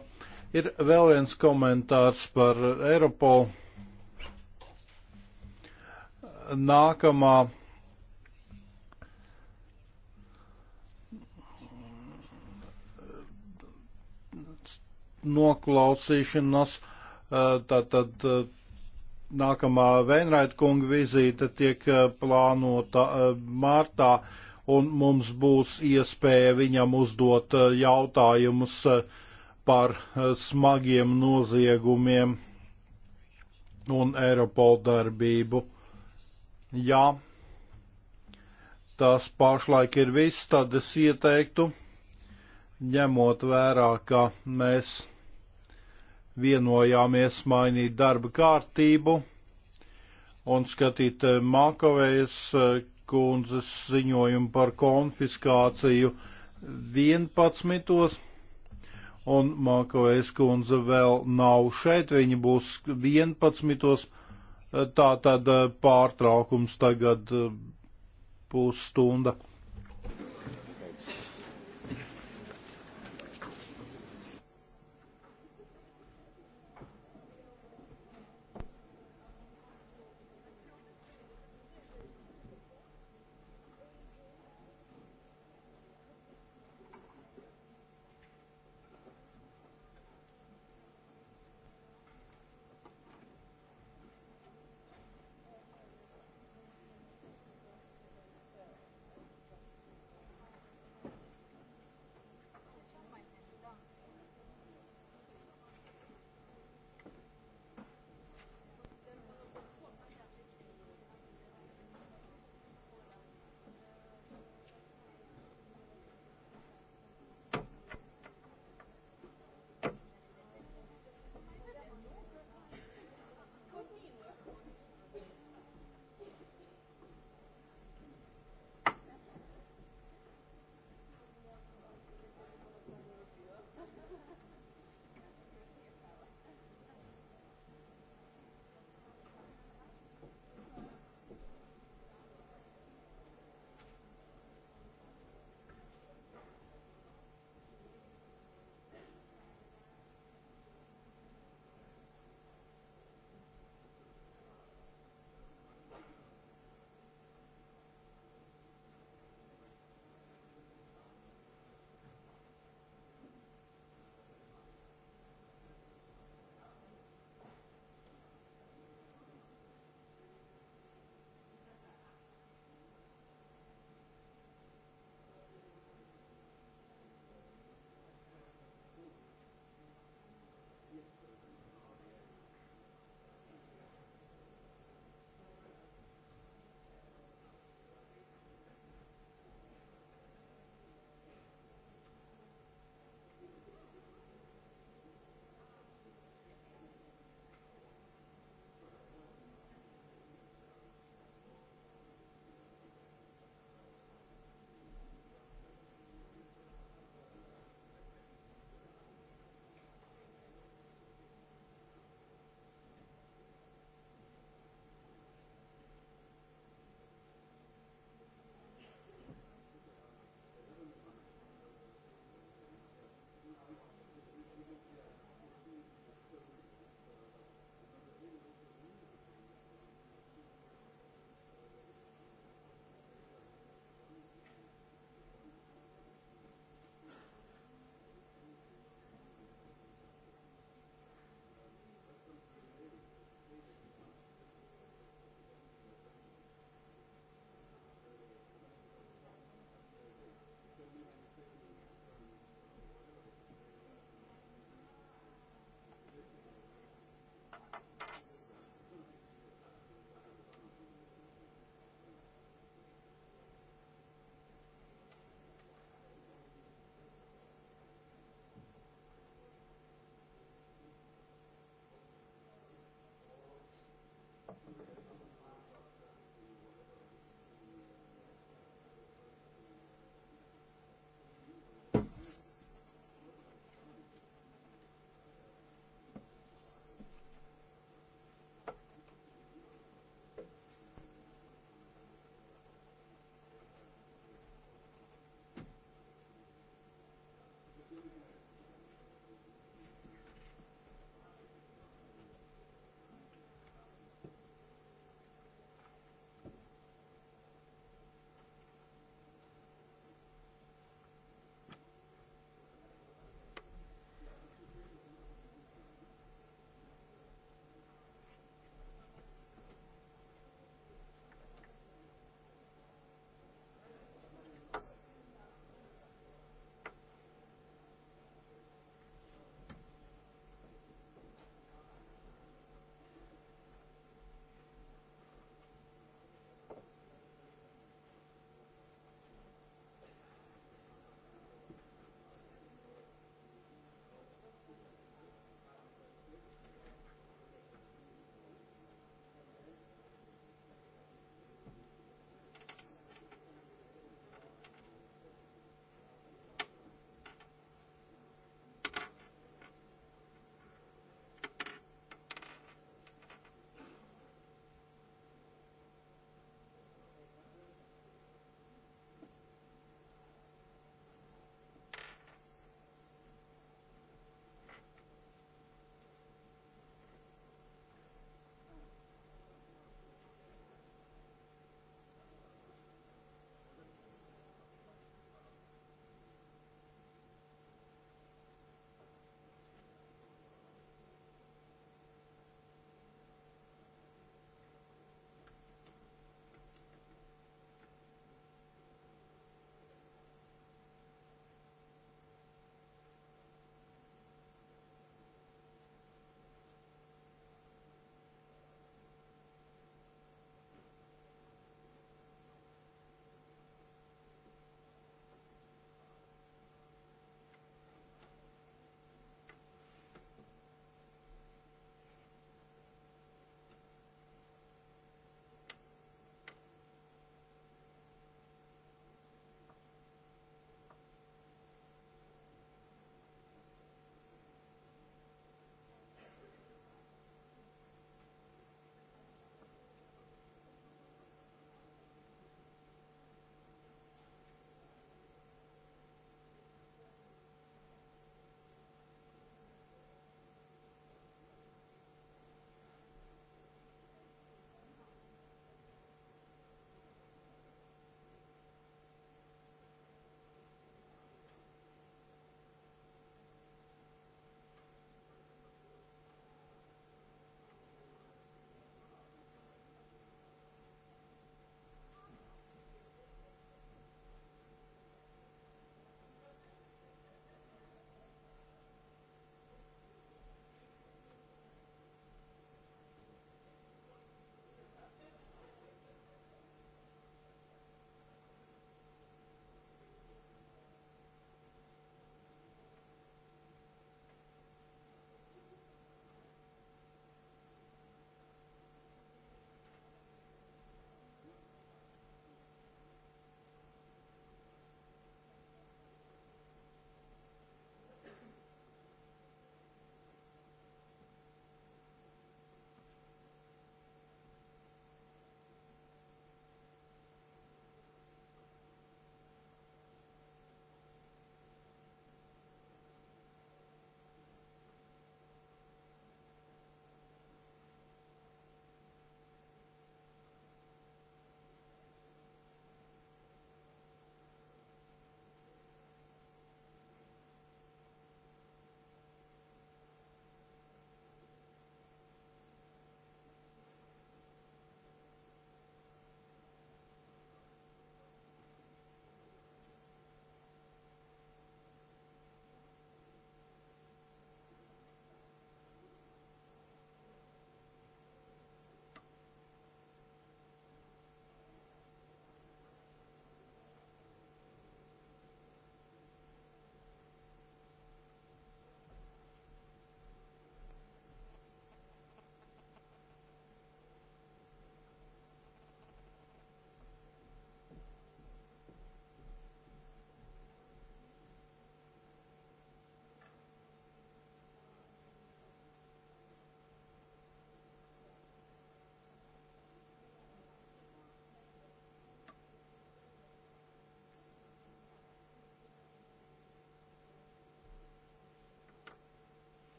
Ir vēl viens komentārs par Eiropolu nākamā noklausīšanas, eh, tātad eh, nākamā Veinraita kunga vizīte tiek eh, plānota martā, un mums būs iespēja viņam uzdot jautājumus par smagiem noziegumiem un Eiropol darbību. Ja tas pašlaik ir viss, tad es ieteiktu, ņemot vērā, ka mēs vienojāmies mainīt darba kārtību un skatīt eh, Makovējas eh, kundzes ziņojumu par konfiskāciju 11. un Makovējas kundze vēl nav šeit, viņa būs 11. Tā tad eh, pārtraukums tagad eh, pusstunda.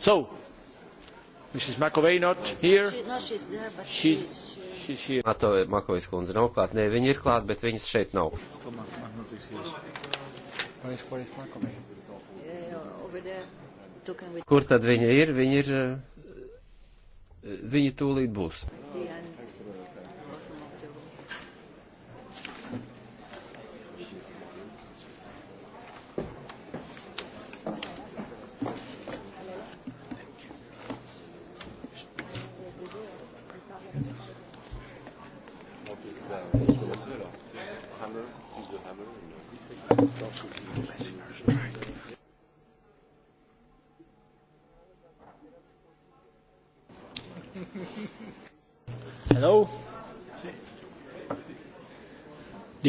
So, Mrs. McAvey not here. She, no, she's there, but she's, she's, she's here. Mato, Makovis kundze nav klāt. Nē, viņa ir klāt, bet viņas šeit nav. Kur tad viņa ir? Viņa ir, eh, viņa tūlīt būs. Yeah.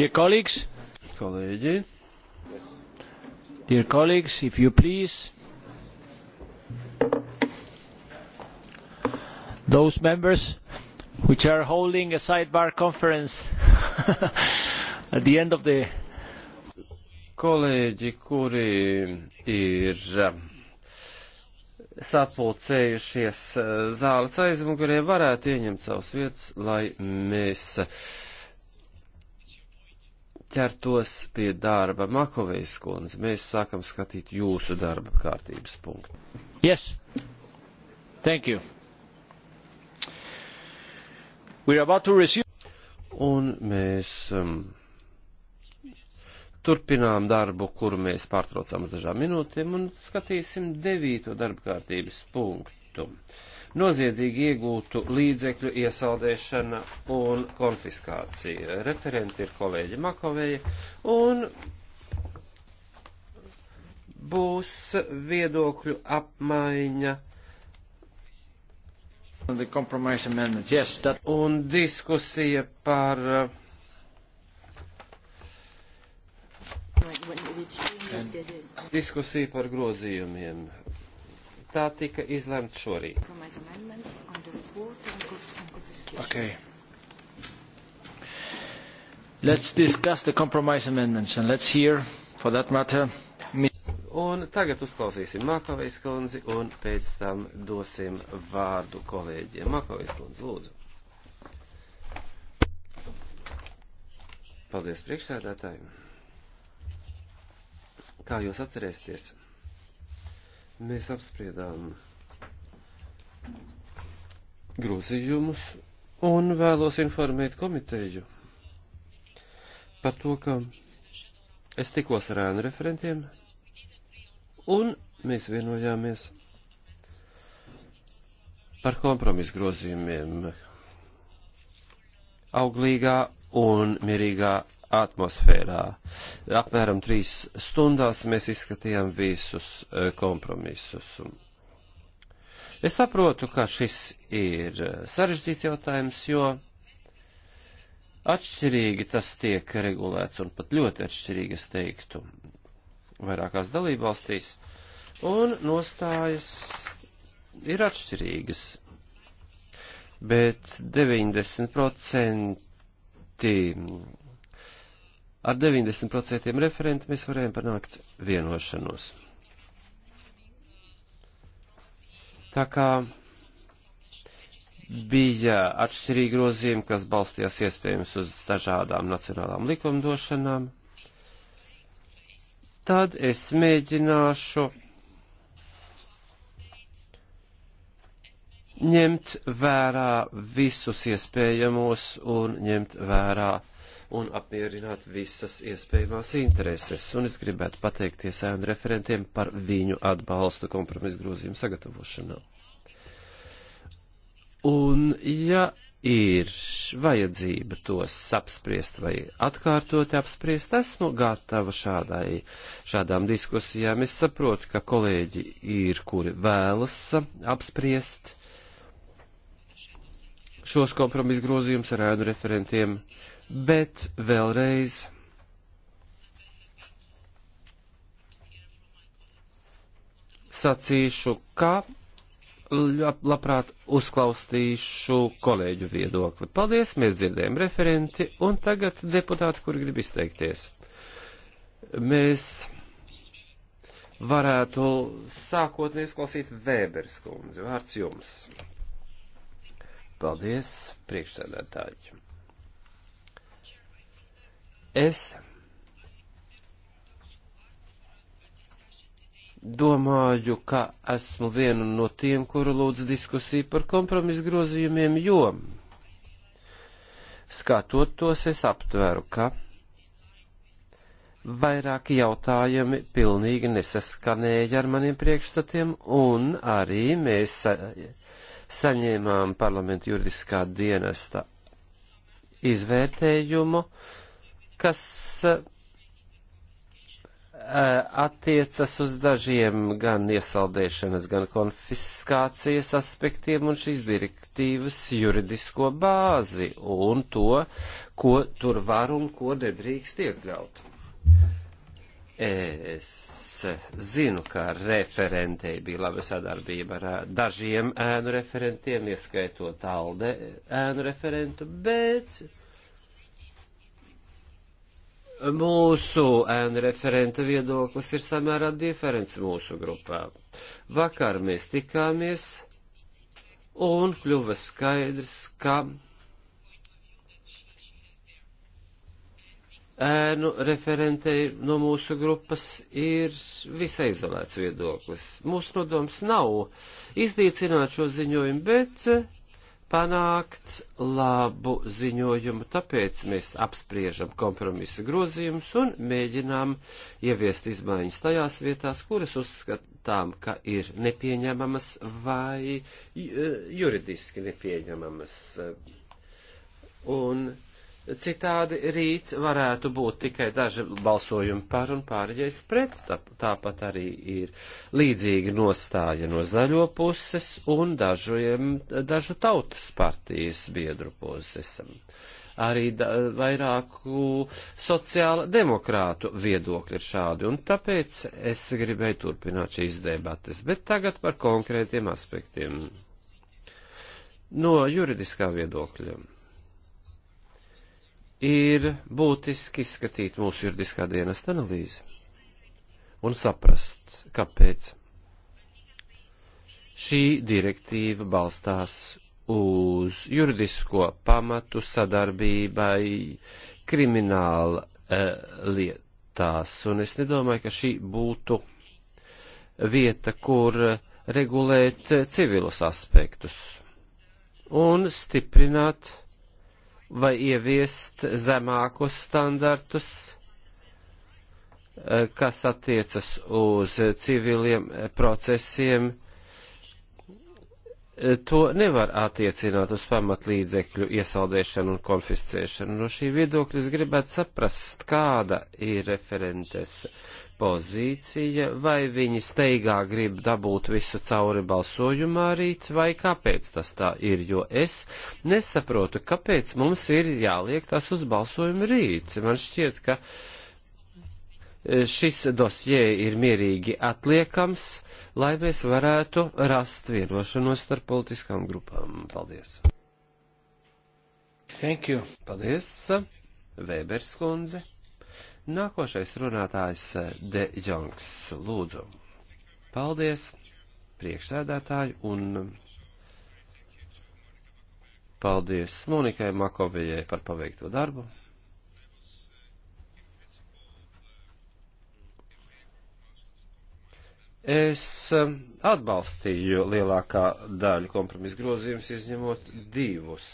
Dear colleagues, kolēģi, dear colleagues, if you please, those members which are holding a sidebar conference [LAUGHS] at the end of the kolēģi, kuri ir um, sapulcējušies uh, zāles aizmugurē, varētu ieņemt savas vietas, lai mēs uh, ķertos pie darba. Makovejs kundze, mēs sākam skatīt jūsu darba kārtības punktu. Yes. Thank you. We're about to resume. Un mēs um, turpinām darbu, kuru mēs pārtraucām uz dažām minūtēm, un skatīsim devīto darba kārtības punktu. Uh, noziedzīgi iegūtu līdzekļu iesaldēšana un konfiskācija. Referenti ir kolēģi Makovēja un būs viedokļu apmaiņa. Yes, that... Un diskusija par. Diskusija par grozījumiem tā tika izlemta šorīt. Okay. Let's discuss the compromise amendments and let's hear, for that matter, Un tagad uzklausīsim Makavejas kundzi un pēc tam dosim vārdu kolēģiem. Makavejas kundze, lūdzu. Paldies priekšsēdētājiem. Kā jūs atcerēsieties? Mēs apspriedām grozījumus un vēlos informēt komiteju par to, ka es tikos ar ēnu referentiem un mēs vienojāmies par kompromisu grozījumiem auglīgā un mierīgā atmosfērā. Apmēram trīs stundās mēs izskatījām visus eh, kompromisus. Es saprotu, ka šis ir eh, sarežģīts jautājums, jo atšķirīgi tas tiek regulēts un pat ļoti atšķirīgi, es teiktu, vairākās dalībvalstīs, un nostājas ir atšķirīgas. Bet 90% citi, ar 90% referenti mēs varējām panākt vienošanos. Tā kā bija atšķirīgi grozījumi, kas balstījās iespējams uz dažādām nacionālām likumdošanām, tad es mēģināšu ņemt vērā visus iespējamos un ņemt vērā un apmierināt visas iespējamās intereses. Un es gribētu pateikties ēnu referentiem par viņu atbalstu kompromisu grozījumu sagatavošanā. Un ja ir vajadzība tos apspriest vai atkārtot apspriest, esmu gatava šādai, šādām diskusijām. Es saprotu, ka kolēģi ir, kuri vēlas apspriest šos kompromisu grozījumus ar ēnu referentiem, bet vēlreiz. Sacīšu, ka labprāt uzklausīšu kolēģu viedokli. Paldies, mēs dzirdējam referenti un tagad deputāti, kuri grib izteikties. Mēs varētu sākotnēji uzklausīt Vēberskundzi. Vārds jums. Paldies, priekšsēdētāji. Es domāju, ka esmu vienu no tiem, kuru lūdz diskusiju par kompromisu grozījumiem, jo skatot tos, es aptveru, ka vairāki jautājumi pilnīgi nesaskanēja ar maniem priekšstatiem, un arī mēs saņēmām parlamentu juridiskā dienesta izvērtējumu, kas eh, attiecas uz dažiem gan iesaldēšanas, gan konfiskācijas aspektiem un šīs direktīvas juridisko bāzi un to, ko tur var un ko nedrīkst iekļaut. Es zinu, ka referentei bija laba sadarbība ar dažiem ēnu referentiem, ieskaitot Alde ēnu referentu, bet mūsu ēnu referenta viedoklis ir samērā diferents mūsu grupā. Vakar mēs tikāmies un kļuva skaidrs, ka ēnu referentei no mūsu grupas ir visai izolēts viedoklis. Mūsu nodoms nav iznīcināt šo ziņojumu, bet panākt labu ziņojumu, tāpēc mēs apspriežam kompromisa grozījumus un mēģinām ieviest izmaiņas tajās vietās, kuras uzskatām, ka ir nepieņemamas vai eh, juridiski nepieņemamas. Un Citādi rīt varētu būt tikai daži balsojumi par un pārējais pret, tā, tāpat arī ir līdzīga nostāja no zaļo puses un dažiem, dažu tautas partijas biedru puses. Arī da, vairāku sociāla demokrātu viedokļi ir šādi, un tāpēc es gribēju turpināt šīs debates, bet tagad par konkrētiem aspektiem. No juridiskā viedokļa ir būtiski izskatīt mūsu juridiskā dienesta analīzi un saprast, kāpēc šī direktīva balstās uz juridisko pamatu sadarbībai krimināla e, lietās, un es nedomāju, ka šī būtu vieta, kur regulēt civilus aspektus un stiprināt vai ieviest zemākus standartus, eh, kas attiecas uz civiliem procesiem. Eh, to nevar attiecināt uz pamatlīdzekļu iesaldēšanu un konfiscēšanu. No šī viedokļa es gribētu saprast, kāda ir referentes pozīcija, vai viņi steigā grib dabūt visu cauri balsojumā rīt, vai kāpēc tas tā ir, jo es nesaprotu, kāpēc mums ir jāliek tas uz balsojumu rīt. Man šķiet, ka e, šis dosjē ir mierīgi atliekams, lai mēs varētu rast vienošanos starp politiskām grupām. Paldies! Thank you! Paldies, Vēberskundze! Nākošais runātājs eh, De Jongs, lūdzu. Paldies, priekšsēdētāji, un paldies Monikai Makovijai par paveikto darbu. Es eh, atbalstīju lielākā daļa kompromisu grozījumus, izņemot divus.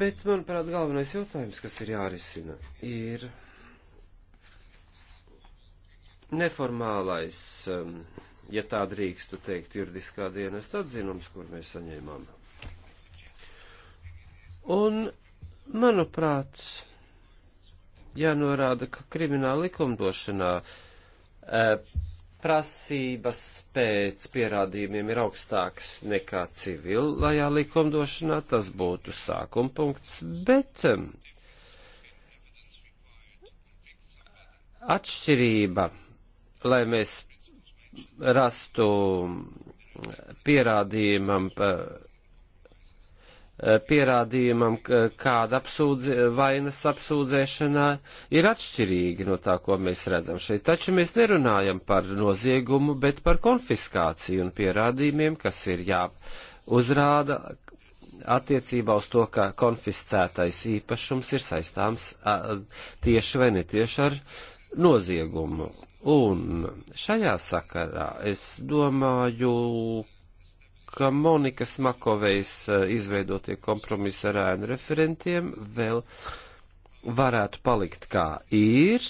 Bet, manuprāt, galvenais jautājums, kas ir jārisina, ir neformālais, um, ja tā drīkstu teikt, juridiskā dienesta atzinums, kur mēs saņēmām. Un, manuprāt, jānorāda, ka krimināla likumdošanā uh, prasības pēc pierādījumiem ir augstāks nekā civilajā likumdošanā, tas būtu sākuma punkts, bet atšķirība, lai mēs rastu pierādījumam par Eh, pierādījumam, kāda apsūdze, vainas apsūdzēšanā ir atšķirīgi no tā, ko mēs redzam šeit. Taču mēs nerunājam par noziegumu, bet par konfiskāciju un pierādījumiem, kas ir jāuzrāda attiecībā uz to, ka konfiscētais īpašums ir saistāms tieši vai netieši ar noziegumu. Un šajā sakarā es domāju, ka Monikas Makovejas eh, izveidotie kompromisi ar ēnu referentiem vēl varētu palikt kā ir,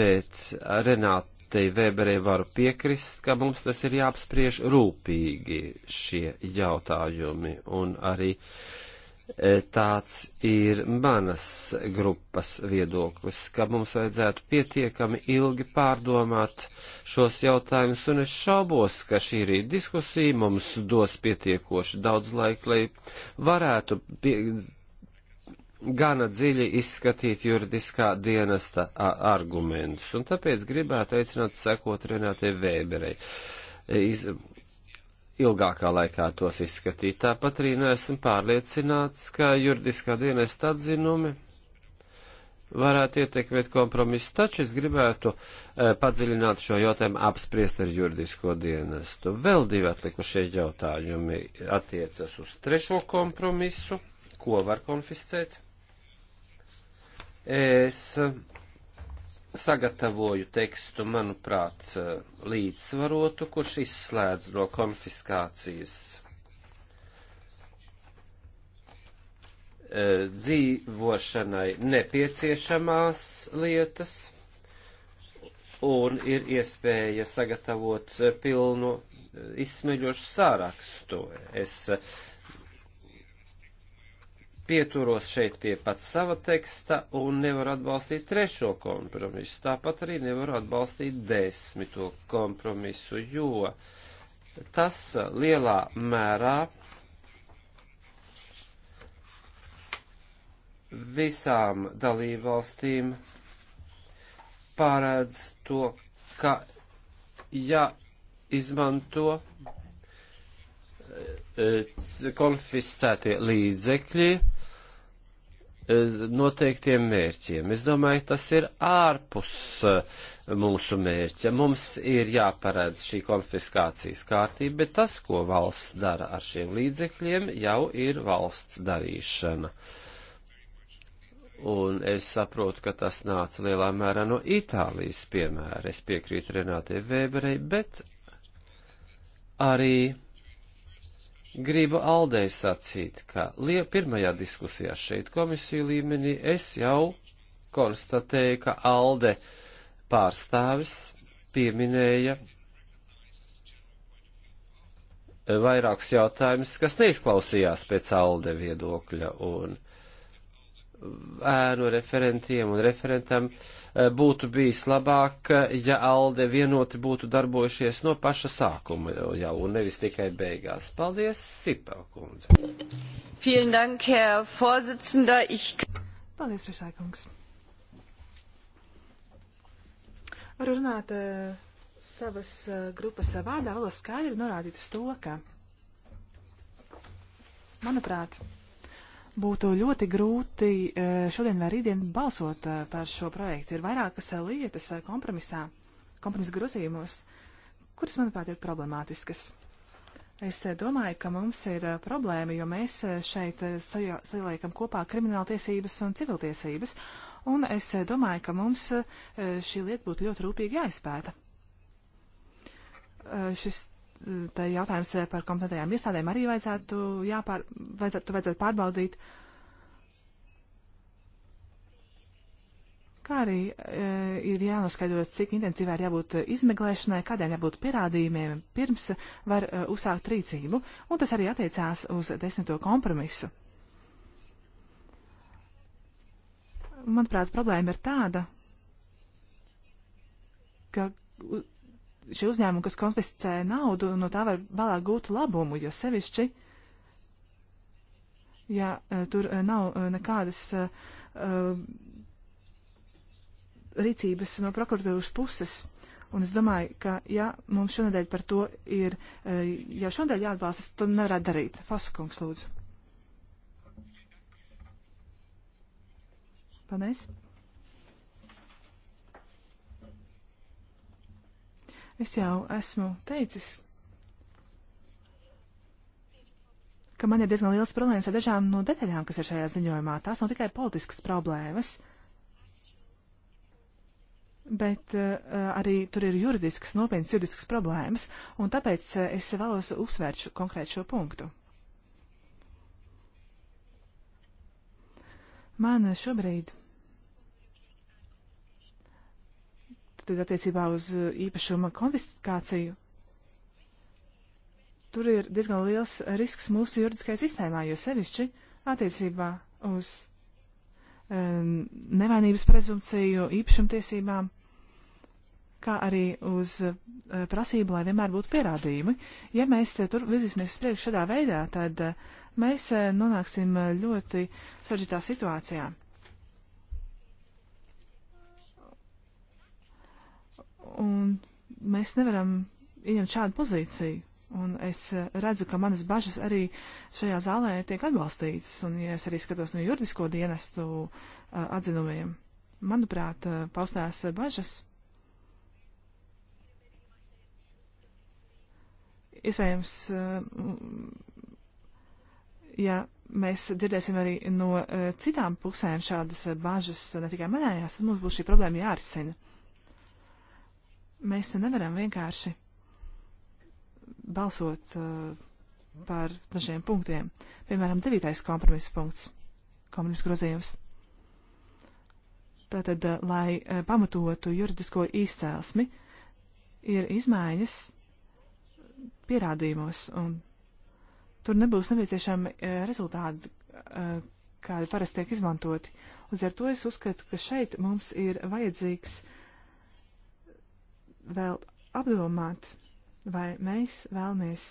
bet Renātei Vēberei varu piekrist, ka mums tas ir jāapspriež rūpīgi šie jautājumi un arī uh, E, tāds ir manas grupas viedoklis, ka mums vajadzētu pietiekami ilgi pārdomāt šos jautājumus, un es šaubos, ka šī rīt diskusija mums dos pietiekoši daudz laika, lai varētu pie, gana dziļi izskatīt juridiskā dienesta argumentus, un tāpēc gribētu aicināt sekot Renātei Vēberei. E, iz, ilgākā laikā tos izskatīt. Tāpat arī neesmu pārliecināts, ka juridiskā dienesta atzinumi varētu ietekmēt kompromisu, taču es gribētu e, padziļināt šo jautājumu apspriest ar juridisko dienestu. Vēl divi atlikušie jautājumi attiecas uz trešo kompromisu, ko var konfiscēt. Es sagatavoju tekstu, manuprāt, eh, līdzsvarotu, kurš izslēdz no konfiskācijas eh, dzīvošanai nepieciešamās lietas un ir iespēja sagatavot eh, pilnu izsmeļošu sārakstu. Es pieturos šeit pie pats sava teksta un nevaru atbalstīt trešo kompromisu. Tāpat arī nevaru atbalstīt desmito kompromisu, jo tas lielā mērā visām dalībvalstīm pārēdz to, ka ja izmanto eh, konfiscētie līdzekļi, Eh, noteiktiem mērķiem. Es domāju, tas ir ārpus eh, mūsu mērķa. Mums ir jāparedz šī konfiskācijas kārtība, bet tas, ko valsts dara ar šiem līdzekļiem, jau ir valsts darīšana. Un es saprotu, ka tas nāca lielā mērā no Itālijas piemēra. Es piekrītu Renātei Vēberei, bet arī Gribu Aldei sacīt, ka pirmajā diskusijā šeit komisiju līmenī es jau konstatēju, ka Alde pārstāvis pieminēja vairākus jautājumus, kas neizklausījās pēc Alde viedokļa, un uh, ēnu referentiem un referentam eh, būtu bijis labāk, ja Alde vienoti būtu darbojušies no paša sākuma jau un nevis tikai beigās. Paldies, Sipa kundze. Dank, ich... Paldies, priekšsēkungs. Varu runāt uh, savas uh, grupas vārdā, vēlos skaidri norādīt uz to, ka, manuprāt, būtu ļoti grūti eh, šodien vai rītdien balsot eh, par šo projektu. Ir vairākas eh, lietas kompromisā, kompromisa grozījumos, kuras, manuprāt, ir problemātiskas. Es domāju, ka mums ir problēma, jo mēs šeit saliekam kopā krimināltiesības un civiltiesības, un es domāju, ka mums šī lieta būtu ļoti rūpīgi jāizpēta. Šis tā jautājums eh, par kompetentajām iestādēm arī vajadzētu, jāpār, vajadzētu, vajadzētu pārbaudīt. Kā arī e, ir jānoskaidro, cik intensīvā ir jābūt izmeklēšanai, kādiem jābūt pierādījumiem, pirms var e, uzsākt rīcību, un tas arī attiecās uz desmito kompromisu. Manuprāt, problēma ir tāda, ka šie uzņēmumi, kas konfiscē naudu, no tā var vēlāk gūt labumu, jo sevišķi, ja e, tur e, nav e, nekādas rīcības no prokuratūras puses. Un es domāju, ka, ja mums šonadēļ par to ir jau šonadēļ jāatbalstas, to nevarētu darīt. Fasakungs, lūdzu. Paldies. Es jau esmu teicis, ka man ir diezgan liels problēmas ar dažām no detaļām, kas ir šajā ziņojumā. Tās nav tikai politiskas problēmas, bet uh, arī tur ir juridiskas, nopietnas juridiskas problēmas, un tāpēc uh, es vēlos uzsvērt šo, konkrēt šo punktu. Man šobrīd Tad attiecībā uz e, īpašuma konfiskāciju. Tur ir diezgan liels risks mūsu juridiskajai sistēmā, jo sevišķi attiecībā uz um, nevainības prezumciju, īpašumtiesībām, kā arī uz uh, prasību, lai vienmēr būtu pierādījumi. Ja mēs uh, tur virzīsimies uz priekšu šādā veidā, tad uh, mēs nonāksim ļoti sarežģītā situācijā. Un mēs nevaram ieņemt šādu pozīciju. Un es eh, redzu, ka manas bažas arī šajā zālē tiek atbalstītas. Un, ja es arī skatos no juridisko dienestu eh, atzinumiem, manuprāt, eh, paustās bažas iespējams, ja mēs dzirdēsim arī no citām pusēm šādas bāžas, ne tikai manējās, tad mums būs šī problēma jārisina. Mēs nevaram vienkārši balsot uh, par dažiem punktiem. Piemēram, devītais kompromisa punkts, kompromisa grozījums. Tātad, uh, lai uh, pamatotu juridisko izcēlesmi, ir izmaiņas pierādījumos, un tur nebūs nepieciešami uh, rezultāti, kādi parasti tiek izmantoti. Līdz ar to es uzskatu, ka šeit mums ir vajadzīgs vēl apdomāt, vai mēs vēlamies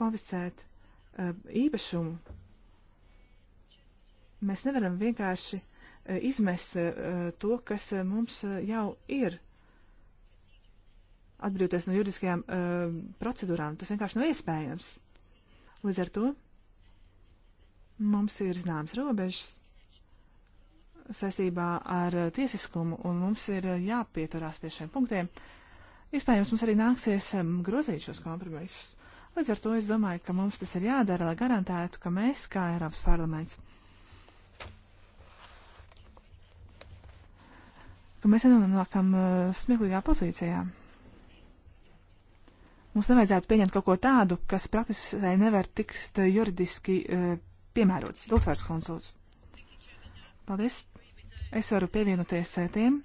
konfiscēt uh, īpašumu. Mēs nevaram vienkārši uh, izmest uh, to, kas uh, mums uh, jau ir. Atbrīvoties no juridiskajām uh, procedūrām, tas vienkārši nav iespējams. Līdz ar to mums ir zināms robežas saistībā ar tiesiskumu, un mums ir jāpieturās pie šiem punktiem. Uh, Iespējams, mums arī nāksies grozīt šos kompromisus. Līdz ar to es domāju, ka mums tas ir jādara, lai garantētu, ka mēs, kā Eiropas parlaments, ka mēs nenonākam uh, smieklīgā pozīcijā. Mums nevajadzētu pieņemt kaut ko tādu, kas praktiski nevar tikt eh, juridiski uh, piemērots. Lūdzu, konsults. Paldies. Es varu pievienoties tiem,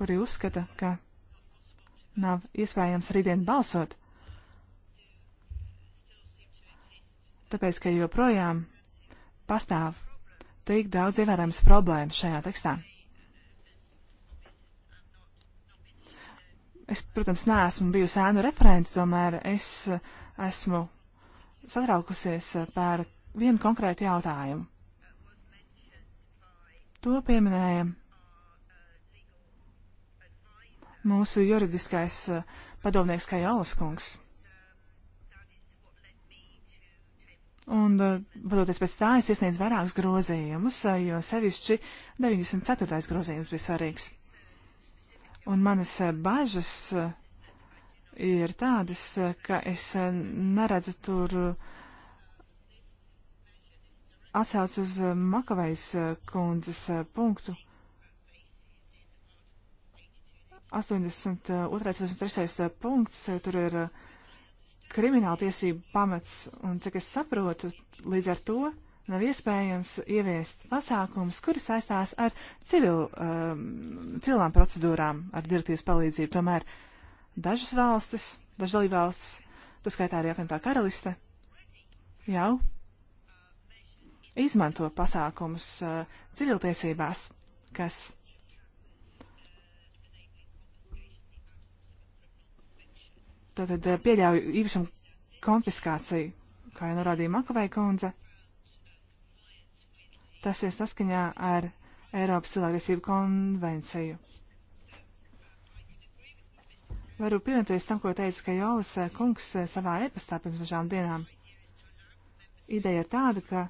kuri uzskata, ka nav iespējams rītdien balsot. Tāpēc, ka joprojām pastāv tik daudz ievērojams problēmas šajā tekstā. Es, protams, neesmu bijusi ēnu referents, tomēr es eh, esmu satraukusies eh, par vienu konkrētu jautājumu. To pieminēja mūsu juridiskais eh, padomnieks Kajālas kungs. Un, eh, vadoties pēc tā, es iesniedzu vairākus grozījumus, eh, jo sevišķi 94. grozījums bija svarīgs. Un manas bažas ir tādas, ka es neredzu tur atsauc uz Makavejas kundzes punktu 82. 83. Eh, punkts, eh, tur ir eh, krimināla tiesība pamats, un cik es saprotu, līdz ar to nav iespējams ieviest pasākumus, kuri saistās ar civilu, um, civilām procedūrām ar direktīvas palīdzību. Tomēr dažas valstis, dažas dalībvalstis, tu skaitā arī apvienotā karaliste, jau izmanto pasākumus uh, civiltiesībās, kas tātad eh, pieļauj īpašumu konfiskāciju, kā jau norādīja Makavai kundze. Tas ir saskaņā ar Eiropas cilvēktiesību konvenciju. Varu pievienoties tam, ko teica Kajolis eh, kungs eh, savā epastā pirms dažām dienām. Ideja ir tāda, ka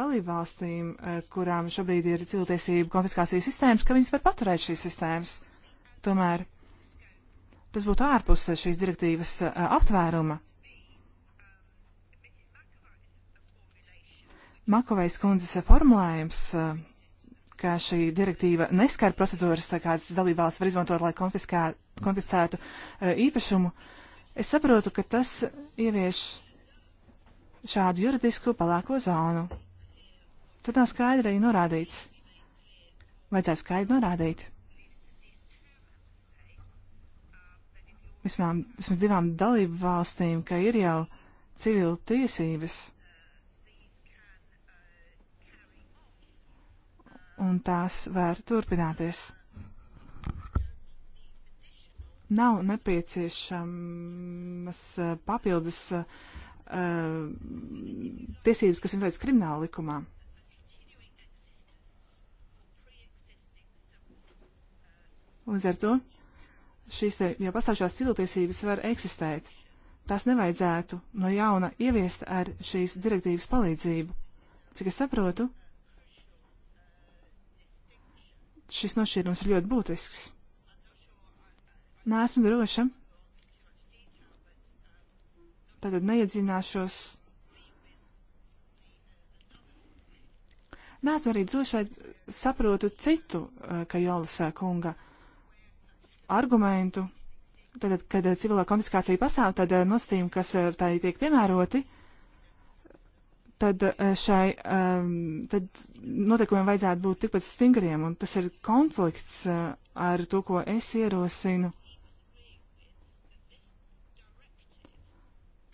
dalībvalstīm, kurām šobrīd ir cilvēktiesību konfiskācijas sistēmas, ka viņas var paturēt šīs sistēmas. Tomēr tas būtu ārpus šīs direktīvas eh, aptvēruma. Makovejs kundzes formulējums, eh, ka šī direktīva neskar procedūras, kādas dalībvalsts var izmantot, lai konfiskā, konfiscētu eh, īpašumu, es saprotu, ka tas ievieš šādu juridisku palāko zonu. Tur nav skaidri norādīts. Vajadzētu skaidri norādīt. vismām, vismaz divām dalību valstīm, ka ir jau civila tiesības. Un tās var turpināties. Nav nepieciešamas eh, papildus uh, tiesības, kas ir veids krimināla likumā. Līdz ar to šīs jau pastāvšās cilvēktiesības var eksistēt. Tās nevajadzētu no jauna ieviest ar šīs direktīvas palīdzību. Cik es saprotu, šis nošķīrums ir ļoti būtisks. Nē, esmu droša. Tātad neiedzināšos. Nē, esmu arī droši saprotu citu eh, Kajolas eh, kunga uh, argumentu, tad, kad eh, civilā konfiskācija pastāv, tad eh, nosacījumi, kas eh, tai tiek piemēroti, tad šai ehm, tad noteikumiem vajadzētu būt tikpat stingriem, un tas ir konflikts ar to, ko es ierosinu.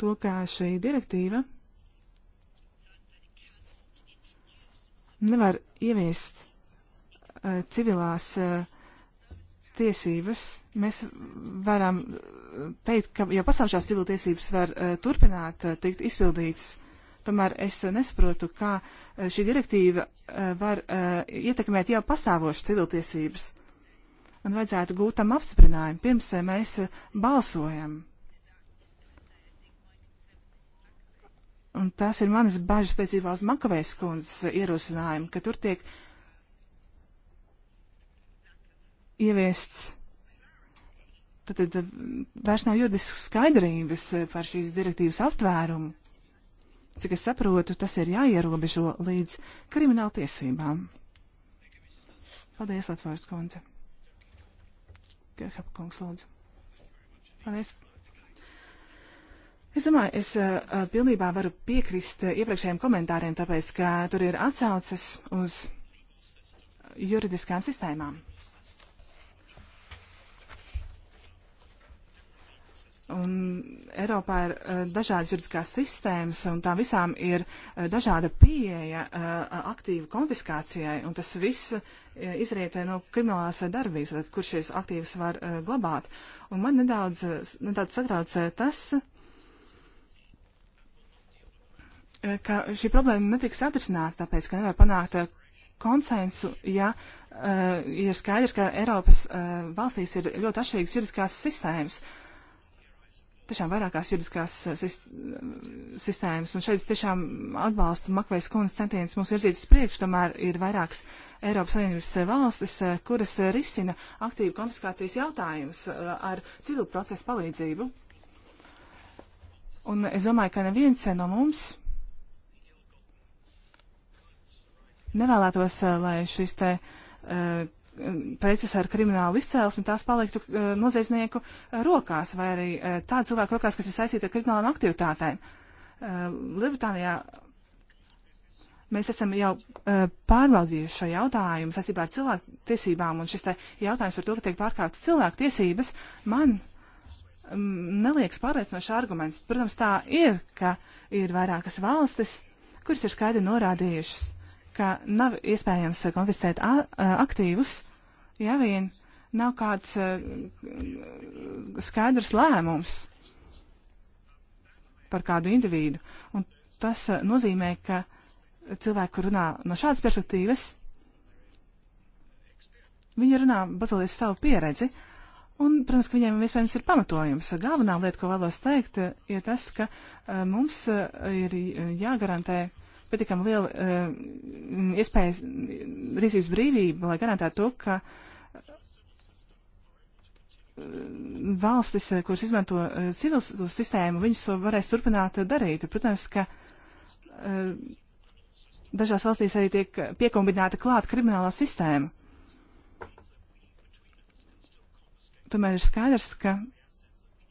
To, kā šī direktīva nevar ieviest civilās uh, tiesības, mēs varam teikt, ka jau pasaušās civiltiesības var uh, turpināt uh, tikt izpildītas. Tomēr es uh, nesaprotu, kā šī direktīva var ietekmēt jau pastāvošas civiltiesības. Man vajadzētu gūt tam apstiprinājumu, pirms mēs balsojam. Un tās ir manas bažas attiecībā uz Makavējas kundzes ierosinājumu, ka tur tiek uh, ieviests. Tad vairs nav juridiskas skaidrības eh, par šīs direktīvas aptvērumu. Cik es saprotu, tas ir jāierobežo līdz krimināla tiesībām. Paldies, Latvijas kundze. Gerhapa kungs, lūdzu. Paldies. Es domāju, es uh, pilnībā varu piekrist uh, iepriekšējiem komentāriem, tāpēc, ka tur ir atsauces uz juridiskām sistēmām. Un Eiropā ir uh, dažādas juridiskās sistēmas, un tā visām ir uh, dažāda pieeja uh, aktīvu konfiskācijai, un tas viss izrietē no kriminālās darbības, kur šīs aktīvas var glabāt. Un man nedaudz, nedaudz satrauc tas, ka šī problēma netiks atrisināta, tāpēc, ka nevar panākt konsensu, ja ir skaidrs, ka Eiropas valstīs ir ļoti atšķirīgas juridiskās sistēmas. Uh, tiešām vairākās juridiskās eh, eh, sistēmas, un šeit es tiešām atbalstu Makvejas kundzes centienus mūs virzīt uz priekšu, tomēr ir vairākas Eiropas Savienības eh, valstis, kuras risina aktīvu konfiskācijas jautājumus ar civilu procesu palīdzību. Un es domāju, ka neviens no mums nevēlētos, lai šis te uh, preces ar kriminālu izcēlesmi, tās paliktu eh, noziedznieku eh, rokās vai arī eh, tādu cilvēku rokās, kas ir saistīti ar kriminālām aktivitātēm. Lielbritānijā mēs esam jau pārbaudījuši šo jautājumu saistībā ar cilvēku tiesībām, un šis jautājums par to, ka tiek pārkāptas cilvēku tiesības, man mm, neliekas pārliecinošs arguments. Protams, tā ir, ka ir vairākas valstis, kuras ir skaidri norādījušas ka nav iespējams konfiscēt aktīvus, ja vien nav kāds skaidrs lēmums par kādu individu. Un tas nozīmē, ka cilvēku runā no šādas perspektīvas, viņi runā bazoties uz savu pieredzi, un, protams, ka viņiem iespējams ir pamatojums. Galvenā lieta, ko vēlos teikt, ir tas, ka mums ir jāgarantē uh, pietiekami liela uh, iespējas rīcības brīvība, lai garantētu to, ka eh, valstis, eh, kuras izmanto civils sistēmu, viņas to varēs turpināt darīt. Protams, ka dažās valstīs arī tiek piekombināta klāt kriminālā sistēma. Tomēr ir skaidrs, ka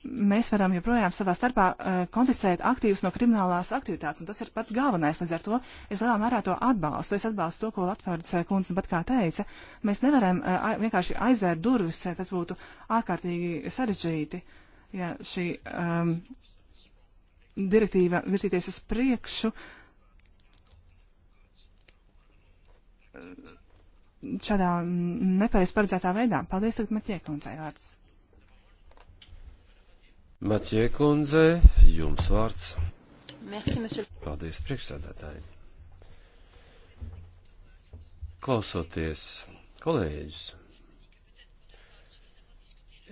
mēs varam joprojām savā starpā uh, konfiscēt aktīvus no kriminālās aktivitātes, un tas ir pats galvenais. Līdz ar to es lielā mērā to atbalstu. Es atbalstu to, ko Latvārds uh, kundze pat kā teica. Mēs nevaram uh, vienkārši aizvērt durvis, uh, tas būtu ārkārtīgi sarežģīti, ja šī um, direktīva virzīties uz priekšu. Šādā mm, nepareiz paredzētā veidā. Paldies, tagad Maķiekundzei vārds. Maķie kundze, jums vārds. Merci, monsieur. Paldies priekšsēdētāji. Klausoties kolēģis,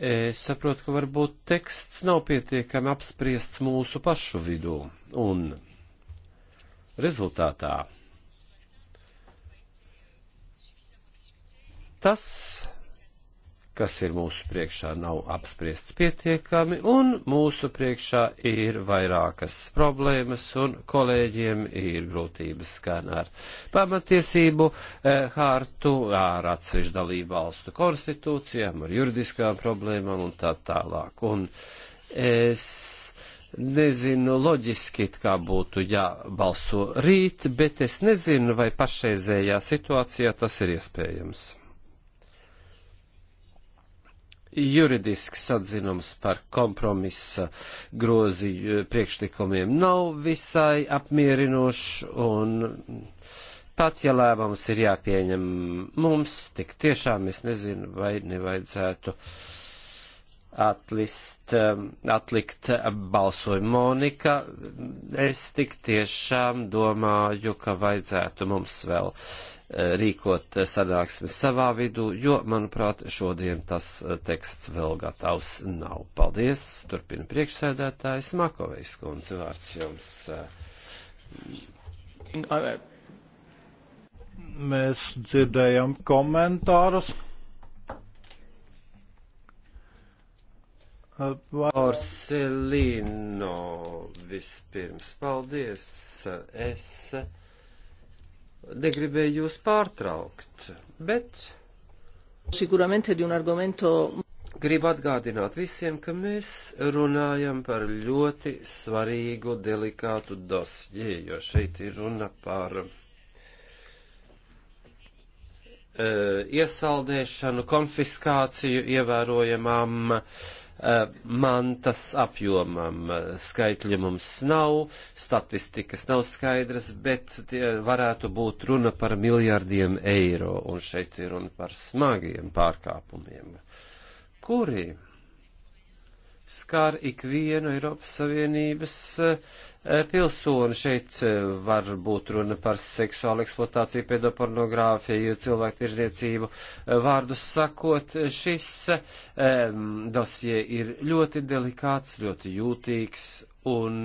es saprotu, ka varbūt teksts nav pietiekami apspriests mūsu pašu vidū un rezultātā. Tas kas ir mūsu priekšā, nav apspriests pietiekami, un mūsu priekšā ir vairākas problēmas, un kolēģiem ir grūtības gan ar pamatiesību eh, hārtu, ar atsevišķu dalību valstu konstitūcijām, ar juridiskām problēmām un tā tālāk. Un es nezinu, loģiski it kā būtu jābalso rīt, bet es nezinu, vai pašreizējā situācijā tas ir iespējams juridisks atzinums par kompromisa grozi eh, priekšlikumiem nav visai apmierinošs un pat, ja lēmums ir jāpieņem mums, tik tiešām es nezinu, vai nevajadzētu atlist, eh, atlikt balsojumu Monika. Es tik tiešām domāju, ka vajadzētu mums vēl uh, Eh, rīkot eh, sanāksmes savā vidū, jo, manuprāt, šodien tas eh, teksts vēl gatavs nav. Paldies! Turpina priekšsēdētājs Makovejs kundze vārds jums. Mēs dzirdējam komentārus. Porcelīno vispirms. Paldies! Es negribēju jūs pārtraukt, bet. Sicuramente di un argomento gribu atgādināt visiem, ka mēs runājam par ļoti svarīgu, delikātu dosjē, jo šeit ir runa par e, iesaldēšanu, konfiskāciju ievērojamām e, Eh, mantas apjomam. Skaitļi mums nav, statistikas nav skaidras, bet varētu būt runa par miljardiem eiro, un šeit ir runa par smagiem pārkāpumiem, kuri skār ikvienu Eiropas Savienības Eh, pilsoni. Šeit eh, var būt runa par seksuālu eksploatāciju, pedopornogrāfiju, cilvēku tirzniecību. Eh, vārdus sakot, šis um, dosie ir ļoti delikāts, ļoti jūtīgs un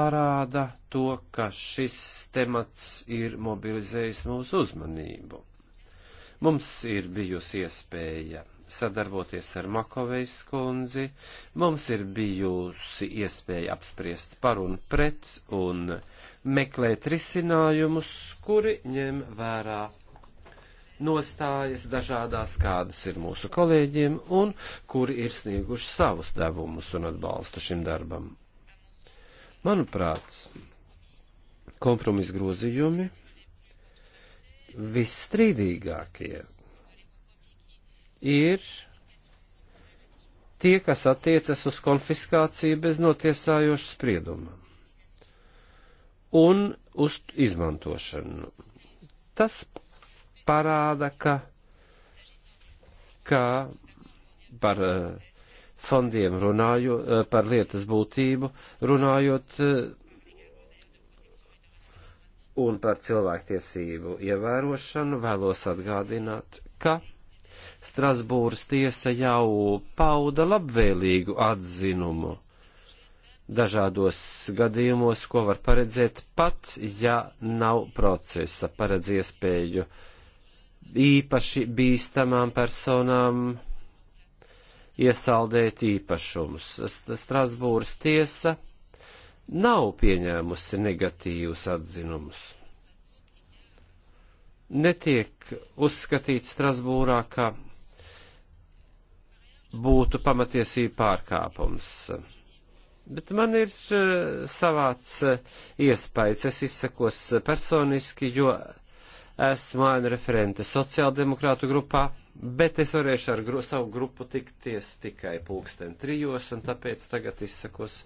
parāda to, ka šis temats ir mobilizējis mūsu uzmanību. Mums ir bijusi iespēja sadarboties ar Makovejas kundzi. Mums ir bijusi iespēja apspriest par un pret un meklēt risinājumus, kuri ņem vērā nostājas dažādās, kādas ir mūsu kolēģiem un kuri ir snieguši savus devumus un atbalstu šim darbam. Manuprāt, kompromisa grozījumi visstrīdīgākie ir tie, kas attiecas uz konfiskāciju bez notiesājoša sprieduma un uz izmantošanu. Tas parāda, ka, ka par eh, fondiem runāju, eh, par lietas būtību runājot eh, un par cilvēktiesību ievērošanu vēlos atgādināt, ka Strasbūras tiesa jau pauda labvēlīgu atzinumu dažādos gadījumos, ko var paredzēt pat, ja nav procesa, paredz iespēju īpaši bīstamām personām iesaldēt īpašumus. Strasbūras tiesa nav pieņēmusi negatīvus atzinumus netiek uzskatīts Strasbūrā, ka būtu pamatiesība pārkāpums. Bet man ir eh, savāds eh, iespējas, es izsakos personiski, jo esmu ANU referente sociāldemokrātu grupā Bet es varēšu ar gru, savu grupu tikties tikai pulksten trijos, un tāpēc tagad izsakos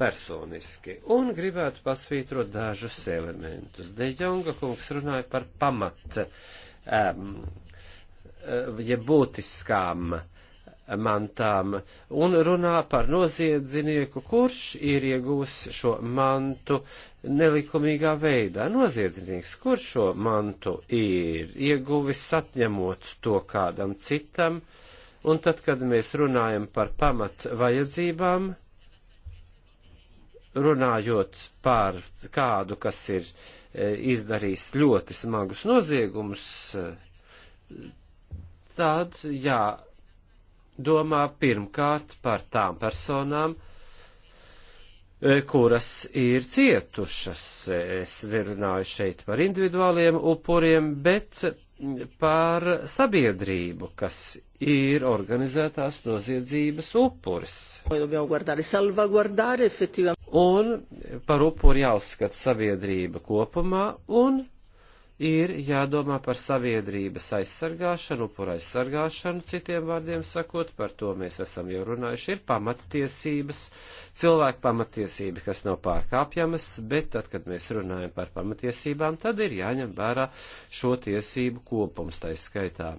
personiski. Un gribētu pasvītrot dažus elementus. De Jonga kungs runāja par pamat, um, eh, jeb būtiskām uh, mantām un runā par noziedznieku, kurš ir iegūs šo mantu nelikumīgā veidā. Noziedznieks, kurš šo mantu ir ieguvis atņemot to kādam citam, un tad, kad mēs runājam par pamat vajadzībām, runājot par kādu, kas ir e, izdarījis ļoti smagus noziegumus, e, tad jā, domā pirmkārt par tām personām, e, kuras ir cietušas. Es runāju šeit par individuāliem upuriem, bet par sabiedrību, kas ir organizētās noziedzības upuris. Un par upuri jāuzskata sabiedrība kopumā un ir jādomā par sabiedrības aizsargāšanu, upura aizsargāšanu, citiem vārdiem sakot, par to mēs esam jau runājuši, ir pamattiesības, cilvēku pamattiesība, kas nav pārkāpjamas, bet tad, kad mēs runājam par pamattiesībām, tad ir jāņem vērā šo tiesību kopums taiskaitā.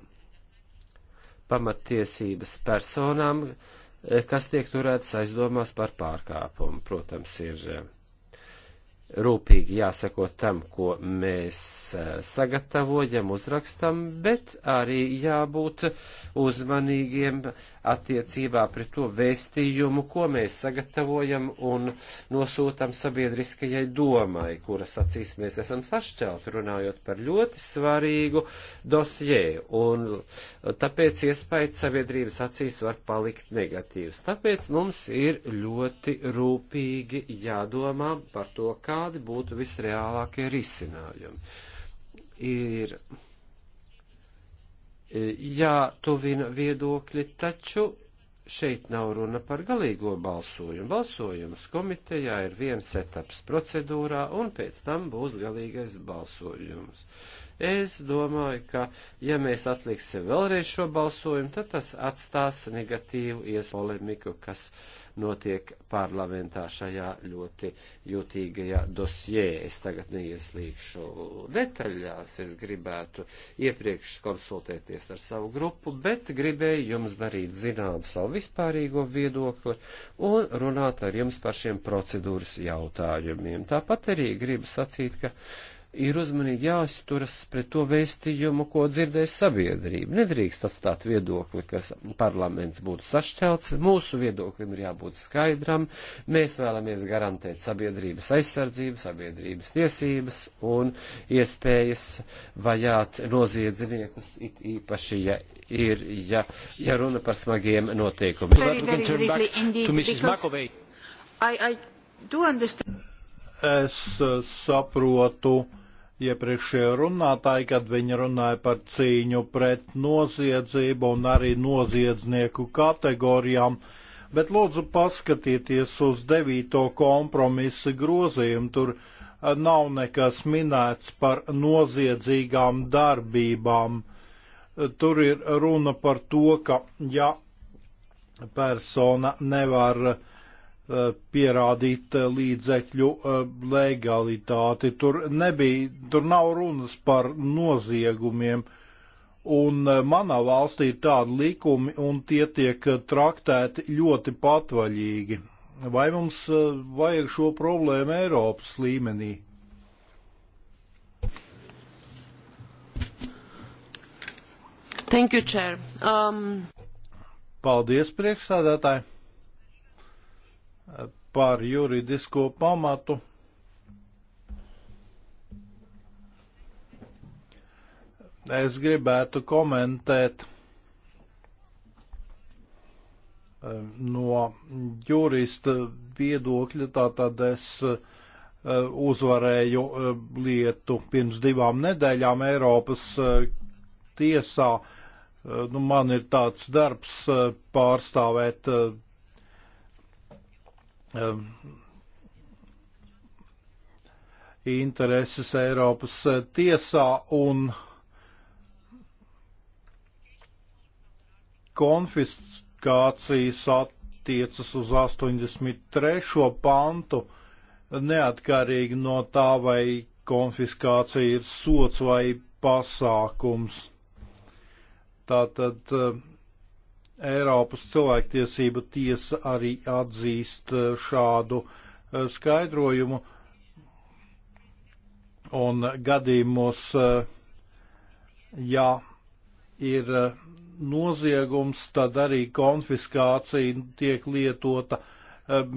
Pamattiesības personām, kas tiek turētas aizdomās par pārkāpumu, protams, ir žēl rūpīgi jāsako tam, ko mēs eh, sagatavojam, uzrakstam, bet arī jābūt uzmanīgiem attiecībā pret to vēstījumu, ko mēs sagatavojam un nosūtam sabiedriskajai domai, kuras acīs mēs esam sašķelti, runājot par ļoti svarīgu dosjē, un tāpēc iespējas sabiedrības acīs var palikt negatīvs. Tāpēc mums ir ļoti rūpīgi jādomā par to, kā kādi būtu visreālākie risinājumi. Ir e, jātuvina viedokļi, taču šeit nav runa par galīgo balsojumu. Balsojums komitejā ir viens etaps procedūrā, un pēc tam būs galīgais balsojums. Es domāju, ka ja mēs atliksim vēlreiz šo balsojumu, tad tas atstās negatīvu iespolemiku, kas notiek parlamentā šajā ļoti jūtīgajā dosjē. Es tagad neieslīgšu detaļās, es gribētu iepriekš konsultēties ar savu grupu, bet gribēju jums darīt zinām savu vispārīgo viedokli un runāt ar jums par šiem procedūras jautājumiem. Tāpat arī gribu sacīt, ka ir uzmanīgi jāizturas pret to vēstījumu, ko dzirdēs sabiedrība. Nedrīkst atstāt viedokli, ka parlaments būtu sašķelts, mūsu viedoklim ir jābūt skaidram, mēs vēlamies garantēt sabiedrības aizsardzību, sabiedrības tiesības un iespējas vajāt noziedzniekus, it īpaši, ja ir, ja, ja runa par smagiem noteikumiem. Very, very indeed, I, I es eh, saprotu, iepriekšējie runātāji, kad viņi runāja par cīņu pret noziedzību un arī noziedznieku kategorijām, bet lūdzu paskatieties uz devīto kompromisa grozījumu. Tur eh, nav nekas minēts par noziedzīgām darbībām. Eh, tur ir runa par to, ka ja persona nevar uh, Eh, pierādīt eh, līdzekļu eh, legalitāti. Tur nebija, tur nav runas par noziegumiem. Un manā valstī ir tādi likumi, un tie tiek traktēti ļoti patvaļīgi. Vai mums vajag šo problēmu Eiropas līmenī? Thank you, Chair. Um... Paldies, priekšsādātāji! par juridisko pamatu. Es gribētu komentēt um, no jurista viedokļa, tātad es uh, uzvarēju uh, lietu pirms divām nedēļām Eiropas uh, tiesā. Nu, man ir tāds darbs pārstāvēt intereses Eiropas e, tiesā un konfiskācijas attiecas uz 83. pantu, neatkarīgi no tā, vai konfiskācija ir sots vai pasākums. Tātad e, Eiropas cilvēktiesība tiesa arī atzīst eh, šādu eh, skaidrojumu. Un gadījumos, eh, ja ir noziegums, tad arī konfiskācija tiek lietota.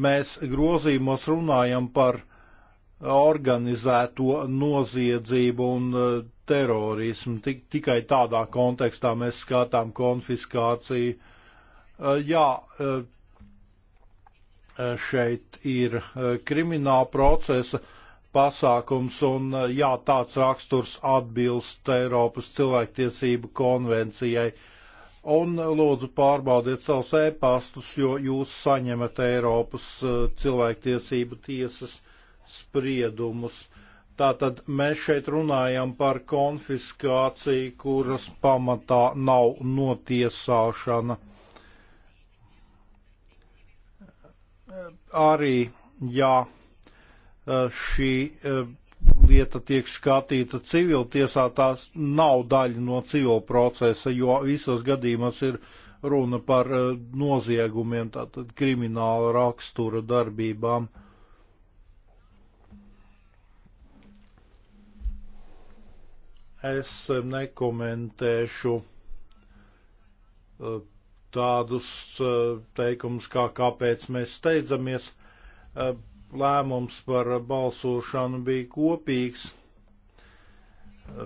Mēs grozījumos runājam par organizēto noziedzību un terorismu. Tik, tikai tādā kontekstā mēs skatām konfiskāciju. Jā, šeit ir krimināla procesa pasākums, un jā, tāds raksturs atbilst Eiropas cilvēktiesību konvencijai. Un lūdzu pārbaudiet savus ēpastus, jo jūs saņemat Eiropas cilvēktiesību tiesas spriedumus. Tātad mēs šeit runājam par konfiskāciju, kuras pamatā nav notiesāšana. arī, ja e, šī e, lieta tiek skatīta civil tiesā, tās nav daļa no civil procesa, jo visos gadījumos ir runa par e, noziegumiem, tātad krimināla rakstura darbībām. Es nekomentēšu tādus eh, teikumus, kā kāpēc mēs steidzamies. Eh, lēmums par balsošanu bija kopīgs. Eh,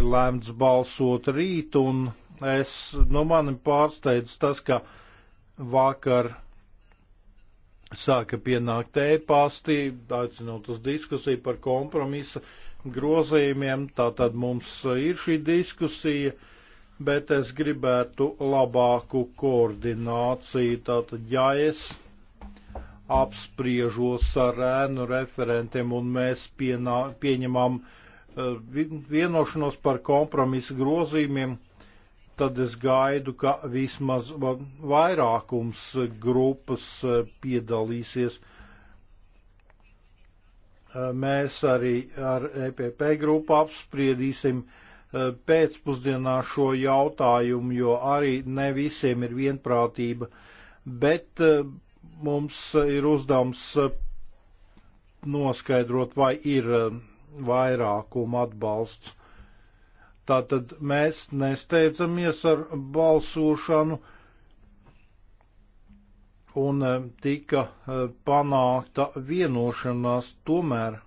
ir lēmts balsot rīt, un es, nu, mani pārsteidz tas, ka vakar sāka pienākt ēpastī, aicinot uz diskusiju par kompromisa grozījumiem. Tātad mums ir šī diskusija. Uh, bet es gribētu labāku koordināciju. Tātad, ja es apspriežos ar ēnu referentiem un mēs pienā, pieņemam eh, vienošanos par kompromisu grozījumiem, tad es gaidu, ka vismaz vairākums grupas eh, piedalīsies. Eh, mēs arī ar EPP grupu apspriedīsim uh, Eh, pēcpusdienā šo jautājumu, jo arī ne visiem ir vienprātība, bet eh, mums ir uzdevums eh, noskaidrot, vai ir vairākuma atbalsts. Tātad mēs nesteidzamies ar balsošanu, un tika panākta vienošanās tomēr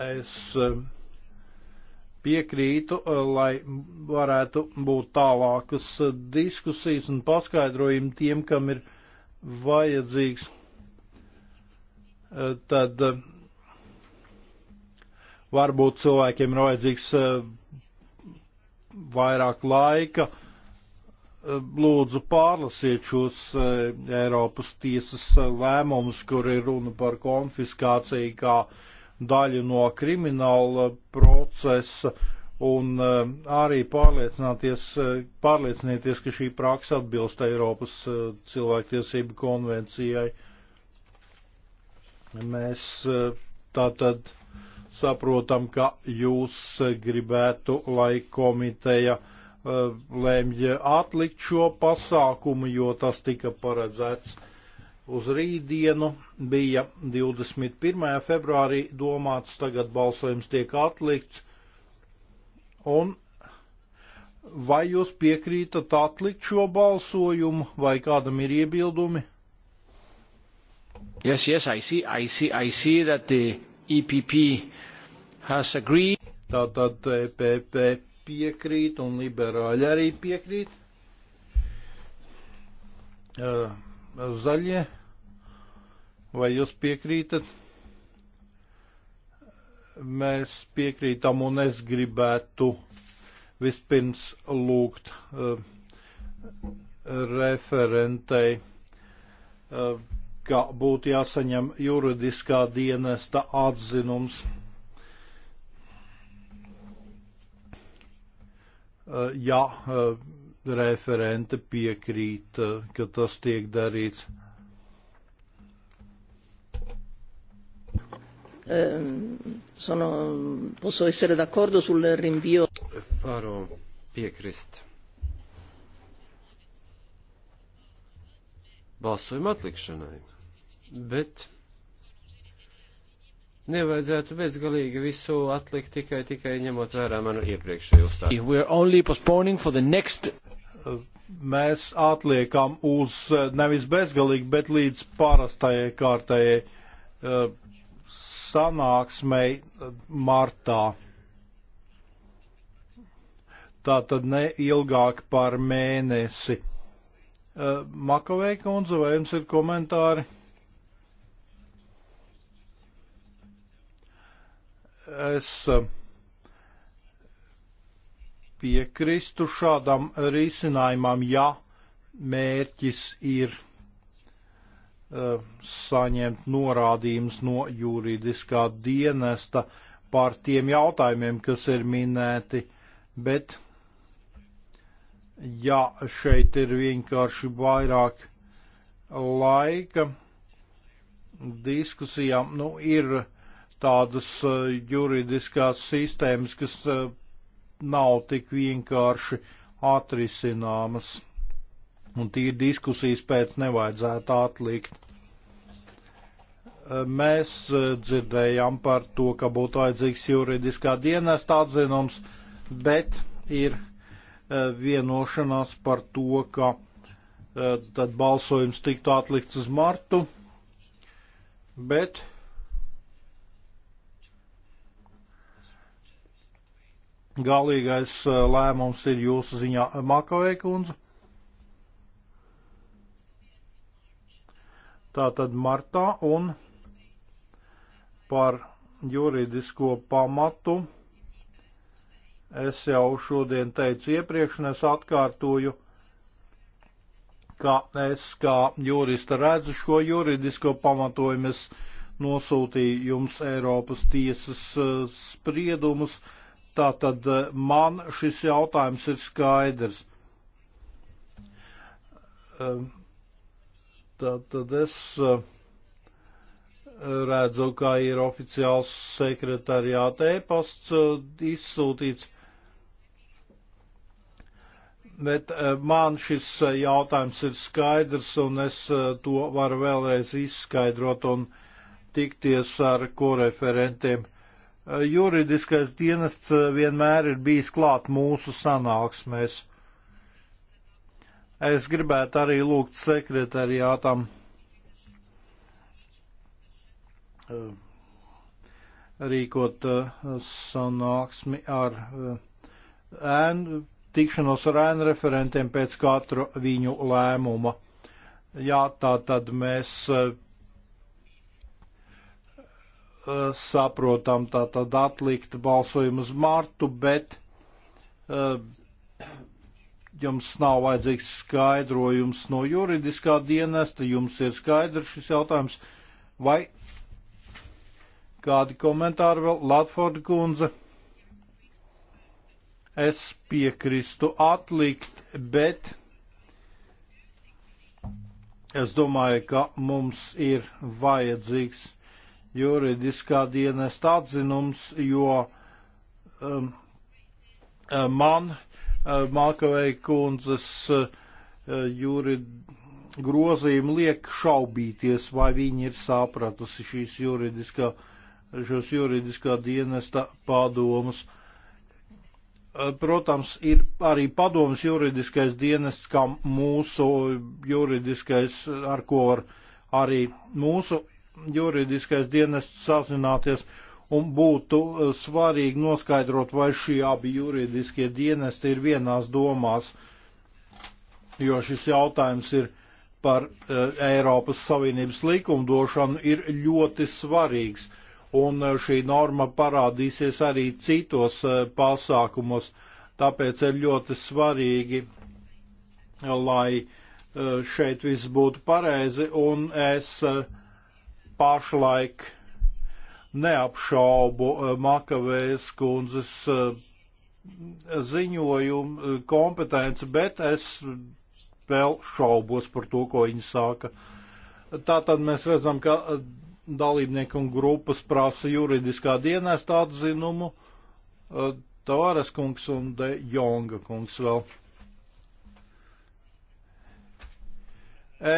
es eh, piekrītu, eh, lai varētu būt tālākas eh, diskusijas un paskaidrojumi tiem, kam ir vajadzīgs. Tad varbūt cilvēkiem ir vajadzīgs vairāk laika. Lūdzu, pārlasiet šos Eiropas tiesas lēmumus, kur ir runa par konfiskāciju kā uh, daļu no krimināla procesa un eh, arī pārliecināties, eh, ka šī praksa atbilst Eiropas eh, cilvēktiesību konvencijai. Mēs tātad saprotam, ka jūs gribētu, lai komiteja lēmja atlikt šo pasākumu, jo tas tika paredzēts uz rītdienu bija 21. februārī domāts, tagad balsojums tiek atlikts. Un vai jūs piekrītat atlikt šo balsojumu, vai kādam ir iebildumi? Yes, yes, I see, I see, I see that the EPP has agreed. Tātad EPP piekrīt un liberāļi arī piekrīt. Uh, zaļie Vai jūs piekrītat? Mēs piekrītam un es gribētu vispirms lūgt uh, referentei, uh, ka būtu jāsaņem juridiskā dienesta atzinums. Uh, ja referente piekrīt, ka tas tiek darīts. Ehm, sono, posso essere d'accordo sul rinvio. Farò piekrist. Balsojuma atlikšanai, bet nevajadzētu bezgalīgi visu atlikt tikai, tikai ņemot vērā manu iepriekšējo stāstu. Next... Mēs atliekam uz eh, nevis bezgalīgi, bet līdz parastajai kārtējai uh, sanāksmei eh, martā. Tā tad ne ilgāk par mēnesi. Eh, Makovei kundze, vai jums ir komentāri? Es eh, piekrīstu šādam risinājumam, ja mērķis ir Eh, saņemt norādījumus no juridiskā dienesta par tiem jautājumiem, kas ir minēti, bet ja šeit ir vienkārši vairāk laika diskusijām, nu ir tādas eh, juridiskās sistēmas, kas eh, nav tik vienkārši atrisināmas un tīri diskusijas pēc nevajadzētu atlikt. Mēs eh, dzirdējām par to, ka būtu vajadzīgs juridiskā dienesta atzinums, bet ir eh, vienošanās par to, ka eh, tad balsojums tiktu atlikts uz martu, bet galīgais lēmums ir jūsu ziņā Makovei kundze. tātad martā un par juridisko pamatu. Es jau šodien teicu iepriekš, un es atkārtoju, ka es kā jurista redzu šo juridisko pamatojumu. Es nosūtīju jums Eiropas tiesas eh, spriedumus, tātad eh, man šis jautājums ir skaidrs. Um, Tātad es eh, redzu, kā ir oficiāls sekretariāta e-pasts eh, izsūtīts. Bet eh, man šis jautājums ir skaidrs, un es to varu vēlreiz izskaidrot un tikties ar koreferentiem. Juridiskais dienests vienmēr ir bijis klāt mūsu sanāksmēs Es gribētu arī lūgt sekretariātam eh, rīkot eh, sanāksmi ar eh, ēnu, tikšanos ar ēnu referentiem pēc katru viņu lēmuma. Jā, tā tad mēs saprotam, tā tad atlikt balsojumu uz martu, bet jums nav vajadzīgs skaidrojums no juridiskā dienesta, jums ir skaidrs šis jautājums, vai kādi komentāri vēl Latforda kundze? Es piekrīstu atlikt, bet es domāju, ka mums ir vajadzīgs juridiskā dienesta atzinums, jo um, uh, man Eh, Mākavei kundzes eh, jūri grozījumi liek šaubīties, vai viņi ir sapratusi šīs juridiskā, šos juridiskā dienesta padomus. Eh, protams, ir arī padomus juridiskais dienests, kā mūsu juridiskais, ar ko var arī mūsu juridiskais dienests sazināties. Uh, un būtu eh, svarīgi noskaidrot, vai šie abi juridiskie dienesti ir vienās domās, jo šis jautājums ir par eh, Eiropas Savienības likumdošanu ir ļoti svarīgs, un eh, šī norma parādīsies arī citos pasākumos, tāpēc ir ļoti svarīgi, lai šeit viss būtu pareizi, un es pašlaik neapšaubu eh, Makavējas kundzes eh, ziņojumu eh, kompetenci, bet es vēl šaubos par to, ko viņa sāka. Tātad mēs redzam, ka dalībnieku un grupas prasa juridiskā dienesta atzinumu. Tavares kungs un De Jonga kungs vēl.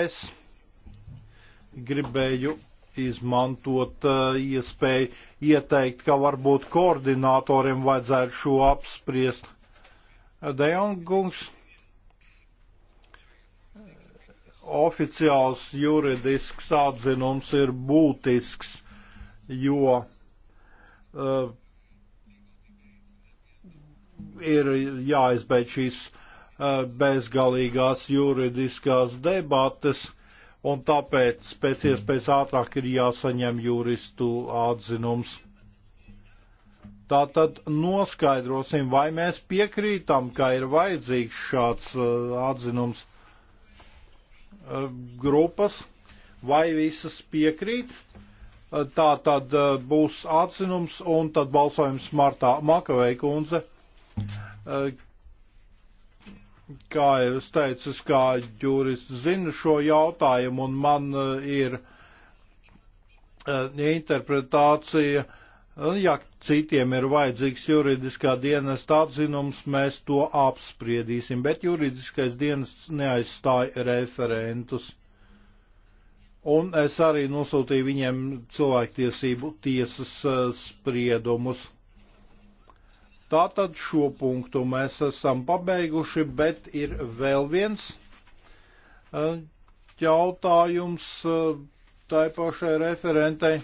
Es gribēju izmantot eh, iespēju ieteikt, ka varbūt koordinatoriem vajadzētu šo apspriest. Dejongungs, oficiāls juridisks atzinums ir būtisks, jo uh, ir jāizbeidz šīs uh, bezgalīgās juridiskās debates. Uh, un tāpēc pēc iespējas ātrāk ir jāsaņem juristu atzinums. Tātad noskaidrosim, vai mēs piekrītam, ka ir vajadzīgs šāds uh, atzinums uh, grupas, vai visas piekrīt. Uh, tā tad uh, būs atzinums un tad balsojums martā Makavei kundze uh, kā es teicu, es kā jurists zinu šo jautājumu, un man eh, ir eh, interpretācija, ja citiem ir vajadzīgs juridiskā dienesta atzinums, mēs to apspriedīsim, bet juridiskais dienests neaizstāja referentus. Un es arī nosūtīju viņiem cilvēktiesību tiesas eh, spriedumus. Tātad šo punktu mēs esam pabeiguši, bet ir vēl viens eh, jautājums eh, tai pašai referentei.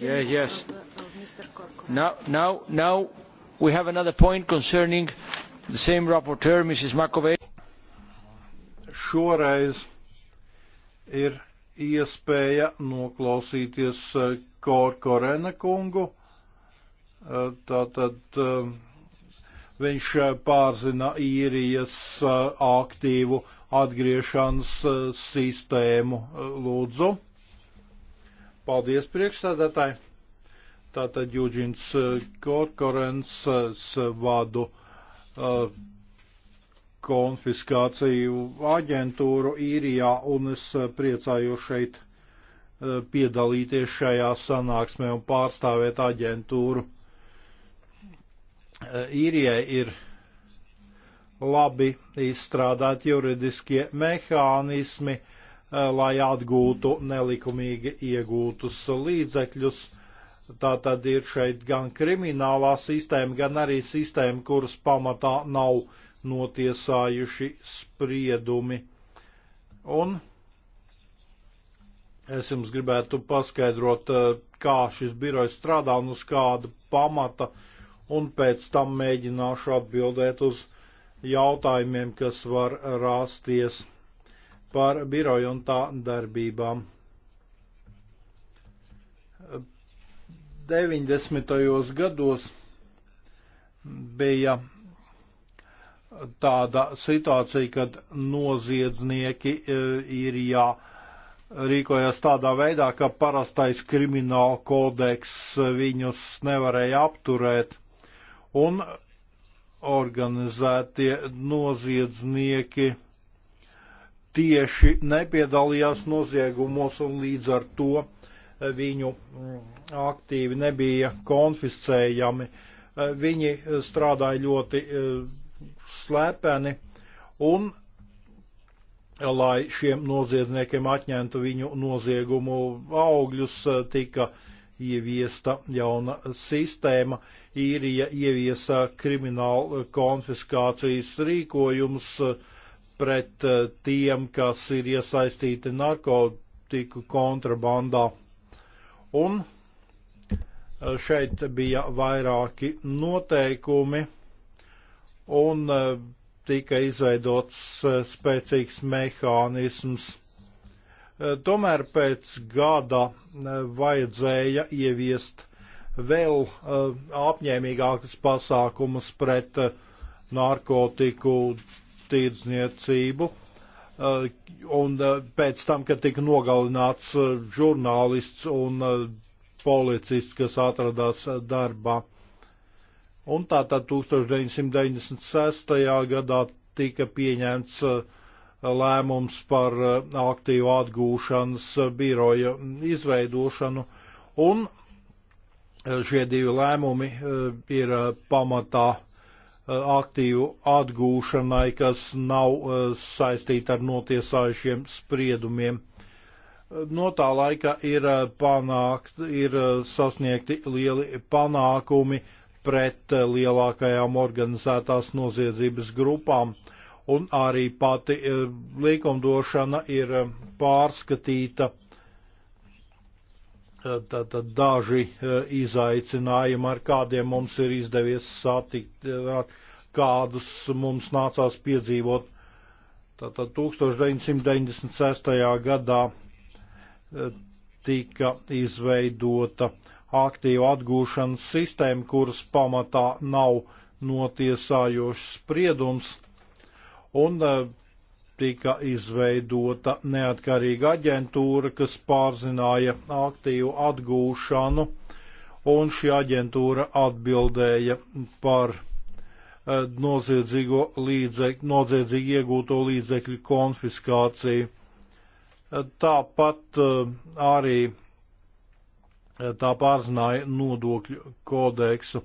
Yeah, yes. Uh, of, of now, now, now we have another point concerning the same rapporteur, Mrs. McAvey. Šoreiz ir iespēja noklausīties eh, Korkorena kungu. Eh, tātad eh, viņš eh, pārzina īrijas aktīvu atgriešanas sistēmu. Lūdzu. Paldies priekšsēdētāji. Tātad Jūģins Korkorens vadu konfiskāciju aģentūru īrijā un es priecājos šeit Eh, piedalīties šajā sanāksmē un pārstāvēt aģentūru. Eh, īrijai ir labi izstrādāti juridiskie mehānismi, eh, lai atgūtu nelikumīgi iegūtus līdzekļus. Tā tad ir šeit gan kriminālā sistēma, gan arī sistēma, kuras pamatā nav notiesājuši spriedumi. Un Es jums gribētu paskaidrot, eh, kā šis birojs strādā un uz kāda pamata, un pēc tam mēģināšu atbildēt uz jautājumiem, kas var rāsties par biroju un tā darbībām. 90. gados bija tāda situācija, kad noziedznieki eh, ir jā. Ja, rīkojās tādā veidā, ka parastais krimināla kodeks viņus nevarēja apturēt, un organizētie noziedznieki tieši nepiedalījās noziegumos, un līdz ar to viņu mm, aktīvi nebija konfiscējami. Viņi strādāja ļoti eh, slēpeni, un lai šiem noziedzniekiem atņemtu viņu noziegumu augļus, eh, tika ieviesta jauna sistēma. Īrija ieviesa kriminālu eh, konfiskācijas rīkojums eh, pret tiem, kas ir iesaistīti narkotiku kontrabandā. Un šeit bija vairāki noteikumi, un tika izveidots eh, spēcīgs mehānisms. Eh, tomēr pēc gada eh, vajadzēja ieviest vēl apņēmīgākas pasākumus pret narkotiku tīrdzniecību. Un pēc tam, kad tika nogalināts žurnālists un policists, kas atradās darbā, Un tātad 1996. gadā tika pieņemts eh, lēmums par eh, aktīvu atgūšanas eh, biroja izveidošanu, un šie divi lēmumi ir pamatā aktīvu atgūšanai, kas nav saistīta ar notiesājušiem spriedumiem. No tā laika ir, panākt, ir sasniegti lieli panākumi, pret eh, lielākajām organizētās noziedzības grupām, un arī pati eh, likumdošana ir eh, pārskatīta. Tātad daži izaicinājumi, ar kādiem mums ir izdevies satikt, kādus mums nācās piedzīvot. Tātad 1996. gadā tika izveidota uh, aktīvu atgūšanas sistēmu, kuras pamatā nav notiesājošs spriedums, un e, tika izveidota neatkarīga aģentūra, kas pārzināja aktīvu atgūšanu, un šī aģentūra atbildēja par e, noziedzīgo līdzekļu, noziedzīgi iegūto līdzekļu konfiskāciju. E, tāpat arī tā pārzināja nodokļu kodeksu.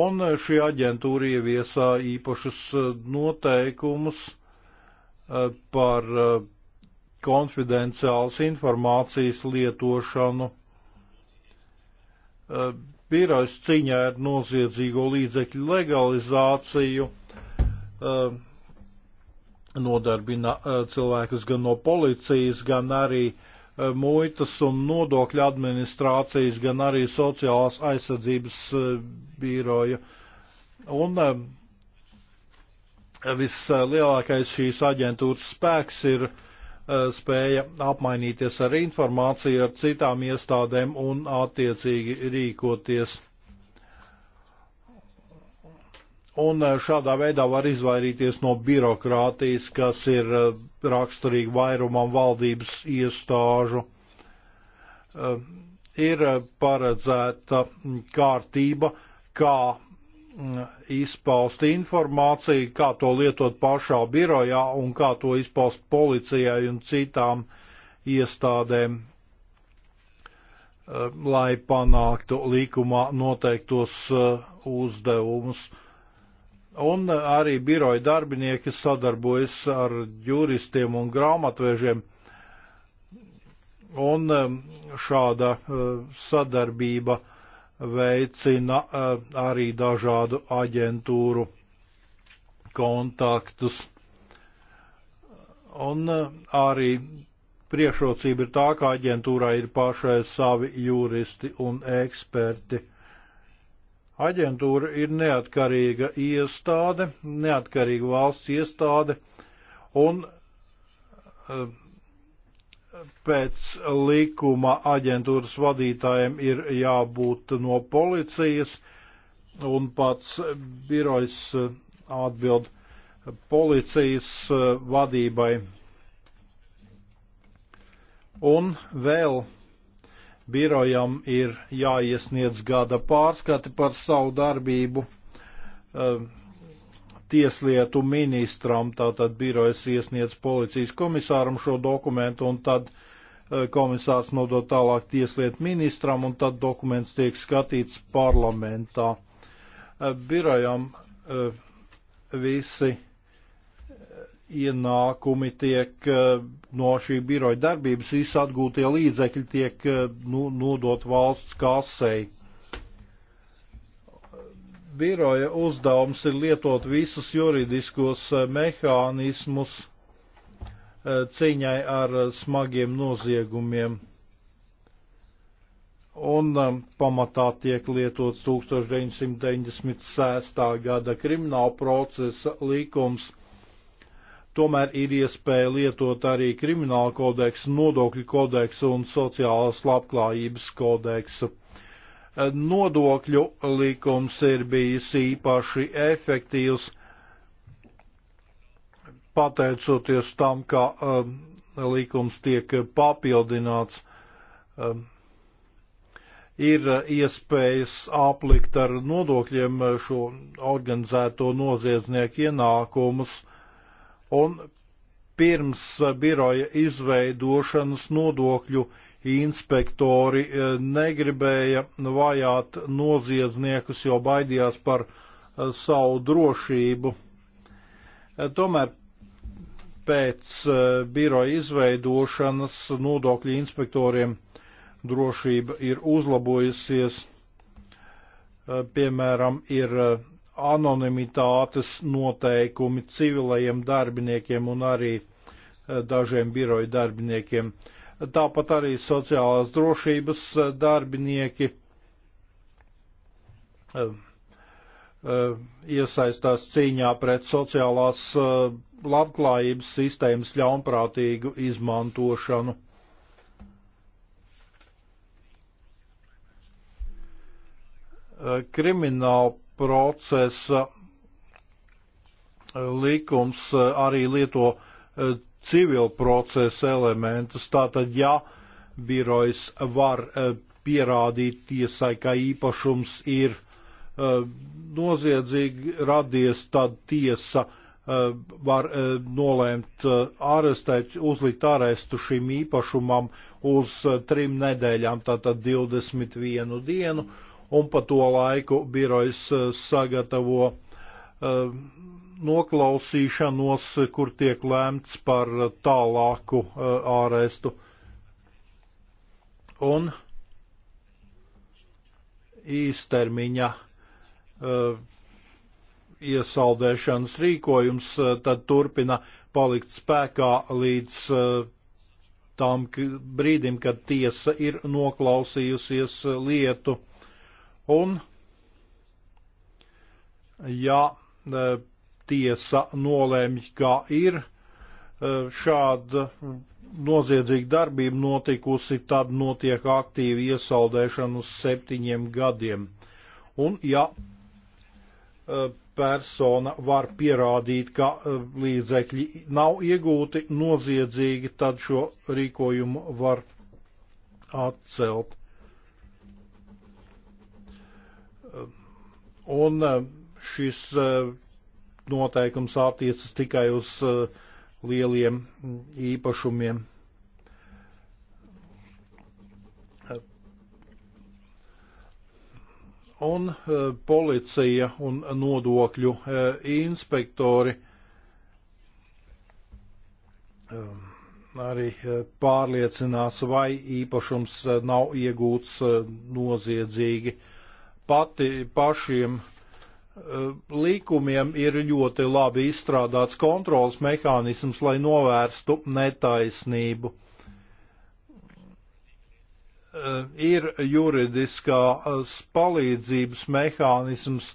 Un šī aģentūra ieviesā īpašus e, noteikumus e, par e, konfidenciālas informācijas lietošanu. Birojas cīņā ar noziedzīgo līdzekļu legalizāciju nodarbina cilvēkus gan no policijas, gan arī muitas un nodokļu administrācijas, gan arī sociālās aizsardzības bīroja. Un vislielākais šīs aģentūras spēks ir spēja apmainīties ar informāciju ar citām iestādēm un attiecīgi rīkoties. Un eh, šādā veidā var izvairīties no birokrātijas, kas ir eh, raksturīga vairumam valdības iestāžu. Eh, ir paredzēta kārtība, kā mm, izpaust informāciju, kā to lietot pašā birojā un kā to izpaust policijai un citām iestādēm, lai panāktu likumā noteiktos uzdevumus. Uh, Un arī biroja darbinieki sadarbojas ar juristiem un grāmatvežiem. Un um, šāda uh, sadarbība veicina uh, arī dažādu aģentūru kontaktus. Un uh, arī priekšrocība ir tā, ka aģentūrā ir pašai savi juristi un eksperti. Aģentūra ir neatkarīga iestāde, neatkarīga valsts iestāde, un eh, pēc likuma aģentūras vadītājiem ir jābūt no policijas, un pats birojs eh, atbild policijas eh, vadībai. Un vēl birojam ir jāiesniedz gada pārskati par savu darbību eh, tieslietu ministram, tātad birojas iesniedz policijas komisāram šo dokumentu un tad eh, komisārs nodot tālāk tieslietu ministram un tad dokuments tiek skatīts parlamentā. Eh, birojam visi ienākumi tiek eh, no šī biroja darbības, visi atgūtie līdzekļi tiek eh, nu, nodot valsts kasei. Biroja uzdevums ir lietot visus juridiskos eh, mehānismus cīņai ar smagiem noziegumiem. Un pamatā tiek lietots 1996. gada krimināla procesa likums Tomēr ir iespēja lietot arī krimināla kodeksu, nodokļu kodeksu un sociālās labklājības kodeksu. Nodokļu likums ir bijis īpaši efektīvs, pateicoties tam, ka um, likums tiek papildināts. Um, ir iespējas aplikt ar nodokļiem šo organizēto noziedznieku ienākumus un pirms biroja izveidošanas nodokļu inspektori e, negribēja vajāt noziedzniekus, jo baidījās par e, savu drošību. E, tomēr pēc biroja izveidošanas nodokļu inspektoriem drošība ir uzlabojusies. Piemēram, ir anonimitātes noteikumi civilajiem darbiniekiem un arī eh, dažiem biroju darbiniekiem. Tāpat arī sociālās drošības eh, darbinieki eh, iesaistās cīņā pret sociālās labklājības sistēmas ļaunprātīgu izmantošanu. Krimināla procesa likums arī lieto eh, civil procesa elementus. Tātad, ja birojs var eh, pierādīt tiesai, ka īpašums ir eh, noziedzīgi radies, tad tiesa var nolēmt arestēt, uzlikt arestu šim īpašumam uz trim nedēļām, tātad 21 dienu, un pa to laiku birojas eh, sagatavo eh, noklausīšanos, kur tiek lēmts par tālāku eh, ārestu. Un īstermiņa iesaldēšanas rīkojums tad turpina palikt spēkā līdz tam brīdim, kad tiesa ir noklausījusies lietu. Un, ja e, tiesa nolēmj, kā ir e, šāda noziedzīga darbība notikusi, tad notiek aktīva iesaldēšana uz septiņiem gadiem. Un, ja e, persona var pierādīt, ka līdzekļi nav iegūti noziedzīgi, tad šo rīkojumu var atcelt. Un eh, šis eh, noteikums attiecas tikai uz eh, lieliem mm, īpašumiem. Un policija un nodokļu inspektori arī pārliecinās, vai īpašums nav iegūts noziedzīgi pati pašiem eh, likumiem ir ļoti labi izstrādāts kontrols mehānisms, lai novērstu netaisnību. Eh, ir juridiskās eh, palīdzības mehānisms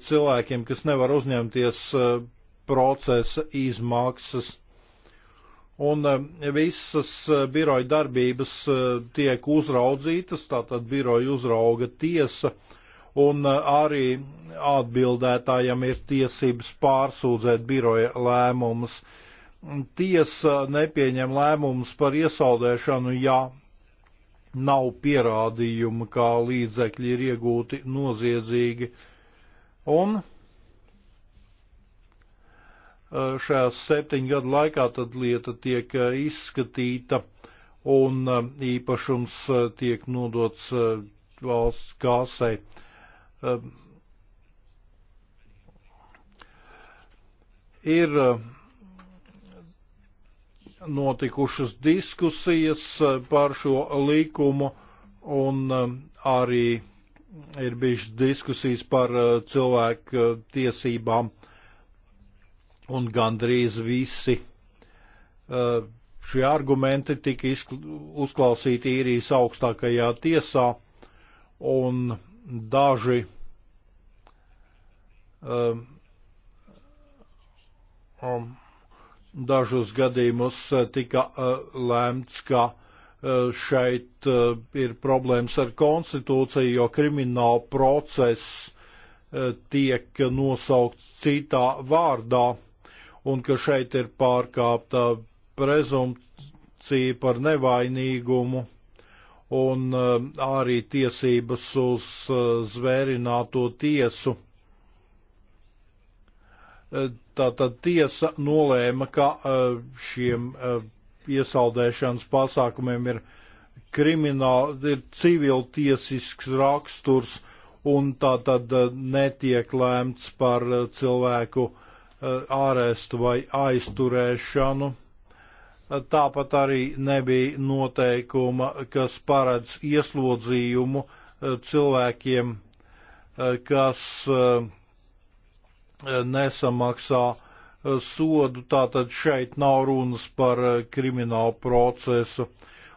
cilvēkiem, kas nevar uzņemties procesa izmaksas. Un visas biroja darbības tiek uzraudzītas, tātad biroja uzrauga tiesa, uh, un uh, arī atbildētājam ir tiesības pārsūdzēt biroja lēmumus. Tiesa nepieņem lēmumus par iesaldēšanu, ja nav pierādījumu, kā līdzekļi ir iegūti noziedzīgi. Un uh, šajā septiņu gadu laikā tad lieta tiek uh, izskatīta un īpašums tiek nodots valsts kāsai. Um, ir uh, notikušas diskusijas uh, par šo likumu un um, arī ir bijušas diskusijas par uh, cilvēku tiesībām, un gandrīz visi šie argumenti tika uzklausīti īrijas augstākajā tiesā, un daži um, um, dažus gadījumus uh, tika uh, lēmts, ka uh, šeit uh, ir problēmas ar konstitūciju, jo krimināla process uh, tiek nosaukts citā vārdā un ka šeit ir pārkāpta prezumcija par nevainīgumu un eh, arī tiesības uz eh, zvērināto tiesu. Eh, tātad tiesa nolēma, ka šiem iesaldēšanas pasākumiem ir krimināli, ir civiltiesisks raksturs, un tā tad netiek lēmts par cilvēku ārestu vai aizturēšanu. Tāpat arī nebija noteikuma, kas paredz ieslodzījumu eh, cilvēkiem, eh, kas eh, nesamaksā sodu. Tātad šeit nav runas par kriminālu procesu.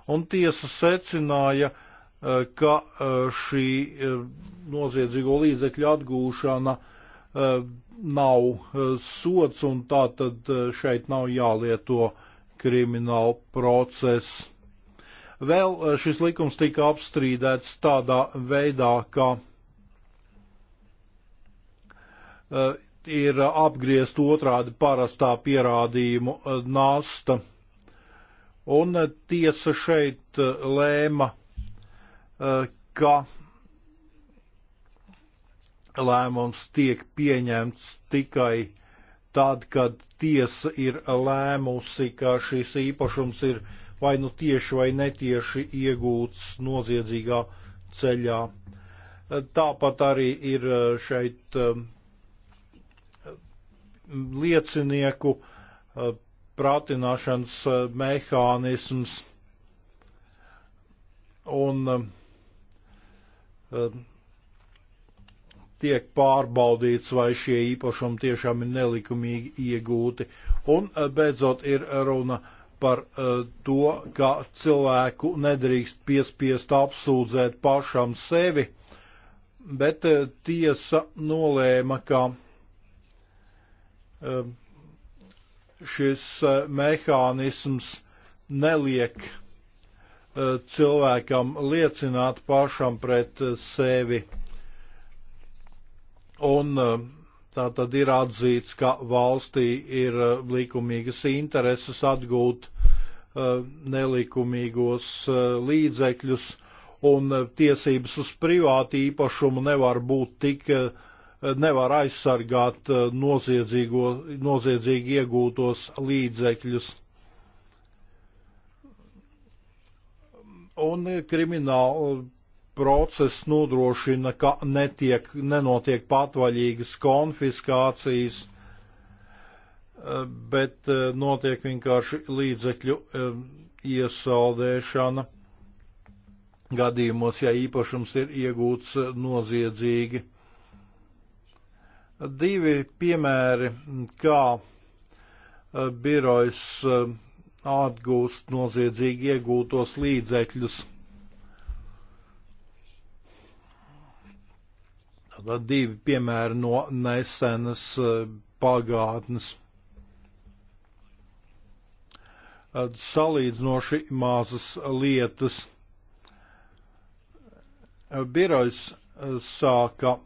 Un tiesa secināja, ka šī noziedzīgo līdzekļu atgūšana nav sots, un tātad šeit nav jālieto uh, kriminālu procesu. Vēl eh, šis likums tika apstrīdēts tādā veidā, ka eh, ir apgriezt otrādi parastā pierādījumu eh, nasta. Un tiesa šeit lēma, ka lēmums tiek pieņemts tikai tad, kad tiesa ir lēmusi, ka šis īpašums ir vai nu tieši vai netieši iegūts noziedzīgā ceļā. Tāpat arī ir eh, šeit eh, liecinieku eh, prātināšanas mehānisms un tiek pārbaudīts, vai šie īpašumi tiešām ir nelikumīgi iegūti. Un eh, beidzot ir runa par uh, to, ka cilvēku nedrīkst piespiest apsūdzēt pašam sevi, bet uh, tiesa nolēma, ka uh, šis mehānisms neliek cilvēkam liecināt pašam pret sevi. Un eh, tā tad ir atzīts, ka valstī ir eh, likumīgas intereses atgūt eh, nelikumīgos līdzekļus, un tiesības uz privātu īpašumu nevar būt tik, nevar aizsargāt noziedzīgi iegūtos līdzekļus. Un krimināla process nodrošina, ka netiek, nenotiek patvaļīgas konfiskācijas, eh, bet eh, notiek vienkārši līdzekļu eh, iesaldēšana gadījumos, ja īpašums ir iegūts noziedzīgi. Divi piemēri, kā birojs atgūst noziedzīgi iegūtos līdzekļus Tad divi piemēri no nesenas eh, pagātnes. Eh, salīdzinoši mazas lietas. Eh, birojs sāka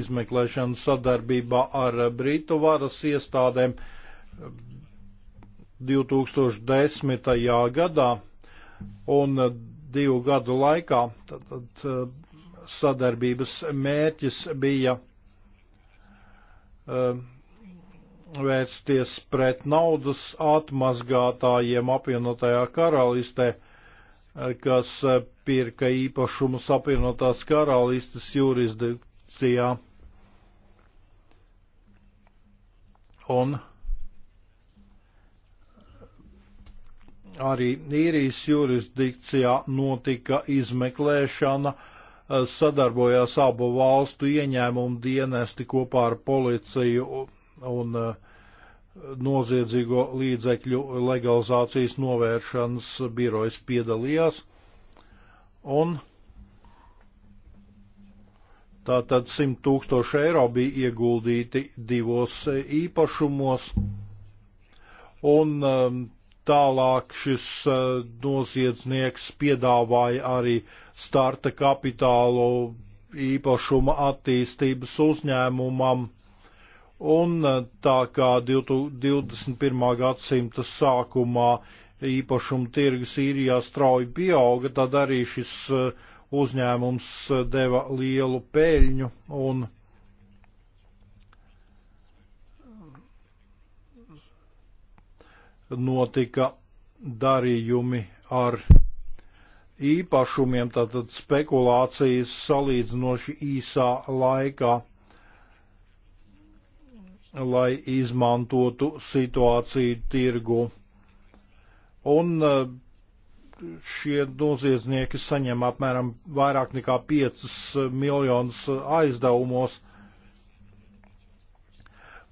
izmeklēšanu sadarbībā ar Brītu varas iestādēm 2010. gadā un divu gadu laikā. Tad, tad, sadarbības mērķis bija um, vērsties pret naudas atmazgātājiem apvienotajā karalistē, eh, kas eh, pirka īpašumus apvienotās karalistes jurisdikcijā. Un arī īrijas jurisdikcijā notika izmeklēšana uh, sadarbojās abu valstu ieņēmumu dienesti kopā ar policiju un uh, noziedzīgo līdzekļu legalizācijas novēršanas birojas piedalījās. Un tātad 100 tūkstoši eiro bija ieguldīti divos uh, īpašumos. Un um, Tālāk šis uh, noziedznieks piedāvāja arī starta kapitālu īpašuma attīstības uzņēmumam, un uh, tā kā 21. gadsimta sākumā īpašuma tirgus īrijā strauji pieauga, tad arī šis uh, uzņēmums deva lielu peļņu un peļņu notika darījumi ar īpašumiem, tātad spekulācijas salīdzinoši īsā laikā, lai izmantotu situāciju tirgu. Un eh, šie noziedznieki saņem apmēram vairāk nekā 5 miljonus aizdevumos.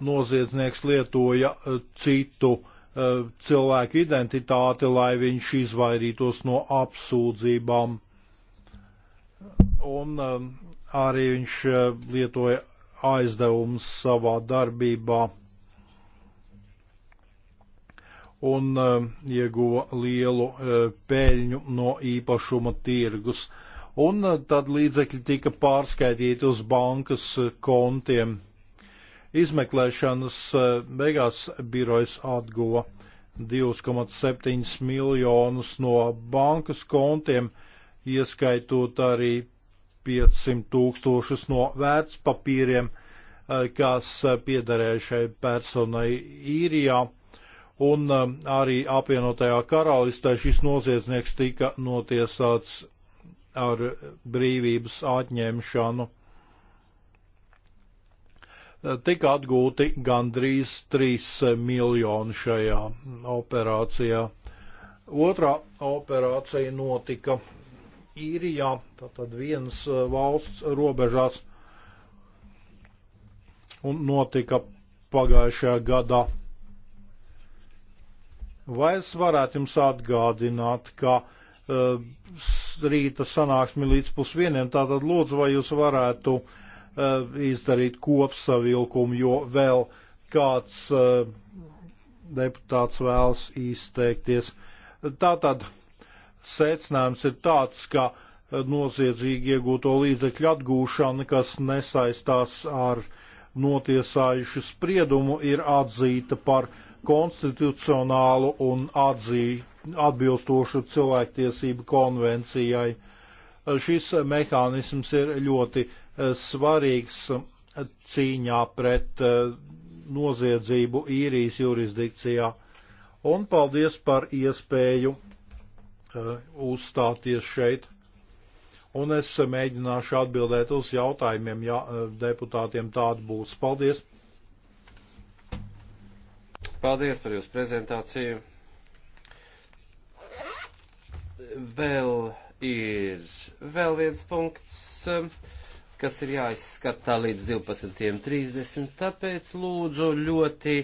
Noziedznieks lietoja eh, citu uh, Eh, cilvēku identitāti, lai viņš izvairītos no apsūdzībām. Un eh, arī viņš eh, lietoja aizdevumus savā darbībā un ieguva lielu peļņu no īpašuma tirgus. Un tad līdzekļi tika pārskaitīti uz bankas kontiem izmeklēšanas eh, beigās birojs atguva 2,7 miljonus no bankas kontiem, ieskaitot arī 500 tūkstošus no vērtspapīriem, eh, kas eh, piederējušai personai īrijā un arī apvienotajā karalistē šis noziedznieks tika notiesāts ar brīvības atņemšanu. Eh, tika atgūti gandrīz 3 eh, miljoni šajā operācijā. Otra operācija notika Īrijā, tātad viens eh, valsts robežās, un notika pagājušajā gadā. Vai es varētu jums atgādināt, ka uh, rīta sanāksmi līdz pusvieniem, tātad lūdzu, vai jūs varētu uh, Uh, izdarīt kopsavilkumu, jo vēl kāds uh, deputāts vēlas izteikties. Tātad secinājums ir tāds, ka noziedzīgi iegūto līdzekļu atgūšana, kas nesaistās ar notiesājušu spriedumu, ir atzīta par konstitucionālu un atzī, atbilstošu cilvēktiesību konvencijai. Šis mehānisms ir ļoti svarīgs cīņā pret eh, noziedzību īrijas jurisdikcijā. Un paldies par iespēju eh, uzstāties šeit. Un es mēģināšu atbildēt uz jautājumiem, ja eh, deputātiem tāda būs. Paldies! Paldies par jūsu prezentāciju. Vēl ir vēl viens punkts kas ir jāizskatā līdz 12.30, tāpēc lūdzu ļoti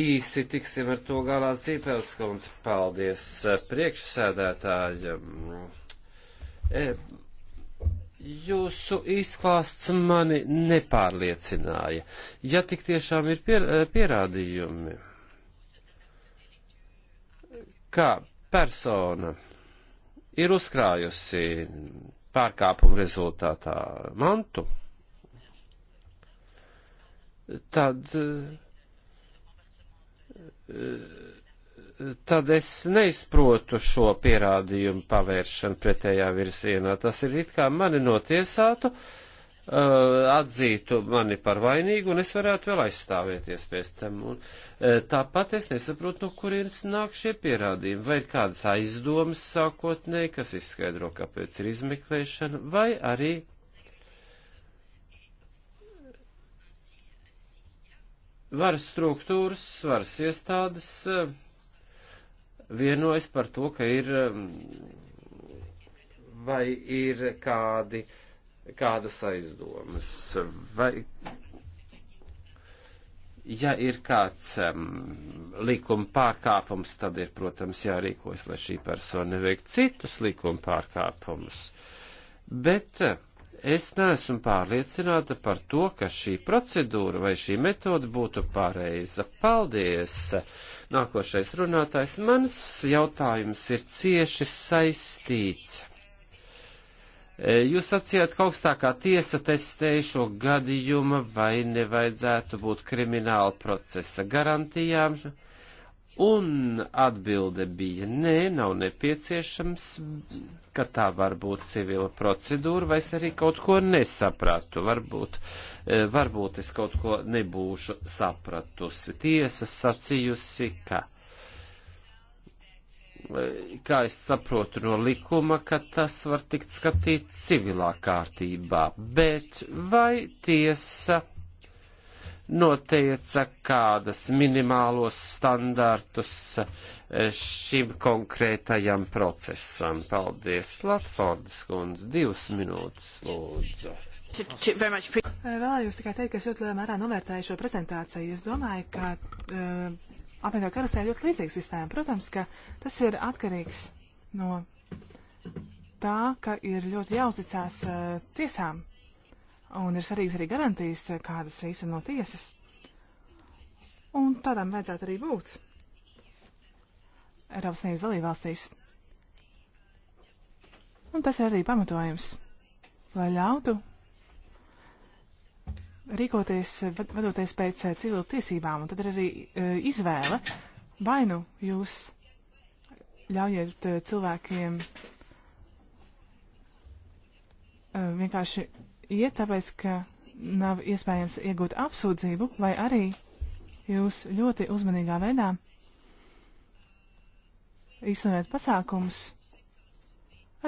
īsi tiksim ar to galā Zīpelskundz. Paldies eh, priekšsēdētājiem. E, eh, Jūsu izklāsts mani nepārliecināja. Ja tik tiešām ir pier, eh, pierādījumi, kā persona ir uzkrājusi pārkāpumu rezultātā mantu, tad, tad es neizprotu šo pierādījumu pavēršanu pretējā virsienā. Tas ir it kā mani notiesātu, uh, Uh, atzītu mani par vainīgu, un es varētu vēl aizstāvēties pēc tam. Un, uh, tāpat es nesaprotu, no kurienes nāk šie pierādījumi, vai ir kādas aizdomas sākotnēji, kas izskaidro, kāpēc ir izmeklēšana, vai arī. Varas struktūras, varas iestādes uh, vienojas par to, ka ir um, vai ir kādi uh, kādas aizdomas. Vai, ja ir kāds um, likuma pārkāpums, tad ir, protams, jārīkojas, lai šī persona neveiktu citus likuma pārkāpumus. Bet eh, es neesmu pārliecināta par to, ka šī procedūra vai šī metode būtu pareiza. Paldies! Nākošais runātājs mans jautājums ir cieši saistīts E, jūs sacījāt, ka augstākā tiesa testēja šo gadījumu, vai nevajadzētu būt krimināla procesa garantijām, un atbilde bija nē, nav nepieciešams, ka tā var būt civila procedūra, vai es arī kaut ko nesapratu, varbūt, e, varbūt es kaut ko nebūšu sapratusi. Tiesa sacījusi, ka kā es saprotu no likuma, ka tas var tikt skatīts civilā kārtībā, bet vai tiesa noteica kādas minimālos standartus eh, šim konkrētajam procesam? Paldies, Latvordas kundze, divas minūtes lūdzu. Vēlējos tikai teikt, ka es ļoti lielā mērā novērtēju šo prezentāciju. Es domāju, ka uh, apvienotā karalistē ļoti līdzīga sistēma. Protams, ka tas ir atkarīgs no tā, ka ir ļoti jāuzticās uh, tiesām. Un ir svarīgas arī garantijas, eh, kādas īstenībā no tiesas. Un tādām vajadzētu arī būt Eiropas Savienības dalībvalstīs. Un tas ir arī pamatojums, lai ļautu rīkoties, vadoties pēc eh, civil tiesībām, un tad ir arī eh, izvēle. Vai nu jūs ļaujiet eh, cilvēkiem vienkārši iet, tāpēc, ka nav iespējams iegūt apsūdzību, vai arī jūs ļoti uzmanīgā veidā īstenojat pasākumus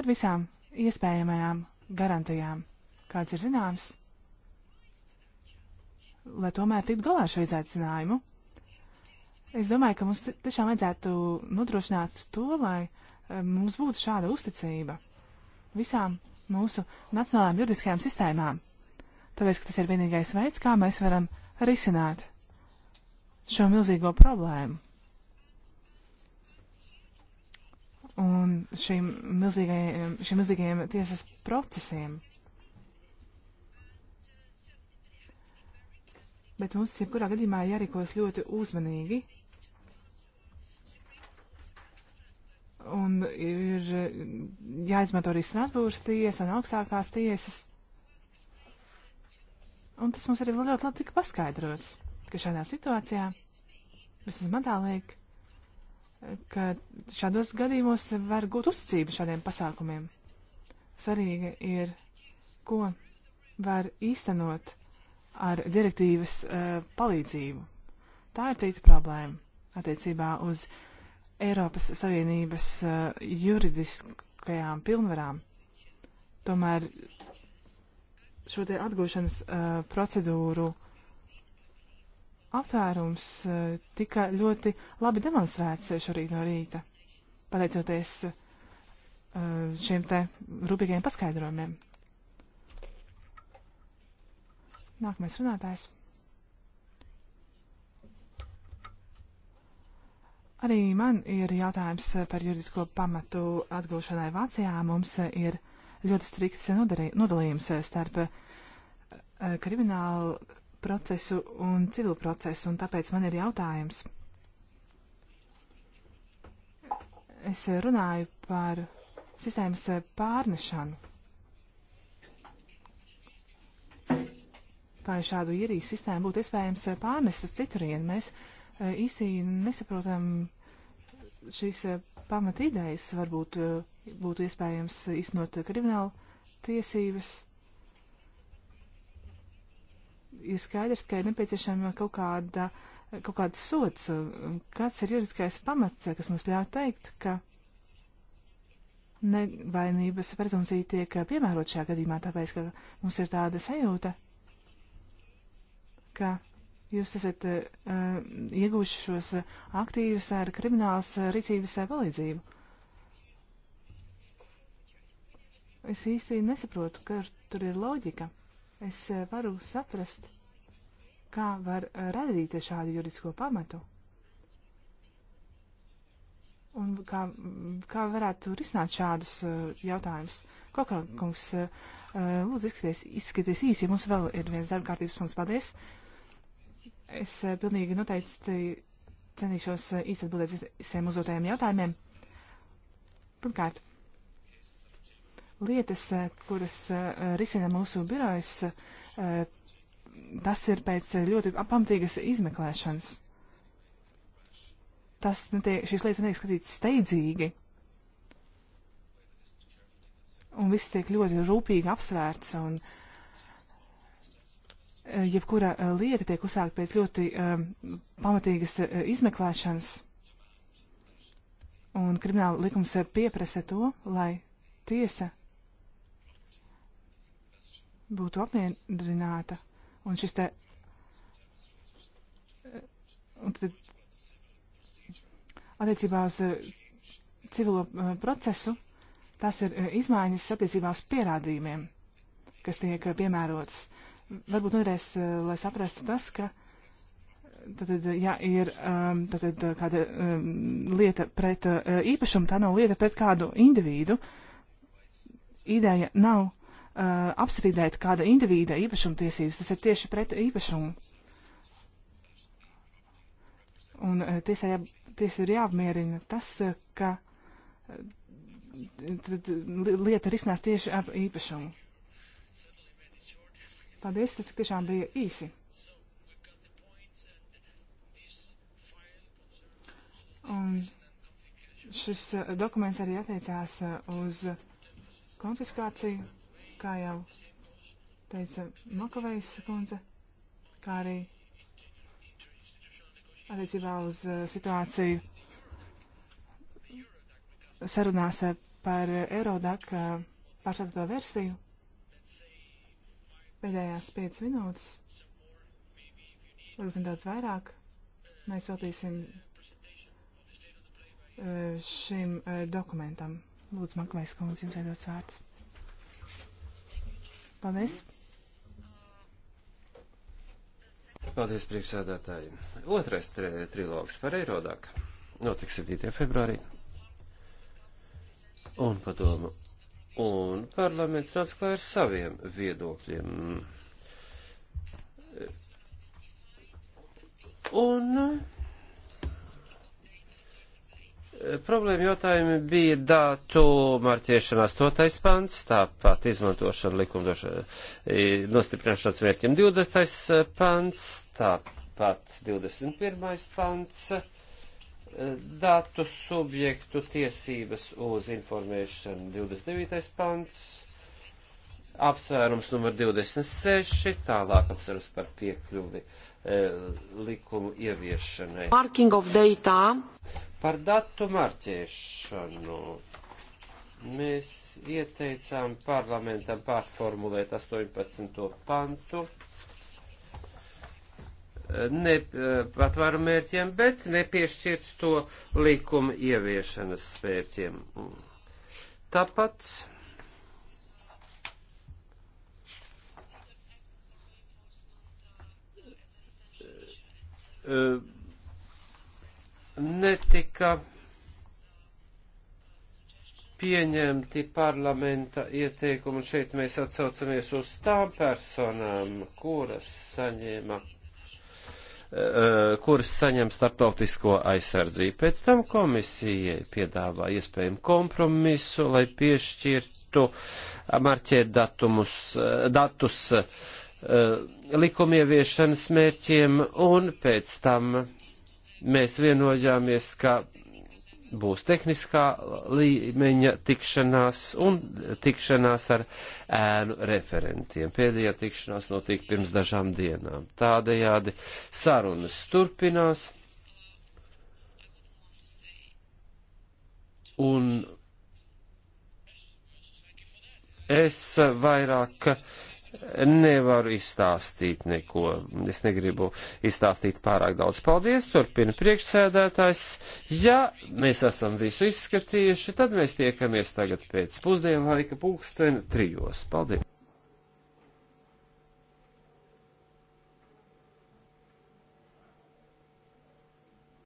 ar visām iespējamajām garantijām, kāds ir zināms lai tomēr tiktu galā ar šo izaicinājumu. Es domāju, ka mums tiešām vajadzētu nodrošināt to, lai eh, mums būtu šāda uzticība visām mūsu nacionālajām juridiskajām sistēmām. Tāpēc, ka tas ir vienīgais veids, kā mēs varam risināt šo milzīgo problēmu. Un šīm milzīgajiem, šīm milzīgajiem tiesas procesiem. bet mums jebkurā gadījumā jārīkos ļoti uzmanīgi. Un ir jāizmanto arī Strasbūras tiesa un augstākās tiesas. Un tas mums arī ļoti labi tika paskaidrots, ka šādā situācijā, vismaz man tā liek, ka šādos gadījumos var gūt uzticību šādiem pasākumiem. Svarīgi ir, ko var īstenot ar direktīvas uh, palīdzību. Tā ir cita problēma attiecībā uz Eiropas Savienības uh, juridiskajām pilnvarām. Tomēr šo te atgūšanas uh, procedūru aptvērums uh, tika ļoti labi demonstrēts šorīt no rīta, pateicoties uh, šiem te rūpīgiem paskaidrojumiem. Nākamais runātājs. Arī man ir jautājums par juridisko pamatu atgūšanai Vācijā. Mums ir ļoti strikts nodalījums starp eh, kriminālu procesu un civilu procesu, un tāpēc man ir jautājums. Es runāju par sistēmas pārnešanu. vai šādu ierīces sistēmu būtu iespējams eh, pārnest uz citurienu. Mēs eh, īsti nesaprotam šīs eh, pamat idejas, varbūt būtu iespējams iznot kriminālu tiesības. Ir skaidrs, ka ir nepieciešama kaut kāda, kaut kāds sots, kāds ir juridiskais pamats, kas mums ļauj teikt, ka nevainības prezumcija tiek piemērot šajā gadījumā, tāpēc, ka mums ir tāda sajūta, ka jūs esat uh, eh, iegūši šos eh, aktīvus ar kriminālas eh, rīcības palīdzību. Es īsti nesaprotu, kur tur ir loģika. Es varu saprast, kā var radīt šādu juridisko pamatu. Un kā, kā varētu risināt šādus uh, jautājumus? Kaut kā, kungs, uh, lūdzu, izskaties, izskaties īsi, ja mums vēl ir viens darba kārtības punkts. Paldies! Uh, Es eh, pilnīgi noteikti cenīšos eh, īsti atbildēt visiem uzdotajiem jautājumiem. Pirmkārt, lietas, eh, kuras risina mūsu birojas, tas ir pēc ļoti pamatīgas izmeklēšanas. Tas netiek, šīs lietas netiek skatītas steidzīgi. Un viss tiek ļoti rūpīgi apsvērts un uh, Eh, jebkura eh, lieta tiek uzsākta pēc ļoti eh, pamatīgas izmeklēšanas, un krimināla likums pieprasa to, lai tiesa būtu apmierināta, un šis te. Un tad attiecībā uz civilo procesu, tas ir izmaiņas attiecībā uz pierādījumiem, kas tiek piemērotas varbūt noderēs, eh, lai saprastu tas, ka tad, ja ir ehm, tad, kāda ehm, lieta pret eh, īpašumu, tā nav lieta pret kādu individu. Ideja nav eh, apstrīdēt kāda individa īpašumtiesības, tas ir tieši pret īpašumu. Un tiesai, tiesai ir jāapmierina tas, ka tad lieta risinās tieši ar īpašumu. Paldies, tas tiešām bija īsi. Un šis eh, dokuments arī attiecās eh, uz konfiskāciju, kā jau teica Makavejs kundze, kā arī attiecībā uz eh, situāciju sarunās par Eurodak pārstāvoto versiju. Pēdējās 5 minūtes, varbūt nedaudz vairāk, mēs veltīsim eh, šim eh, dokumentam. Lūdzu, Makamais kungs, jums ir dots vārds. Paldies! Paldies, priekšsēdētāji. Otrais tri trilogs par Eirodaku notiks 7. februārī. Un padomu un parlaments nāca klāt ar saviem viedokļiem. Un eh, problēma jautājumi bija datu marķēšana 8. pants, tāpat izmantošana likumdošana eh, nostiprināšanas mērķiem 20. Eh, pants, tāpat 21. pants datu subjektu tiesības uz informēšanu 29. pants, apsvērums numur 26, tālāk apsvērums par piekļuvi e, likumu ieviešanai. Marking of data. Par datu marķēšanu. Mēs ieteicām parlamentam pārformulēt 18. pantu ne eh, patvaru mērķiem, bet nepiešķirts to likuma ieviešanas mērķiem. Tāpat eh, netika pieņemti parlamenta ieteikumi. Šeit mēs atsaucamies uz tām personām, kuras saņēma Eh, kuras saņem starptautisko aizsardzību. Pēc tam komisija piedāvā iespējumu kompromisu, lai piešķirtu marķēt datumus, eh, datus eh, likumieviešanas mērķiem, un pēc tam mēs vienojāmies, ka būs tehniskā līmeņa tikšanās un tikšanās ar ēnu referentiem. Pēdējā tikšanās notika pirms dažām dienām. Tādējādi sarunas turpinās. Un es vairāk nevaru izstāstīt neko. Es negribu izstāstīt pārāk daudz. Paldies, turpina priekšsēdētājs. Ja mēs esam visu izskatījuši, tad mēs tiekamies tagad pēc pusdienlaika pulksten trijos. Paldies!